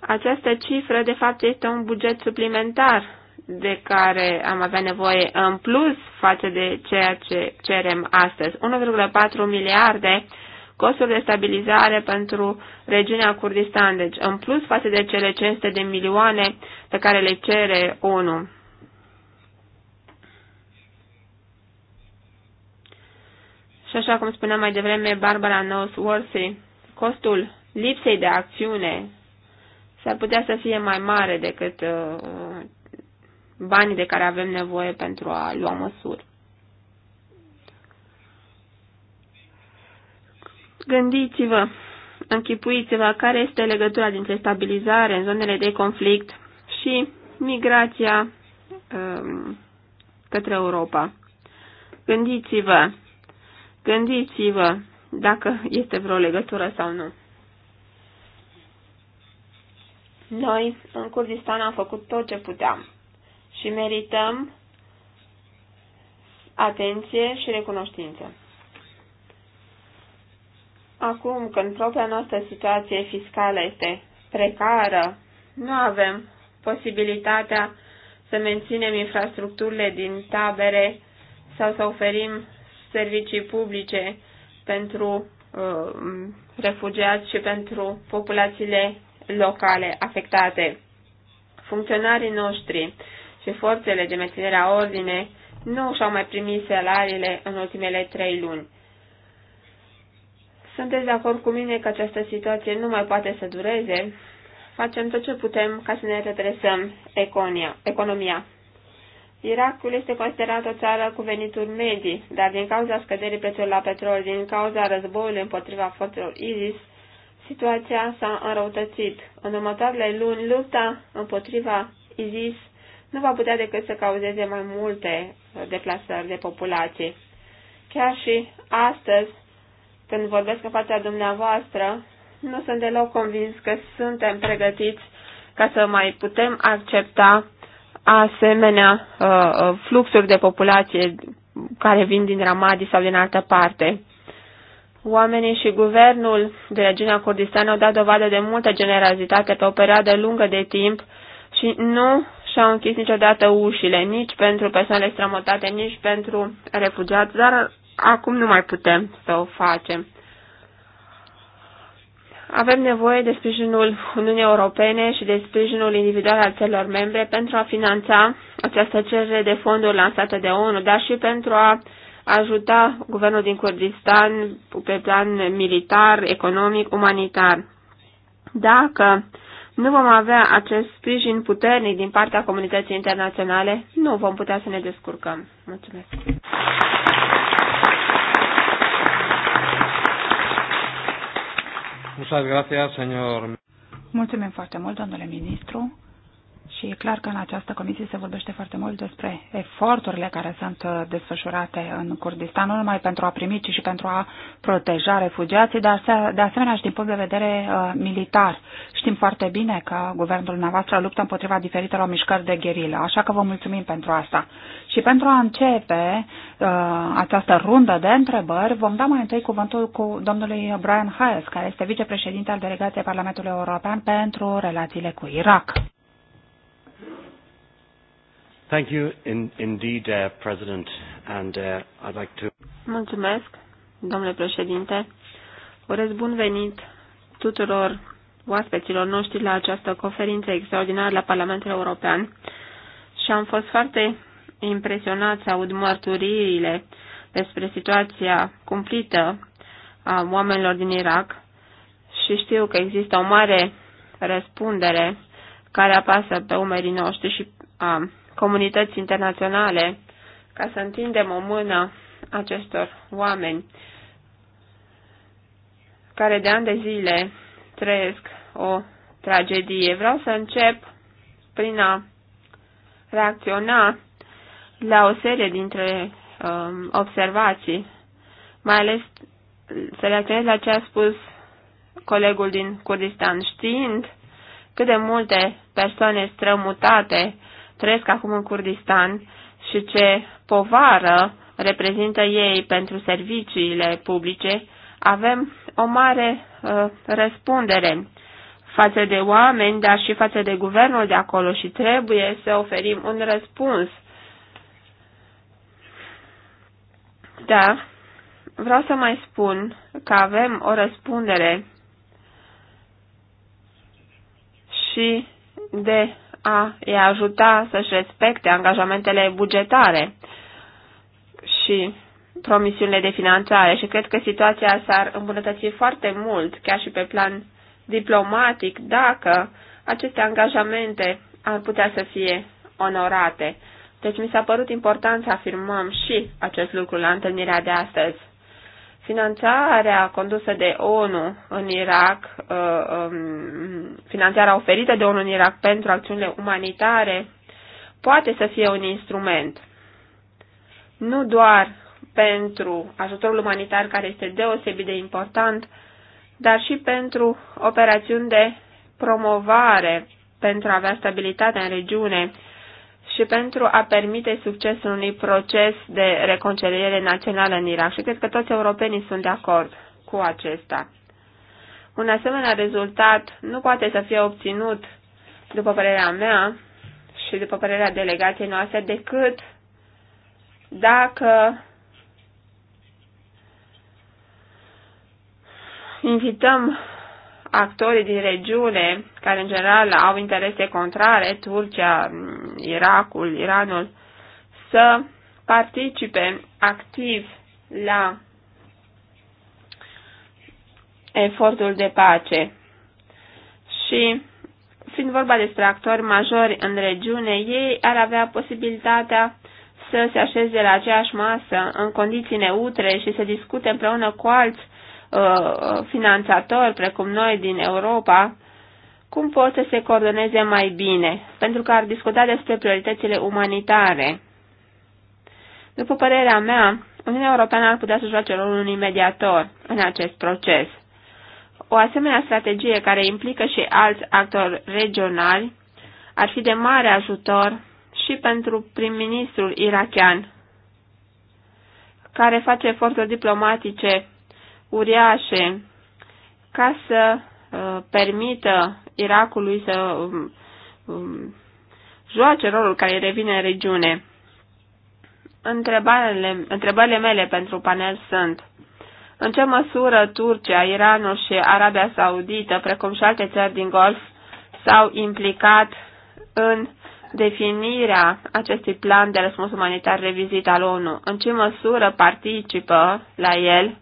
Această cifră, de fapt, este un buget suplimentar de care am avea nevoie în plus față de ceea ce cerem astăzi. 1,4 miliarde costul de stabilizare pentru regiunea Kurdistan, deci în plus față de cele 500 de milioane pe care le cere ONU. Și așa cum spuneam mai devreme Barbara Noseworthy, costul lipsei de acțiune s-ar putea să fie mai mare decât uh, banii de care avem nevoie pentru a lua măsuri. Gândiți-vă, închipuiți-vă care este legătura dintre stabilizare în zonele de conflict și migrația um, către Europa. Gândiți-vă, gândiți-vă dacă este vreo legătură sau nu. Noi, în Kurdistan, am făcut tot ce puteam și merităm atenție și recunoștință. Acum, când propria noastră situație fiscală este precară, nu avem posibilitatea să menținem infrastructurile din tabere sau să oferim servicii publice pentru uh, refugiați și pentru populațiile locale afectate. Funcționarii noștri și forțele de menținere a ordinei nu și-au mai primit salariile în ultimele trei luni. Sunteți de acord cu mine că această situație nu mai poate să dureze? Facem tot ce putem ca să ne redresăm econia, economia. Irakul este considerat o țară cu venituri medii, dar din cauza scăderii prețului la petrol, din cauza războiului împotriva forțelor ISIS, situația s-a înrăutățit. În următoarele luni, lupta împotriva ISIS nu va putea decât să cauzeze mai multe uh, deplasări de populație. Chiar și astăzi, când vorbesc în fața dumneavoastră, nu sunt deloc convins că suntem pregătiți ca să mai putem accepta asemenea uh, uh, fluxuri de populație care vin din Ramadi sau din altă parte. Oamenii și guvernul de regiunea Kurdistan au dat dovadă de multă generozitate pe o perioadă lungă de timp și nu și-au închis niciodată ușile, nici pentru persoanele strămutate, nici pentru refugiați, dar acum nu mai putem să o facem. Avem nevoie de sprijinul Uniunii Europene și de sprijinul individual al țărilor membre pentru a finanța această cerere de fonduri lansată de ONU, dar și pentru a ajuta guvernul din Kurdistan pe plan militar, economic, umanitar. Dacă uh, nu vom avea acest sprijin puternic din partea comunității internaționale, nu vom putea să ne descurcăm. Mulțumesc!
Muchas gracias, señor.
Mulțumim foarte mult, domnule ministru. Și e clar că în această comisie se vorbește foarte mult despre eforturile care sunt uh, desfășurate în Kurdistan, nu numai pentru a primi, ci și pentru a proteja refugiații, dar de asemenea și din punct de vedere uh, militar. Știm foarte bine că guvernul dumneavoastră luptă împotriva diferitelor mișcări de gherilă, așa că vă mulțumim pentru asta. Și pentru a începe uh, această rundă de întrebări, vom da mai întâi cuvântul cu domnului Brian Hayes, care este vicepreședinte al delegației Parlamentului European pentru relațiile cu Irak.
Thank you in, indeed, uh, President, and uh, I'd like to...
Mulțumesc, domnule președinte. Urez bun venit tuturor oaspeților noștri la această conferință extraordinară la Parlamentul European și am fost foarte impresionat să aud mărturiile despre situația cumplită a oamenilor din Irak și știu că există o mare răspundere care apasă pe umerii noștri și a comunități internaționale ca să întindem o mână acestor oameni care de ani de zile trăiesc o tragedie. Vreau să încep prin a reacționa la o serie dintre um, observații, mai ales să reacționez la ce a spus colegul din Kurdistan, știind cât de multe persoane strămutate trăiesc acum în Kurdistan și ce povară reprezintă ei pentru serviciile publice, avem o mare uh, răspundere față de oameni, dar și față de guvernul de acolo și trebuie să oferim un răspuns. Da, vreau să mai spun că avem o răspundere și de a îi ajuta să-și respecte angajamentele bugetare și promisiunile de finanțare și cred că situația s-ar îmbunătăți foarte mult, chiar și pe plan diplomatic, dacă aceste angajamente ar putea să fie onorate. Deci mi s-a părut important să afirmăm și acest lucru la întâlnirea de astăzi. Finanțarea condusă de ONU în Irak, uh, um, finanțarea oferită de ONU în Irak pentru acțiunile umanitare, poate să fie un instrument. Nu doar pentru ajutorul umanitar, care este deosebit de important, dar și pentru operațiuni de promovare, pentru a avea stabilitate în regiune, și pentru a permite succesul unui proces de reconciliere națională în Irak. Și cred că toți europenii sunt de acord cu acesta. Un asemenea rezultat nu poate să fie obținut, după părerea mea și după părerea delegației noastre, decât dacă invităm actorii din regiune, care în general au interese contrare, Turcia, Irakul, Iranul, să participe activ la efortul de pace. Și fiind vorba despre actori majori în regiune, ei ar avea posibilitatea să se așeze la aceeași masă, în condiții neutre și să discute împreună cu alți Uh, finanțatori precum noi din Europa, cum pot să se coordoneze mai bine, pentru că ar discuta despre prioritățile umanitare. După părerea mea, Uniunea Europeană ar putea să joace rolul unui mediator în acest proces. O asemenea strategie care implică și alți actori regionali ar fi de mare ajutor și pentru prim-ministrul irachian, care face eforturi diplomatice uriașe ca să uh, permită Irakului să um, um, joace rolul care îi revine în regiune. Întrebările, întrebările mele pentru panel sunt în ce măsură Turcia, Iranul și Arabia Saudită, precum și alte țări din Golf, s-au implicat în definirea acestui plan de răspuns umanitar revizit al ONU? În ce măsură participă la el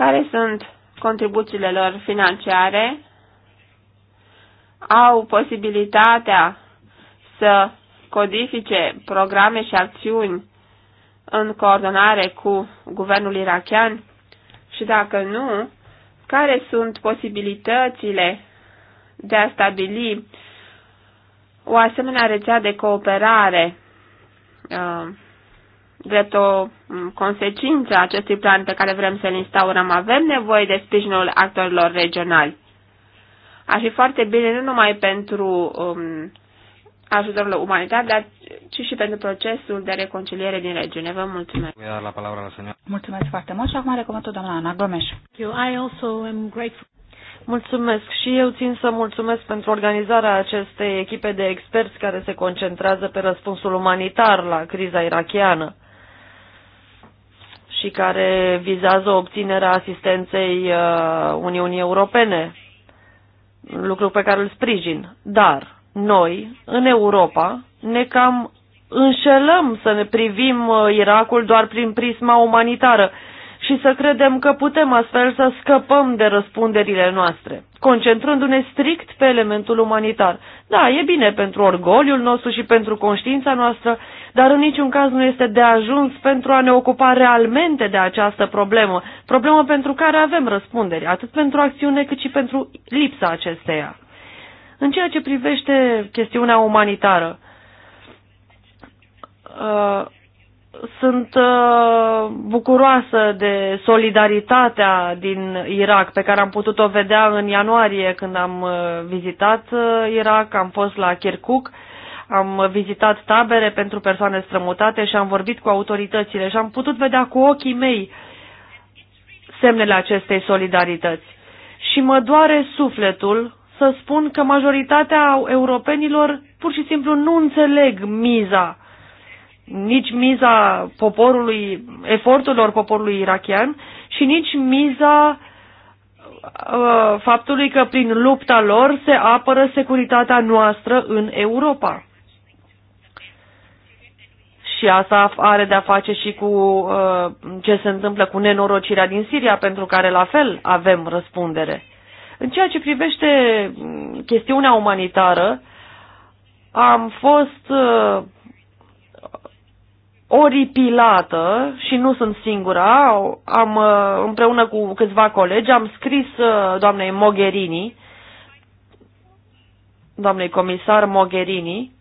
care sunt contribuțiile lor financiare, au posibilitatea să codifice programe și acțiuni în coordonare cu guvernul irachian și dacă nu, care sunt posibilitățile de a stabili o asemenea rețea de cooperare uh, drept o mm, consecință a acestui plan pe care vrem să-l instaurăm, avem nevoie de sprijinul actorilor regionali. Ar fi foarte bine nu numai pentru um, ajutorul umanitar, dar ci și pentru procesul de reconciliere din regiune. Vă mulțumesc.
Da la palabra la
Mulțumesc foarte
mult și acum are cuvântul doamna Ana Gomes. Mulțumesc și eu țin să mulțumesc pentru organizarea acestei echipe de experți care se concentrează pe răspunsul umanitar la criza irachiană și care vizează obținerea asistenței uh, Uniunii Europene, lucru pe care îl sprijin. Dar noi, în Europa, ne cam înșelăm să ne privim uh, Irakul doar prin prisma umanitară și să credem că putem astfel să scăpăm de răspunderile noastre, concentrându-ne strict pe elementul umanitar. Da, e bine pentru orgoliul nostru și pentru conștiința noastră, dar în niciun caz nu este de ajuns pentru a ne ocupa realmente de această problemă, problemă pentru care avem răspunderi, atât pentru acțiune cât și pentru lipsa acesteia. În ceea ce privește chestiunea umanitară, uh, sunt uh, bucuroasă de solidaritatea din Irak pe care am putut-o vedea în ianuarie când am uh, vizitat uh, Irak, am fost la Kirkuk am vizitat tabere pentru persoane strămutate și am vorbit cu autoritățile și am putut vedea cu ochii mei semnele acestei solidarități. Și mă doare sufletul să spun că majoritatea europenilor pur și simplu nu înțeleg miza, nici miza poporului, eforturilor poporului irachian și nici miza uh, faptului că prin lupta lor se apără securitatea noastră în Europa și asta are de-a face și cu uh, ce se întâmplă cu nenorocirea din Siria, pentru care la fel avem răspundere. În ceea ce privește mm, chestiunea umanitară, am fost uh, oripilată și nu sunt singura, am, uh, împreună cu câțiva colegi am scris uh, doamnei Mogherini, doamnei comisar Mogherini,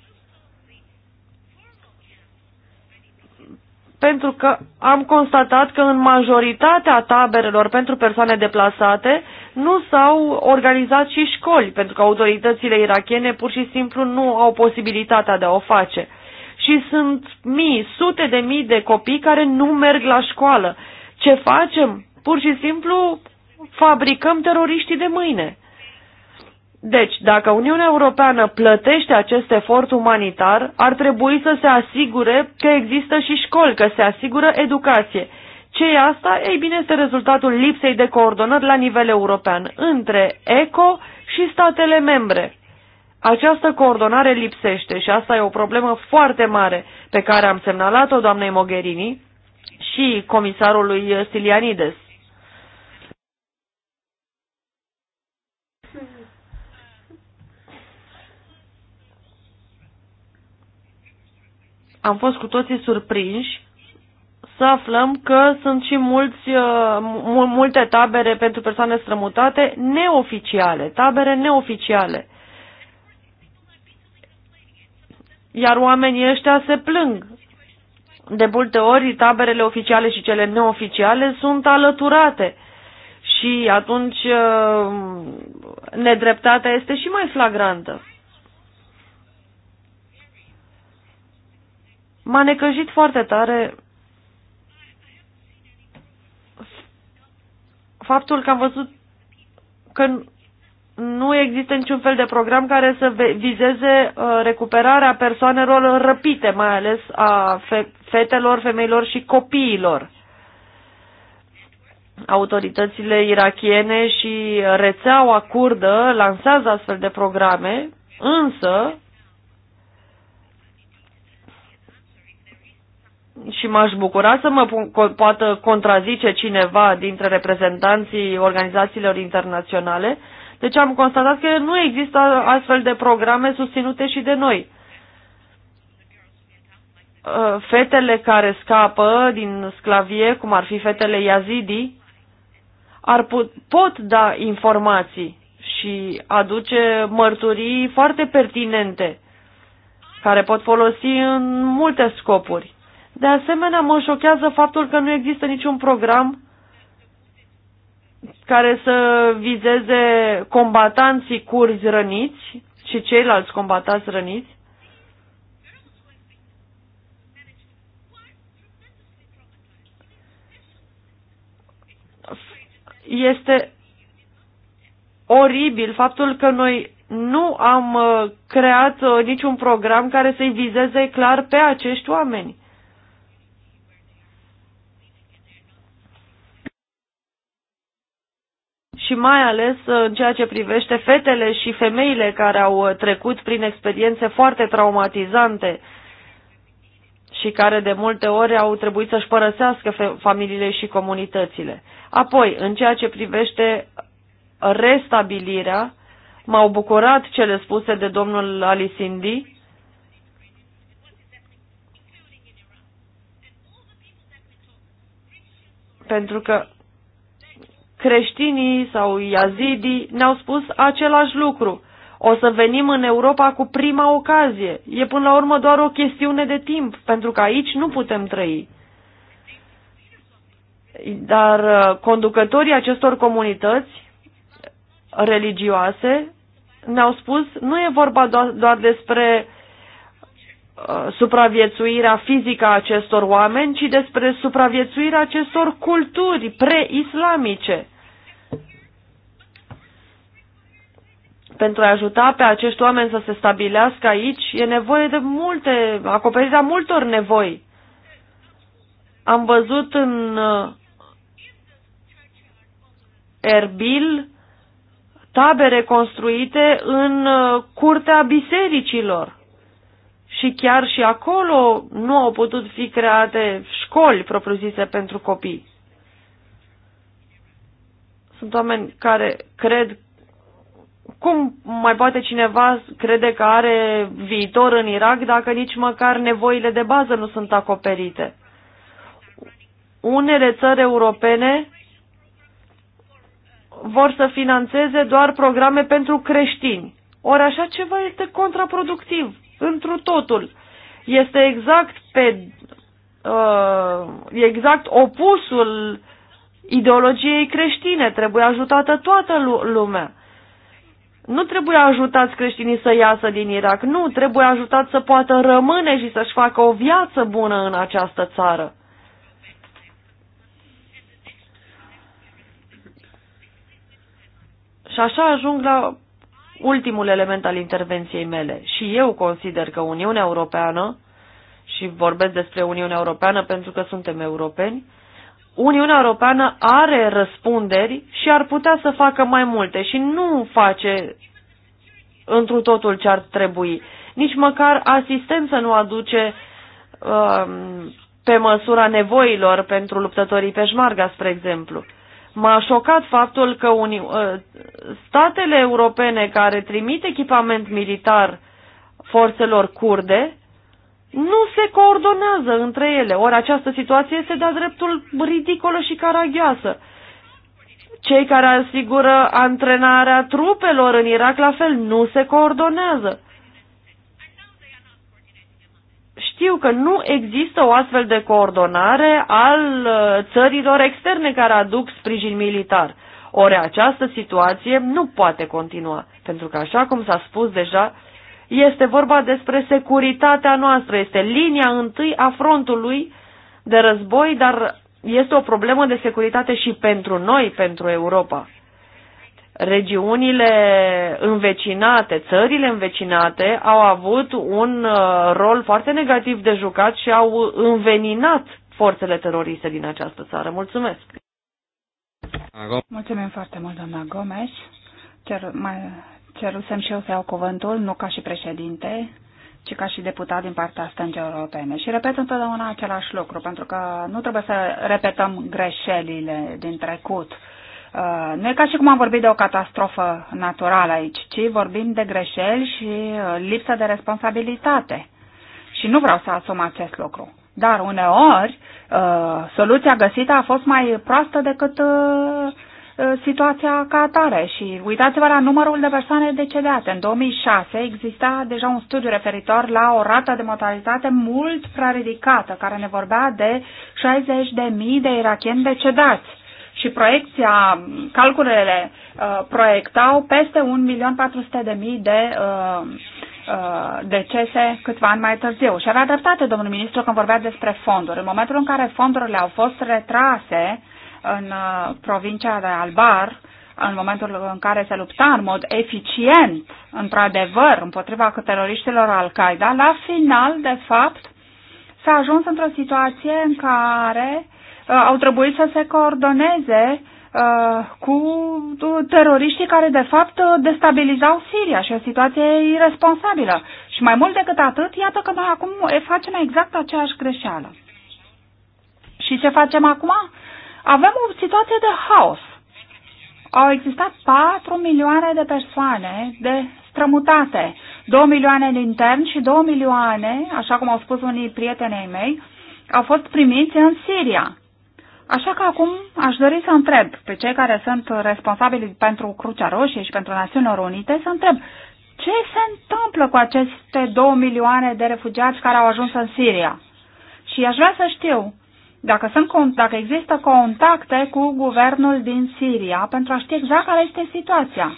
pentru că am constatat că în majoritatea taberelor pentru persoane deplasate nu s-au organizat și școli, pentru că autoritățile irachene pur și simplu nu au posibilitatea de a o face. Și sunt mii, sute de mii de copii care nu merg la școală. Ce facem? Pur și simplu fabricăm teroriștii de mâine. Deci, dacă Uniunea Europeană plătește acest efort umanitar, ar trebui să se asigure că există și școli, că se asigură educație. Ce e asta? Ei bine, este rezultatul lipsei de coordonări la nivel european între ECO și statele membre. Această coordonare lipsește și asta e o problemă foarte mare pe care am semnalat-o doamnei Mogherini și comisarului Stilianides. am fost cu toții surprinși să aflăm că sunt și mulți, uh, multe tabere pentru persoane strămutate neoficiale, tabere neoficiale. Iar oamenii ăștia se plâng. De multe ori, taberele oficiale și cele neoficiale sunt alăturate și atunci uh, nedreptatea este și mai flagrantă. M-a necăjit foarte tare faptul că am văzut că nu există niciun fel de program care să vizeze uh, recuperarea persoanelor răpite, mai ales a fetelor, femeilor și copiilor. Autoritățile irachiene și rețeaua curdă lansează astfel de programe, însă și m-aș bucura să mă poată contrazice cineva dintre reprezentanții organizațiilor internaționale, deci am constatat că nu există astfel de programe susținute și de noi. Ă, fetele care scapă din sclavie, cum ar fi fetele Yazidi, ar put, pot da informații și aduce mărturii foarte pertinente, care pot folosi în multe scopuri. De asemenea, mă șochează faptul că nu există niciun program care să vizeze combatanții curzi răniți și ceilalți combatați răniți. Este oribil faptul că noi nu am uh, creat uh, niciun program care să-i vizeze clar pe acești oameni. și mai ales uh, în ceea ce privește fetele și femeile care au uh, trecut prin experiențe foarte traumatizante și care de multe ori au trebuit să-și părăsească familiile și comunitățile. Apoi, în ceea ce privește restabilirea, m-au bucurat cele spuse de domnul Alisindi, pentru că creștinii sau iazidii ne-au spus același lucru. O să venim în Europa cu prima ocazie. E până la urmă doar o chestiune de timp, pentru că aici nu putem trăi. Dar uh, conducătorii acestor comunități religioase ne-au spus nu e vorba doar despre Uh, supraviețuirea fizică a acestor oameni, ci despre supraviețuirea acestor culturi pre-islamice. Pentru a ajuta pe acești oameni să se stabilească aici, e nevoie de multe, acoperirea multor nevoi. Am văzut în uh, Erbil tabere construite în uh, curtea bisericilor și chiar și acolo nu au putut fi create școli propriu-zise pentru copii. Sunt oameni care cred cum mai poate cineva crede că are viitor în Irak dacă nici măcar nevoile de bază nu sunt acoperite? Unele țări europene vor să financeze doar programe pentru creștini. Ori așa ceva este contraproductiv întru totul. Este exact pe uh, exact opusul ideologiei creștine. Trebuie ajutată toată lumea. Nu trebuie ajutați creștinii să iasă din Irak, nu, trebuie ajutat să poată rămâne și să-și facă o viață bună în această țară. Și așa ajung la ultimul element al intervenției mele. Și eu consider că Uniunea Europeană, și vorbesc despre Uniunea Europeană pentru că suntem europeni, Uniunea Europeană are răspunderi și ar putea să facă mai multe și nu face întru totul ce ar trebui. Nici măcar asistență nu aduce um, pe măsura nevoilor pentru luptătorii pe șmarga, spre exemplu. M-a șocat faptul că uni... Uh, statele europene care trimit echipament militar forțelor curde nu se coordonează între ele. Ori această situație este de-a dreptul ridicolă și caragioasă. Cei care asigură antrenarea trupelor în Irak la fel nu se coordonează. știu că nu există o astfel de coordonare al uh, țărilor externe care aduc sprijin militar. Ori această situație nu poate continua, pentru că, așa cum s-a spus deja, este vorba despre securitatea noastră, este linia întâi a frontului de război, dar este o problemă de securitate și pentru noi, pentru Europa regiunile învecinate, țările învecinate au avut un uh, rol foarte negativ de jucat și au înveninat forțele teroriste din această țară. Mulțumesc!
Mulțumim foarte mult, doamna Gomes. Cer, mai, cerusem și eu să iau cuvântul, nu ca și președinte, ci ca și deputat din partea stângii europene. Și repet întotdeauna același lucru, pentru că nu trebuie să repetăm greșelile din trecut. Uh, Uh, nu e ca și cum am vorbit de o catastrofă naturală aici, ci vorbim de greșeli și uh, lipsă de responsabilitate. Și nu vreau să asum acest lucru. Dar uneori uh, soluția găsită a fost mai proastă decât situația ca atare și uitați-vă la numărul de persoane decedate. În 2006 exista deja un studiu referitor la o rată de mortalitate mult prea ridicată, care ne vorbea de 60.000 de irachieni decedați și proiecția, calculele uh, proiectau peste 1.400.000 de uh, uh, decese câțiva ani mai târziu. Și avea dreptate domnul ministru când vorbea despre fonduri. În momentul în care fondurile au fost retrase în uh, provincia de Albar, în momentul în care se lupta în mod eficient, într-adevăr, împotriva teroriștilor Al-Qaeda, la final, de fapt, s-a ajuns într-o situație în care uh, Uh, au trebuit să se coordoneze uh, cu uh, teroriștii care de fapt destabilizau Siria și o situație irresponsabilă. Și mai mult decât atât, iată că noi acum facem exact aceeași greșeală. Și ce facem acum? Avem o situație de haos. Au existat 4 milioane de persoane de strămutate, 2 milioane în intern și 2 milioane, așa cum au spus unii prietenei mei, au fost primiți în Siria. Așa că acum aș dori să întreb pe cei care sunt responsabili pentru Crucea Roșie și pentru Națiunile Unite, să întreb ce se întâmplă cu aceste două milioane de refugiați care au ajuns în Siria. Și aș vrea să știu dacă, sunt, dacă există contacte cu guvernul din Siria pentru a ști exact care este situația.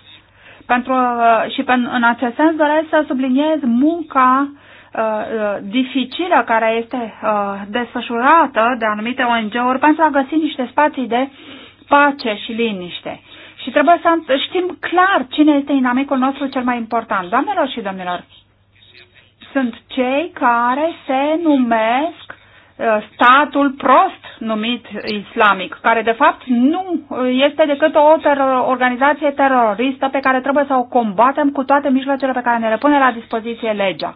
Pentru, uh, și în acest sens doresc să subliniez munca uh, dificilă care este uh, desfășurată de anumite ONG-uri pentru a găsi niște spații de pace și liniște. Și trebuie să știm clar cine este inamicul nostru cel mai important. Doamnelor și domnilor, sunt cei care se numesc uh, statul prost numit islamic, care de fapt nu este decât o teror, organizație teroristă pe care trebuie să o combatem cu toate mijloacele pe care ne le pune la dispoziție legea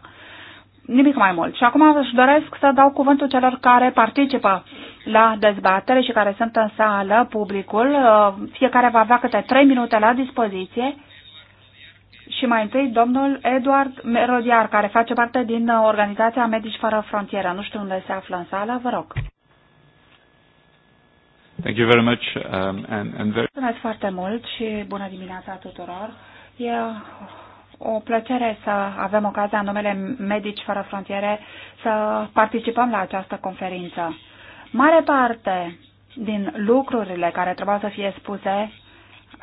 nimic mai mult. Și acum își doresc să dau cuvântul celor care participă la dezbatere și care sunt în sală, publicul. Uh, fiecare va avea câte trei minute la dispoziție. Și mai întâi domnul Eduard Merodiar care face parte din organizația Medici Fără Frontieră. Nu știu unde se află în sală, vă rog.
Thank you very much, um, and, and very...
Mulțumesc foarte mult și bună dimineața tuturor. Yeah o plăcere să avem ocazia în numele Medici Fără Frontiere să participăm la această conferință. Mare parte din lucrurile care trebuiau să fie spuse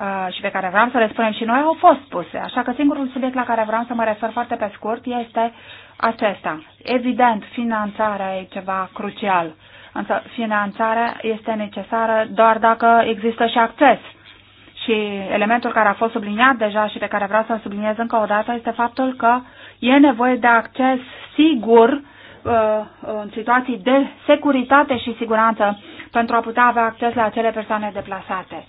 uh, și pe care vreau să le spunem și noi au fost spuse. Așa că singurul subiect la care vreau să mă refer foarte pe scurt este acesta. Evident, finanțarea e ceva crucial, însă finanțarea este necesară doar dacă există și acces și elementul care a fost subliniat deja și pe care vreau să-l subliniez încă o dată este faptul că e nevoie de acces sigur uh, în situații de securitate și siguranță pentru a putea avea acces la acele persoane deplasate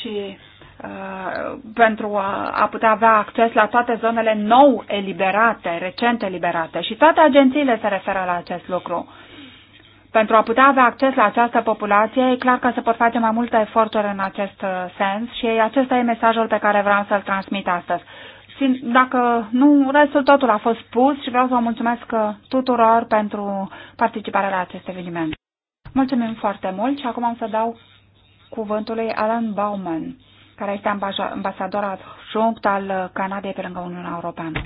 și uh, pentru a putea avea acces la toate zonele nou eliberate, recent eliberate. Și toate agențiile se referă la acest lucru. Pentru a putea avea acces la această populație, e clar că se pot face mai multe eforturi în acest uh, sens și acesta e mesajul pe care vreau să-l transmit astăzi. Și dacă nu, restul totul a fost spus și vreau să vă mulțumesc uh, tuturor pentru participarea la acest eveniment. Mulțumim foarte mult și acum am să dau cuvântul lui Alan Bauman, care este ambasador adjunct al uh, Canadei pe
lângă Uniunea Europeană.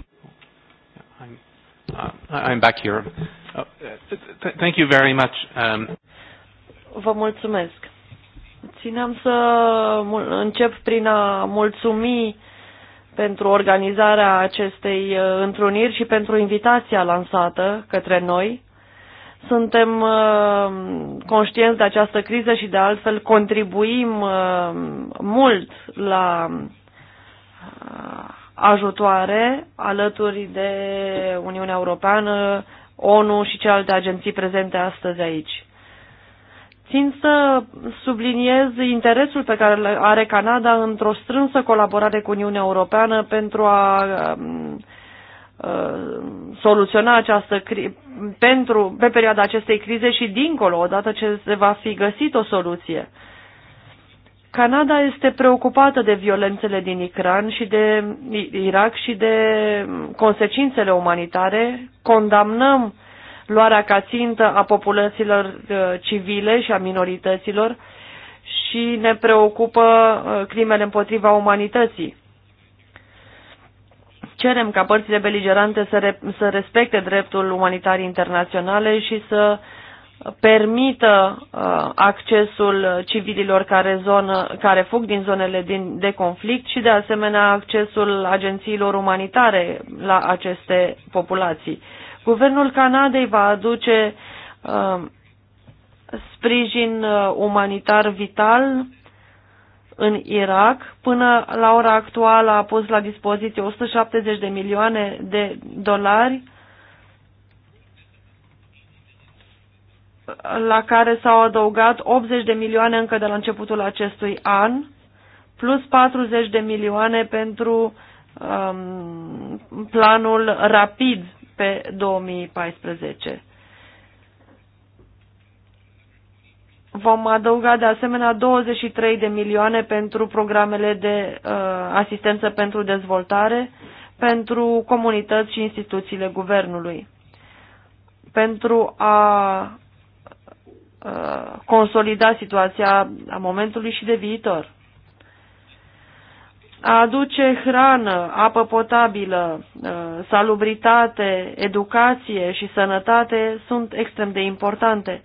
Uh, I'm back here. Uh, th thank you very much. Um...
Vă mulțumesc. Țineam să încep prin a mulțumi pentru organizarea acestei uh, întruniri și pentru invitația lansată către noi. Suntem uh, conștienți de această criză și de altfel contribuim uh, mult la ajutoare alături de Uniunea Europeană, ONU și celelalte agenții prezente astăzi aici. Țin să subliniez interesul pe care are Canada într-o strânsă colaborare cu Uniunea Europeană pentru a um, uh, soluționa această cri- pentru, pe perioada acestei crize și dincolo, odată ce se va fi găsit o soluție. Uh, Canada este preocupată de violențele din Iran și de Irak și de consecințele umanitare. Condamnăm luarea ca țintă a populațiilor uh, civile și a minorităților și ne preocupă uh, crimele împotriva umanității. Cerem ca părțile beligerante să, re- să respecte dreptul umanitar internaționale și să uh, permită uh, accesul civililor care, zonă, care fug din zonele din, de conflict și de asemenea accesul agențiilor umanitare la aceste populații. Guvernul Canadei va aduce uh, sprijin uh, umanitar vital în Irak. Până la ora actuală a pus la dispoziție 170 de milioane de dolari uh, la care s-au adăugat 80 de milioane încă de la începutul acestui an, plus 40 de milioane pentru um, planul rapid pe 2014. Vom adăuga de asemenea 23 de milioane pentru programele de uh, asistență pentru dezvoltare, pentru comunități și instituțiile guvernului. Pentru a Uh, consolida situația a momentului și de viitor. A aduce hrană, apă potabilă, uh, salubritate, educație și sănătate sunt extrem de importante.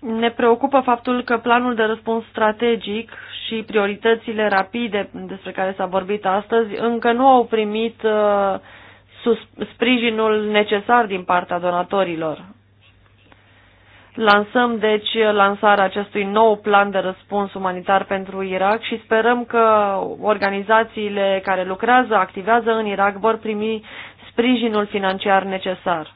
Ne preocupă faptul că planul de răspuns strategic și prioritățile rapide despre care s-a vorbit astăzi încă nu au primit uh, sprijinul necesar din partea donatorilor. Lansăm, deci, lansarea acestui nou plan de răspuns umanitar pentru Irak și sperăm că organizațiile care lucrează, activează în Irak vor primi sprijinul financiar necesar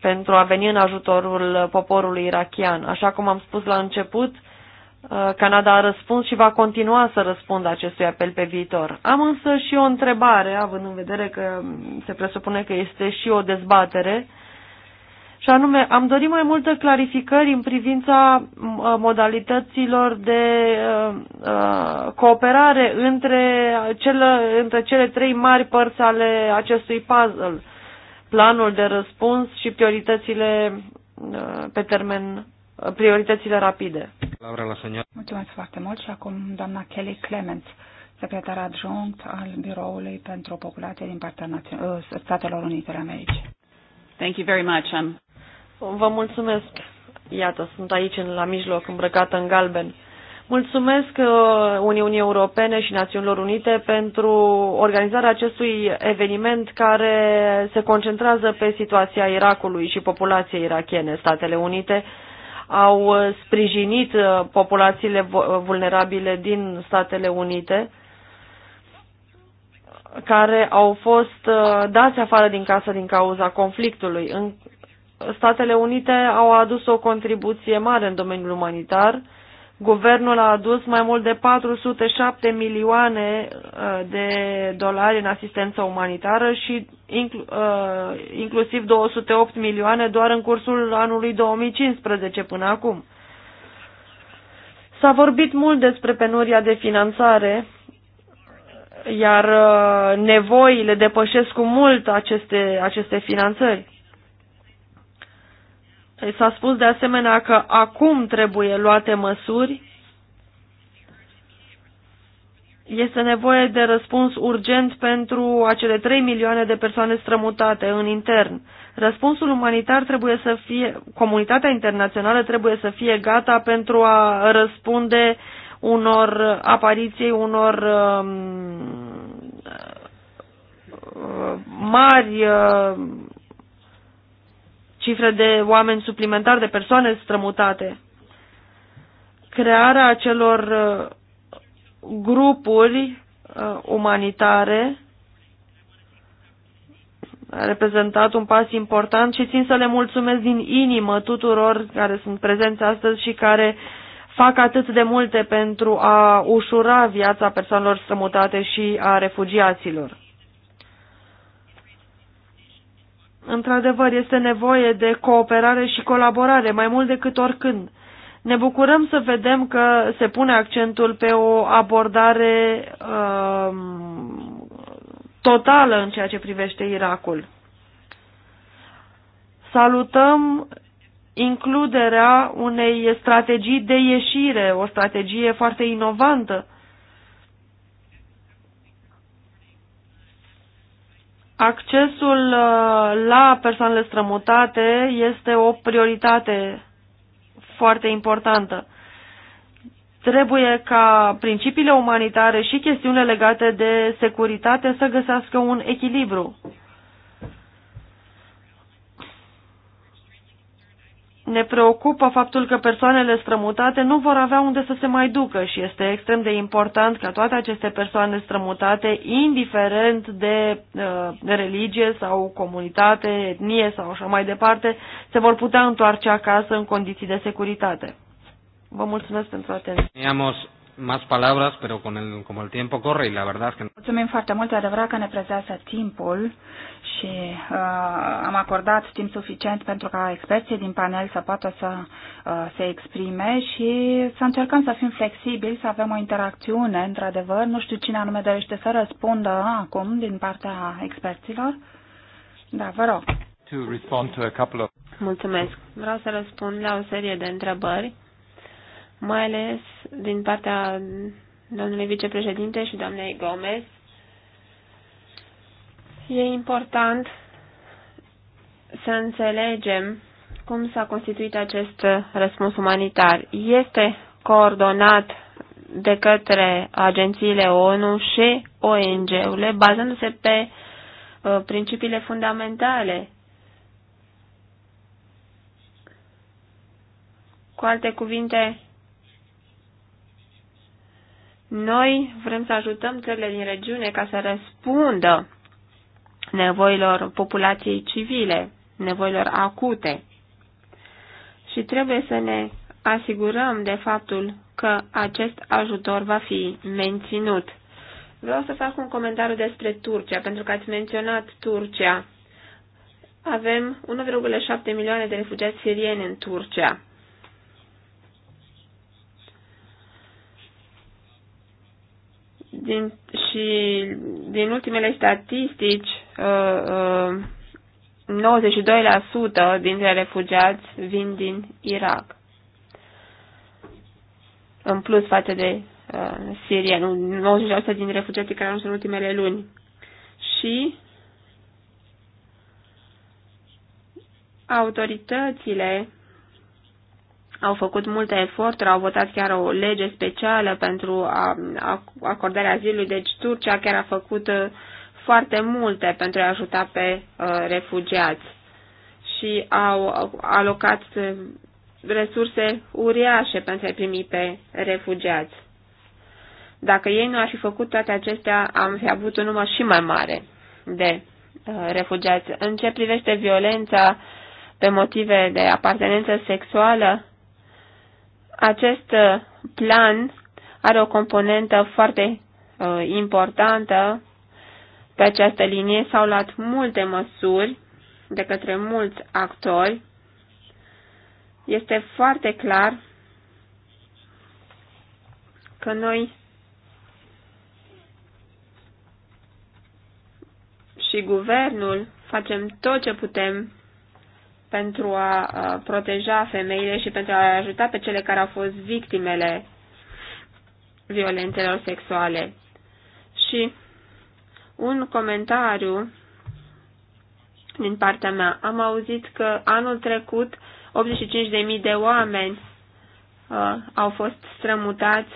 pentru a veni în ajutorul poporului irachian. Așa cum am spus la început, Uh, Canada a răspuns și va continua să răspundă acestui apel pe viitor. Am însă și o întrebare, având în vedere că se presupune că este și o dezbatere, și anume, am dorit mai multe clarificări în privința uh, modalităților de uh, cooperare între cele, între cele trei mari părți ale acestui puzzle, planul de răspuns și prioritățile pe termen prioritățile rapide. Mulțumesc foarte mult și acum doamna Kelly
Clements, secretar adjunct al Biroului pentru Populație din partea Națion uh,
Statelor Unite ale Americii. Thank you very much. I'm... Vă mulțumesc. Iată, sunt aici în, la mijloc, îmbrăcată în galben. Mulțumesc uh, Uniunii Europene și Națiunilor Unite pentru organizarea acestui eveniment care se concentrează pe situația Irakului și populației irachiene. Statele Unite au uh, sprijinit uh, populațiile uh, vulnerabile din Statele Unite, care au fost dați afară din casă din cauza conflictului. Statele Unite au adus o contribuție mare în domeniul umanitar, Guvernul a adus mai mult de 407 milioane uh, de dolari în asistență umanitară și uh, inclusiv 208 milioane doar în cursul anului 2015 până acum. S-a vorbit mult despre penuria de finanțare, iar uh, nevoile depășesc cu mult aceste, aceste finanțări. S-a spus de asemenea că acum trebuie luate măsuri. Este nevoie de răspuns urgent pentru acele 3 milioane de persoane strămutate în intern. Răspunsul umanitar trebuie să fie, comunitatea internațională trebuie să fie gata pentru a răspunde unor apariției unor um, uh, mari uh, cifre de oameni suplimentari, de persoane strămutate. Crearea acelor uh, grupuri uh, umanitare a reprezentat un pas important și țin să le mulțumesc din inimă tuturor care sunt prezenți astăzi și care fac atât de multe pentru a ușura viața persoanelor strămutate și a refugiaților. Într-adevăr, este nevoie de cooperare și colaborare, mai mult decât oricând. Ne bucurăm să vedem că se pune accentul pe o abordare uh, totală în ceea ce privește Irakul. Salutăm includerea unei strategii de ieșire, o strategie foarte inovantă Accesul uh, la persoanele strămutate este o prioritate foarte importantă. Trebuie ca principiile umanitare și chestiunile legate de securitate să găsească un echilibru. Ne preocupă faptul că persoanele strămutate nu vor avea unde să se mai ducă și este extrem de important ca toate aceste persoane strămutate, indiferent de uh, religie sau comunitate, etnie sau așa mai departe, se vor putea întoarce acasă în condiții de securitate. Vă mulțumesc pentru atenție.
más palabras, pero con el, como el tiempo corre y la verdad es que...
Mulțumim foarte mult, adevărat că ne prezează timpul și uh, am acordat timp suficient pentru ca experții din panel să poată să uh, se exprime și să încercăm să fim flexibili, să avem o interacțiune, într-adevăr. Nu știu cine anume dorește să răspundă acum din partea experților.
Da, vă rog.
To respond to a couple of...
Mulțumesc. Vreau să răspund la o serie de întrebări, mai ales din partea domnului vicepreședinte și doamnei Gomez E important să înțelegem cum s-a constituit acest răspuns umanitar. Este coordonat de către agențiile ONU și ONG-urile, bazându-se pe uh, principiile fundamentale. Cu alte cuvinte, noi vrem să ajutăm țările din regiune ca să răspundă nevoilor populației civile, nevoilor acute. Și trebuie să ne asigurăm de faptul că acest ajutor va fi menținut. Vreau să fac un comentariu despre Turcia, pentru că ați menționat Turcia. Avem 1,7 milioane de refugiați sirieni în Turcia. Din, și din ultimele statistici 92% uh, uh, dintre refugiați vin din Irak. În plus față de uh, Siria, 90% din refugiații care au ajuns în ultimele luni. Și autoritățile au făcut multe eforturi, au votat chiar o lege specială pentru a, a, acordarea azilului, deci Turcia chiar a făcut uh, foarte multe pentru a ajuta pe uh, refugiați și au alocat uh, resurse uriașe pentru a primi pe refugiați. Dacă ei nu ar fi făcut toate acestea, am fi avut un număr și mai mare de uh, refugiați. În ce privește violența pe motive de apartenență sexuală, acest uh, plan are o componentă foarte uh, importantă pe această linie s-au luat multe măsuri de către mulți actori. Este foarte clar că noi și guvernul facem tot ce putem pentru a proteja femeile și pentru a ajuta pe cele care au fost victimele violențelor sexuale. Și un comentariu din partea mea. Am auzit că anul trecut 85.000 de oameni uh, au fost strămutați.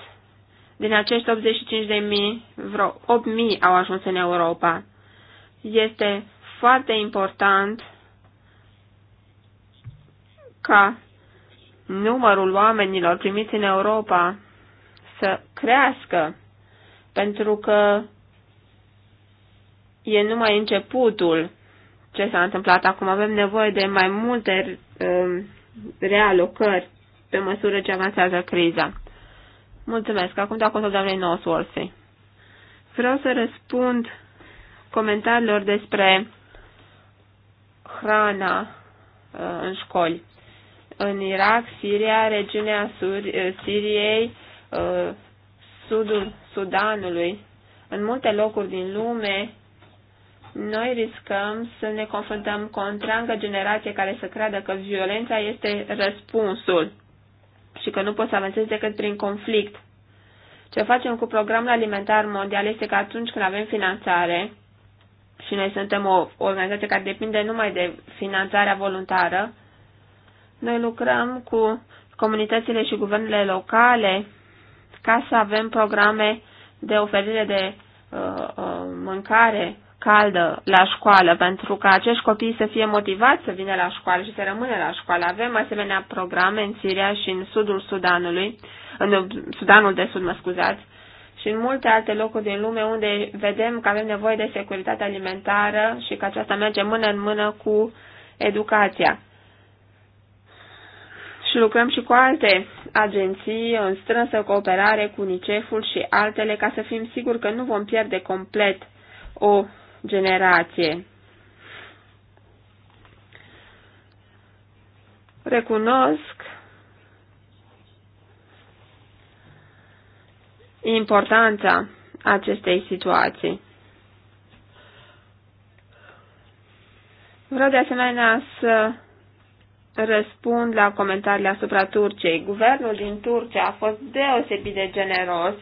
Din acești 85.000, vreo 8.000 au ajuns în Europa. Este foarte important ca numărul oamenilor primiți în Europa să crească, pentru că e numai începutul ce s-a întâmplat acum. Avem nevoie de mai multe um, realocări pe măsură ce avansează criza. Mulțumesc. Acum dacă o să doamnei Nosworthy. Vreau să răspund comentariilor despre hrana uh, în școli. În Irak, Siria, regiunea Sur- uh, Siriei, uh, sudul Sudanului, în multe locuri din lume, noi riscăm să ne confruntăm cu o întreagă generație care să creadă că violența este răspunsul și că nu poți să avansezi decât prin conflict. Ce facem cu programul alimentar mondial este că atunci când avem finanțare, și noi suntem o organizație care depinde numai de finanțarea voluntară, noi lucrăm cu comunitățile și guvernele locale ca să avem programe de oferire de uh, uh, mâncare caldă la școală, pentru ca acești copii să fie motivați să vină la școală și să rămână la școală. Avem asemenea programe în Siria și în sudul Sudanului, în Sudanul de Sud, mă scuzați, și în multe alte locuri din lume unde vedem că avem nevoie de securitate alimentară și că aceasta merge mână în mână cu educația. Și lucrăm și cu alte agenții în strânsă cooperare cu UNICEF-ul și altele ca să fim siguri că nu vom pierde complet o generație. Recunosc importanța acestei situații. Vreau de asemenea să răspund la comentariile asupra Turciei. Guvernul din Turcia a fost deosebit de generos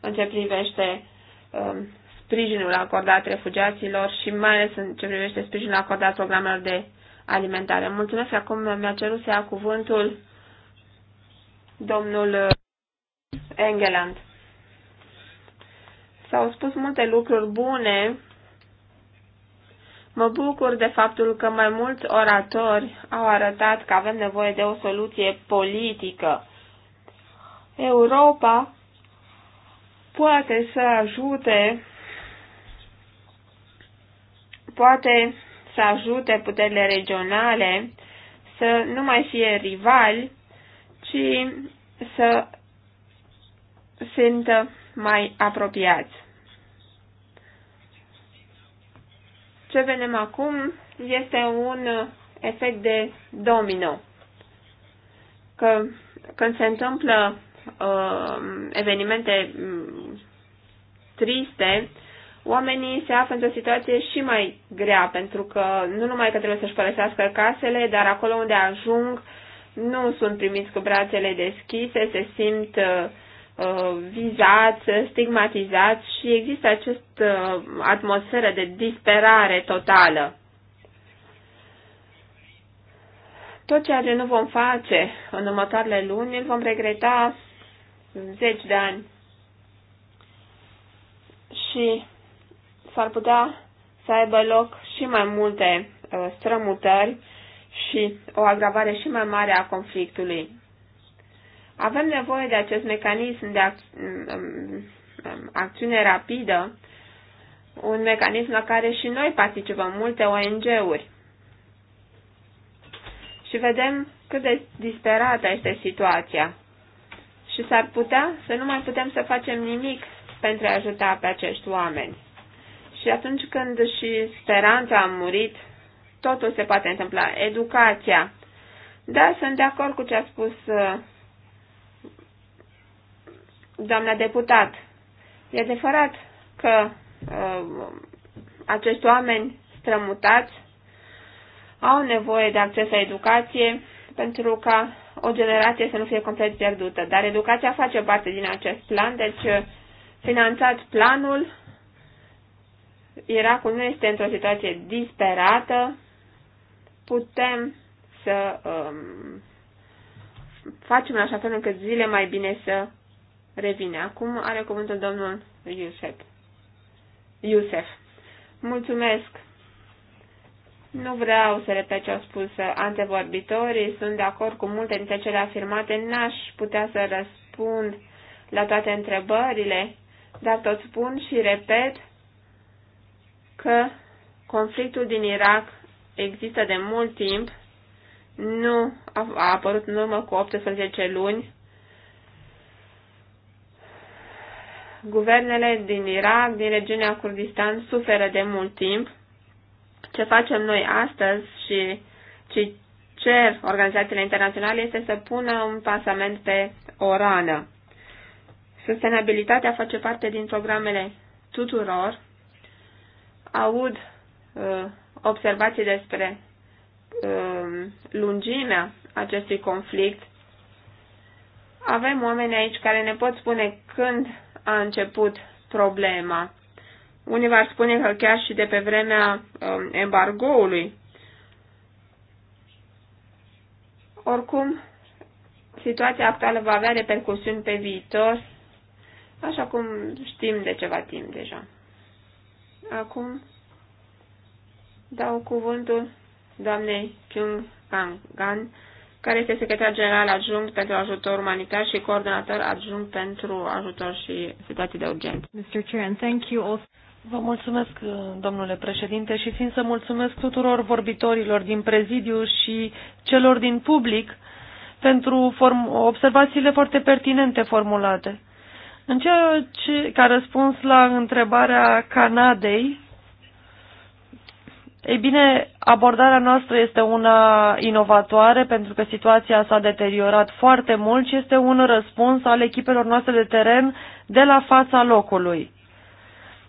în ce privește um, sprijinul acordat refugiaților și mai ales în ce privește sprijinul acordat programelor de alimentare. Mulțumesc, acum mi-a cerut să ia cuvântul domnul uh, Engeland. S-au spus multe lucruri bune. Mă bucur de faptul că mai mulți oratori au arătat că avem nevoie de o soluție politică. Europa poate să ajute poate să ajute puterile regionale să nu mai fie rivali, ci să simtă mai apropiați. Ce vedem acum este un efect de domino. Că când se întâmplă uh, evenimente mm, triste, oamenii se află într-o situație și mai grea, pentru că nu numai că trebuie să-și părăsească casele, dar acolo unde ajung nu sunt primiți cu brațele deschise, se simt uh, uh vizați, stigmatizați și există această uh, atmosferă de disperare totală. Tot ceea ce nu vom face în următoarele luni îl vom regreta zeci de ani. Și s-ar putea să aibă loc și mai multe uh, strămutări și o agravare și mai mare a conflictului. Avem nevoie de acest mecanism de acțiune, um, um, acțiune rapidă, un mecanism la care și noi participăm, multe ONG-uri. Și vedem cât de disperată este situația. Și s-ar putea să nu mai putem să facem nimic pentru a ajuta pe acești oameni. Și atunci când și speranța a murit, totul se poate întâmpla. Educația. Da, sunt de acord cu ce a spus uh, doamna deputat. E adevărat că uh, acești oameni strămutați au nevoie de acces la educație pentru ca o generație să nu fie complet pierdută. Dar educația face parte din acest plan, deci uh, finanțați planul Irakul nu este într-o situație disperată, putem să um, facem în așa fel încât zile mai bine să revine. Acum are cuvântul domnul Iusef. Iusef. Mulțumesc! Nu vreau să repet ce au spus antevorbitorii, sunt de acord cu multe dintre cele afirmate, n-aș putea să răspund la toate întrebările, dar tot spun și repet că conflictul din Irak există de mult timp, nu a apărut în urmă cu 18 luni. Guvernele din Irak, din regiunea Kurdistan, suferă de mult timp. Ce facem noi astăzi și ce cer organizațiile internaționale este să pună un pasament pe o rană. Sustenabilitatea face parte din programele tuturor aud uh, observații despre uh, lungimea acestui conflict. Avem oameni aici care ne pot spune când a început problema. Unii v-ar spune că chiar și de pe vremea um, embargoului. Oricum, situația actuală va avea repercusiuni pe viitor, așa cum știm de ceva timp deja. Acum dau cuvântul doamnei Chung Kang Gan, care este secretar general adjunct pentru ajutor umanitar și coordonator adjunct pentru ajutor și situații de urgență.
Mr. Chair, and thank you also. Vă mulțumesc, domnule președinte, și țin să mulțumesc tuturor vorbitorilor din prezidiu și celor din public pentru observațiile foarte pertinente formulate. În ceea ce, ca răspuns la întrebarea Canadei, ei bine, abordarea noastră este una inovatoare pentru că situația s-a deteriorat foarte mult și este un răspuns al echipelor noastre de teren de la fața locului.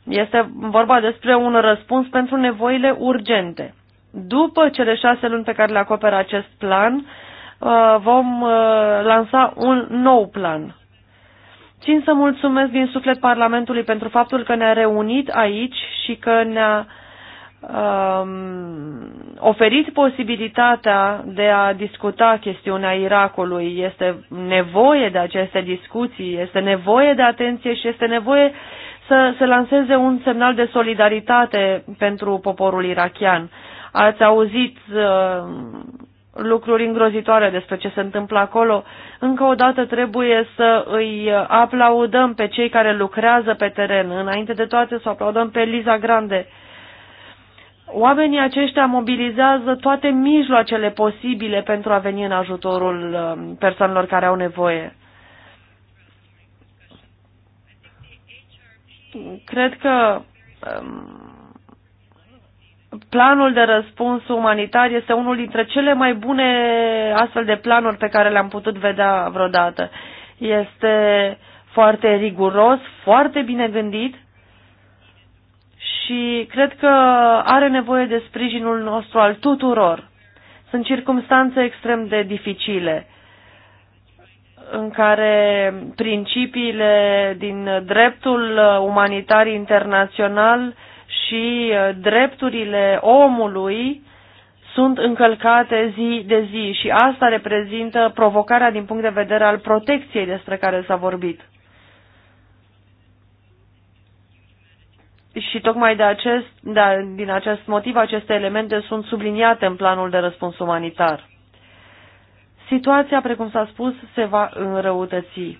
Este vorba despre un răspuns pentru nevoile urgente. După cele șase luni pe care le acoperă acest plan, uh, vom uh, lansa un nou plan Țin să mulțumesc din suflet Parlamentului pentru faptul că ne-a reunit aici și că ne-a um, oferit posibilitatea de a discuta chestiunea Irakului. Este nevoie de aceste discuții, este nevoie de atenție și este nevoie să se lanseze un semnal de solidaritate pentru poporul irachian. Ați auzit uh, lucruri îngrozitoare despre ce se întâmplă acolo. Încă o dată trebuie să îi aplaudăm pe cei care lucrează pe teren. Înainte de toate să aplaudăm pe Liza Grande. Oamenii aceștia mobilizează toate mijloacele posibile pentru a veni în ajutorul um, persoanelor care au nevoie. Cred că um, planul de răspuns umanitar este unul dintre cele mai bune astfel de planuri pe care le-am putut vedea vreodată. Este foarte riguros, foarte bine gândit și cred că are nevoie de sprijinul nostru al tuturor. Sunt circumstanțe extrem de dificile în care principiile din dreptul umanitar internațional uh, și uh, drepturile omului sunt încălcate zi de zi și asta reprezintă provocarea din punct de vedere al protecției despre care s-a vorbit. Și tocmai de acest, de, da, din acest motiv aceste elemente sunt subliniate în planul de răspuns umanitar. Situația, precum s-a spus, se va înrăutăți.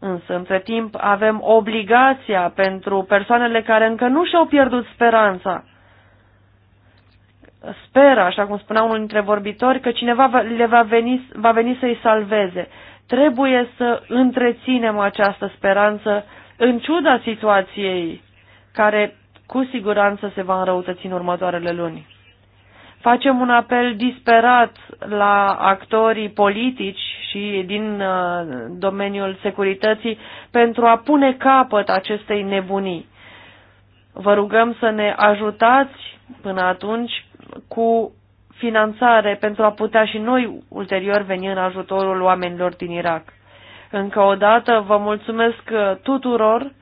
Însă, între timp, avem obligația pentru persoanele care încă nu și-au pierdut speranța. Speră, așa cum spunea unul dintre vorbitori, că cineva le va veni, va veni să-i salveze. Trebuie să întreținem această speranță în ciuda situației care cu siguranță se va înrăutăți în următoarele luni. Facem un apel disperat la actorii politici și din uh, domeniul securității pentru a pune capăt acestei nebunii. Vă rugăm să ne ajutați până atunci cu finanțare pentru a putea și noi ulterior veni în ajutorul oamenilor din Irak. Încă o dată vă mulțumesc uh, tuturor,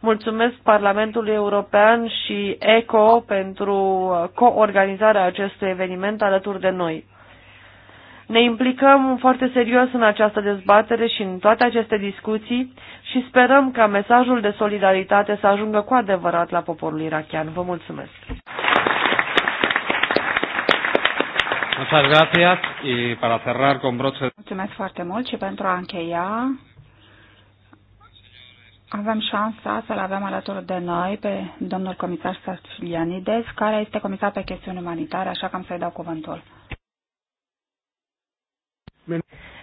mulțumesc Parlamentului European și ECO pentru uh, coorganizarea acestui eveniment alături de noi. Ne implicăm foarte serios în această dezbatere și în toate aceste discuții și sperăm ca mesajul de solidaritate să ajungă cu adevărat la poporul irachian. Vă mulțumesc!
Mulțumesc
foarte mult și pentru a încheia avem șansa să-l avem alături de noi pe domnul comisar Sastilianides, care este comisar pe
chestiuni umanitare, așa că am să-i dau cuvântul.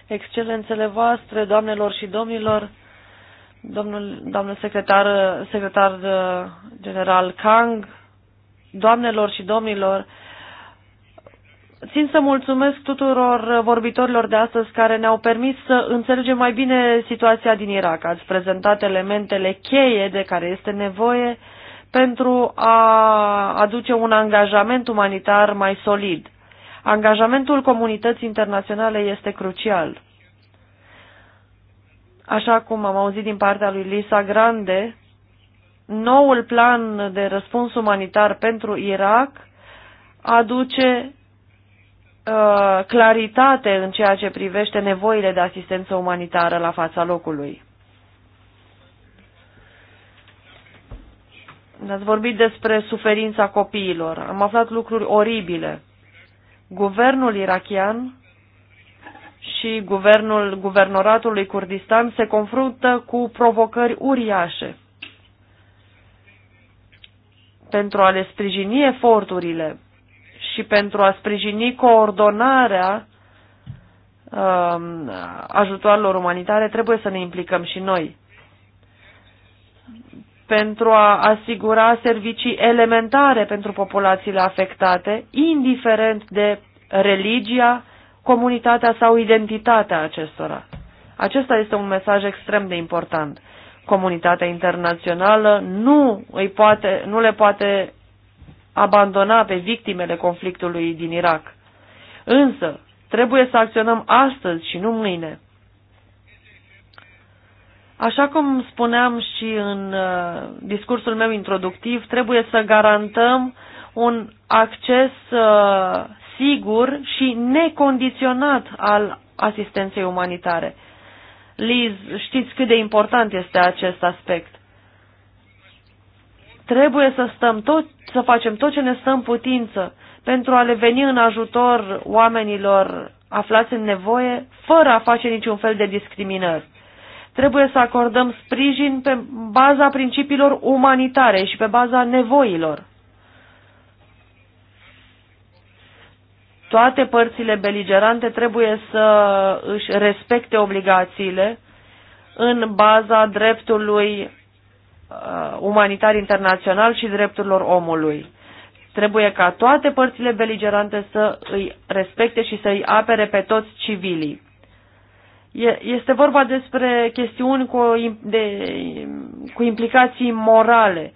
Excelențele voastre, doamnelor și domnilor, domnul, domnul secretar, secretar uh, general Kang, doamnelor și domnilor, țin să mulțumesc tuturor vorbitorilor de astăzi care ne-au permis să înțelegem mai bine situația din Irak. Ați prezentat elementele cheie de care este nevoie pentru a aduce un angajament umanitar mai solid. Angajamentul comunității internaționale este crucial. Așa cum am auzit din partea lui Lisa Grande, noul plan de răspuns umanitar pentru Irak aduce uh, claritate în ceea ce privește nevoile de asistență umanitară la fața locului. Ați vorbit despre suferința copiilor. Am aflat lucruri oribile. Guvernul irachian și guvernul guvernoratului Kurdistan se confruntă cu provocări uriașe. Pentru a le sprijini eforturile și pentru a sprijini coordonarea um, ajutoarelor umanitare, trebuie să ne implicăm și noi pentru a asigura servicii elementare pentru populațiile afectate, indiferent de religia, comunitatea sau identitatea acestora. Acesta este un mesaj extrem de important. Comunitatea internațională nu, îi poate, nu le poate abandona pe victimele conflictului din Irak. Însă, trebuie să acționăm astăzi și nu mâine. Așa cum spuneam și în uh, discursul meu introductiv, trebuie să garantăm un acces uh, sigur și necondiționat al asistenței umanitare. Liz, știți cât de important este acest aspect. Trebuie să stăm tot, să facem tot ce ne stă în putință pentru a le veni în ajutor oamenilor aflați în nevoie, fără a face niciun fel de discriminări. Trebuie să acordăm sprijin pe baza principiilor umanitare și pe baza nevoilor. Toate părțile beligerante trebuie să își respecte obligațiile în baza dreptului uh, umanitar internațional și drepturilor omului. Trebuie ca toate părțile beligerante să îi respecte și să îi apere pe toți civilii. Este vorba despre chestiuni cu, de, cu implicații morale.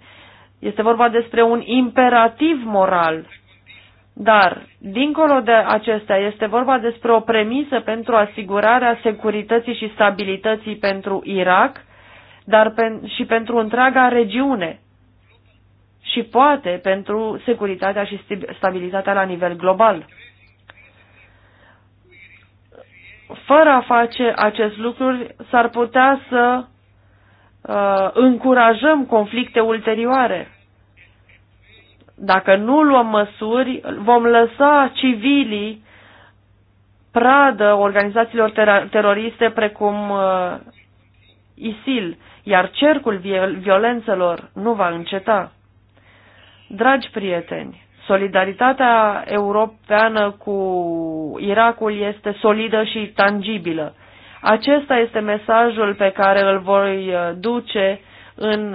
Este vorba despre un imperativ moral. Dar, dincolo de acestea, este vorba despre o premisă pentru asigurarea securității și stabilității pentru Irak, dar pen, și pentru întreaga regiune și poate pentru securitatea și stabilitatea la nivel global fără a face acest lucru, s-ar putea să uh, încurajăm conflicte ulterioare. Dacă nu luăm măsuri, vom lăsa civilii pradă organizațiilor ter- teroriste precum uh, ISIL, iar cercul violențelor nu va înceta. Dragi prieteni, Solidaritatea europeană cu Irakul este solidă și tangibilă. Acesta este mesajul pe care îl voi uh, duce în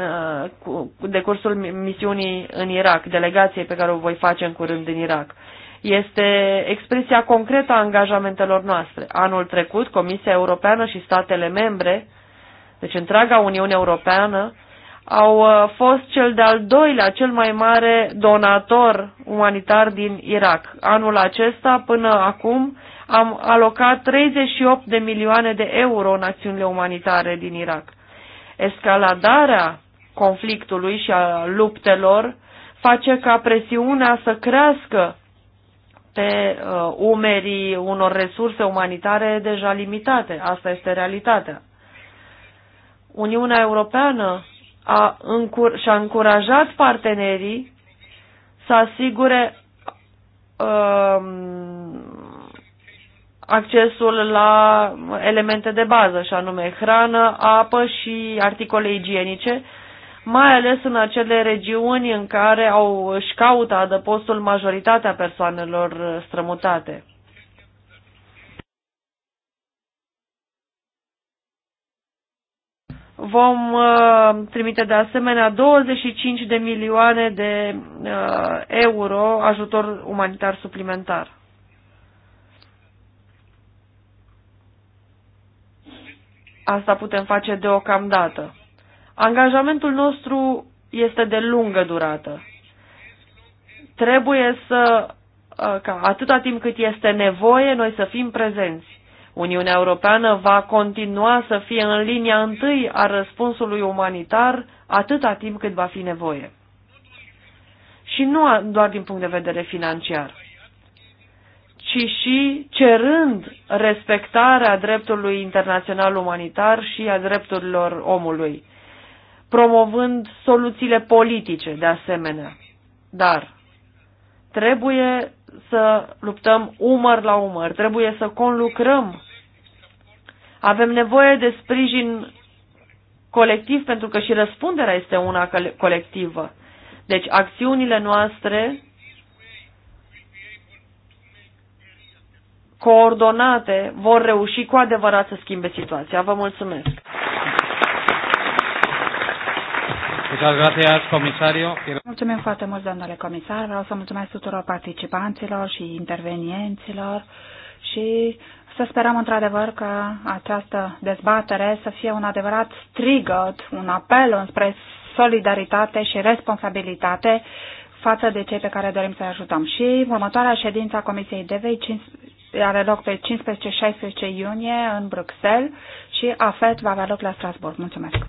uh, decursul misiunii în Irak, delegației pe care o voi face în curând în Irak. Este expresia concretă a angajamentelor noastre. Anul trecut, Comisia Europeană și statele membre, deci întreaga Uniune Europeană, au uh, fost cel de-al doilea, cel mai mare donator umanitar din Irak. Anul acesta, până acum, am alocat 38 de milioane de euro în acțiunile umanitare din Irak. Escaladarea conflictului și a luptelor face ca presiunea să crească pe uh, umerii unor resurse umanitare deja limitate. Asta este realitatea. Uniunea Europeană a încur- și-a încurajat partenerii să asigure um, accesul la elemente de bază, și anume hrană, apă și articole igienice, mai ales în acele regiuni în care au, își caută adăpostul majoritatea persoanelor strămutate. Vom uh, trimite de asemenea 25 de milioane de uh, euro ajutor umanitar suplimentar. Asta putem face deocamdată. Angajamentul nostru este de lungă durată. Trebuie să, uh, ca atâta timp cât este nevoie, noi să fim prezenți. Uniunea Europeană va continua să fie în linia întâi a răspunsului umanitar atâta timp cât va fi nevoie. Și nu doar din punct de vedere financiar, ci și cerând respectarea dreptului internațional umanitar și a drepturilor omului, promovând soluțiile politice de asemenea. Dar trebuie să luptăm umăr la umăr, trebuie să conlucrăm avem nevoie de sprijin colectiv pentru că și răspunderea este una colectivă. Deci acțiunile noastre coordonate vor reuși cu adevărat să schimbe situația. Vă mulțumesc.
Mulțumim foarte mult, domnule comisar. Vreau să mulțumesc tuturor participanților și intervenienților și să sperăm într-adevăr că această dezbatere să fie un adevărat strigăt, un apel înspre solidaritate și responsabilitate față de cei pe care dorim să-i ajutăm. Și următoarea ședință a Comisiei DEVEI are loc pe 15-16 iunie în Bruxelles și AFET va avea loc la Strasbourg. Mulțumesc!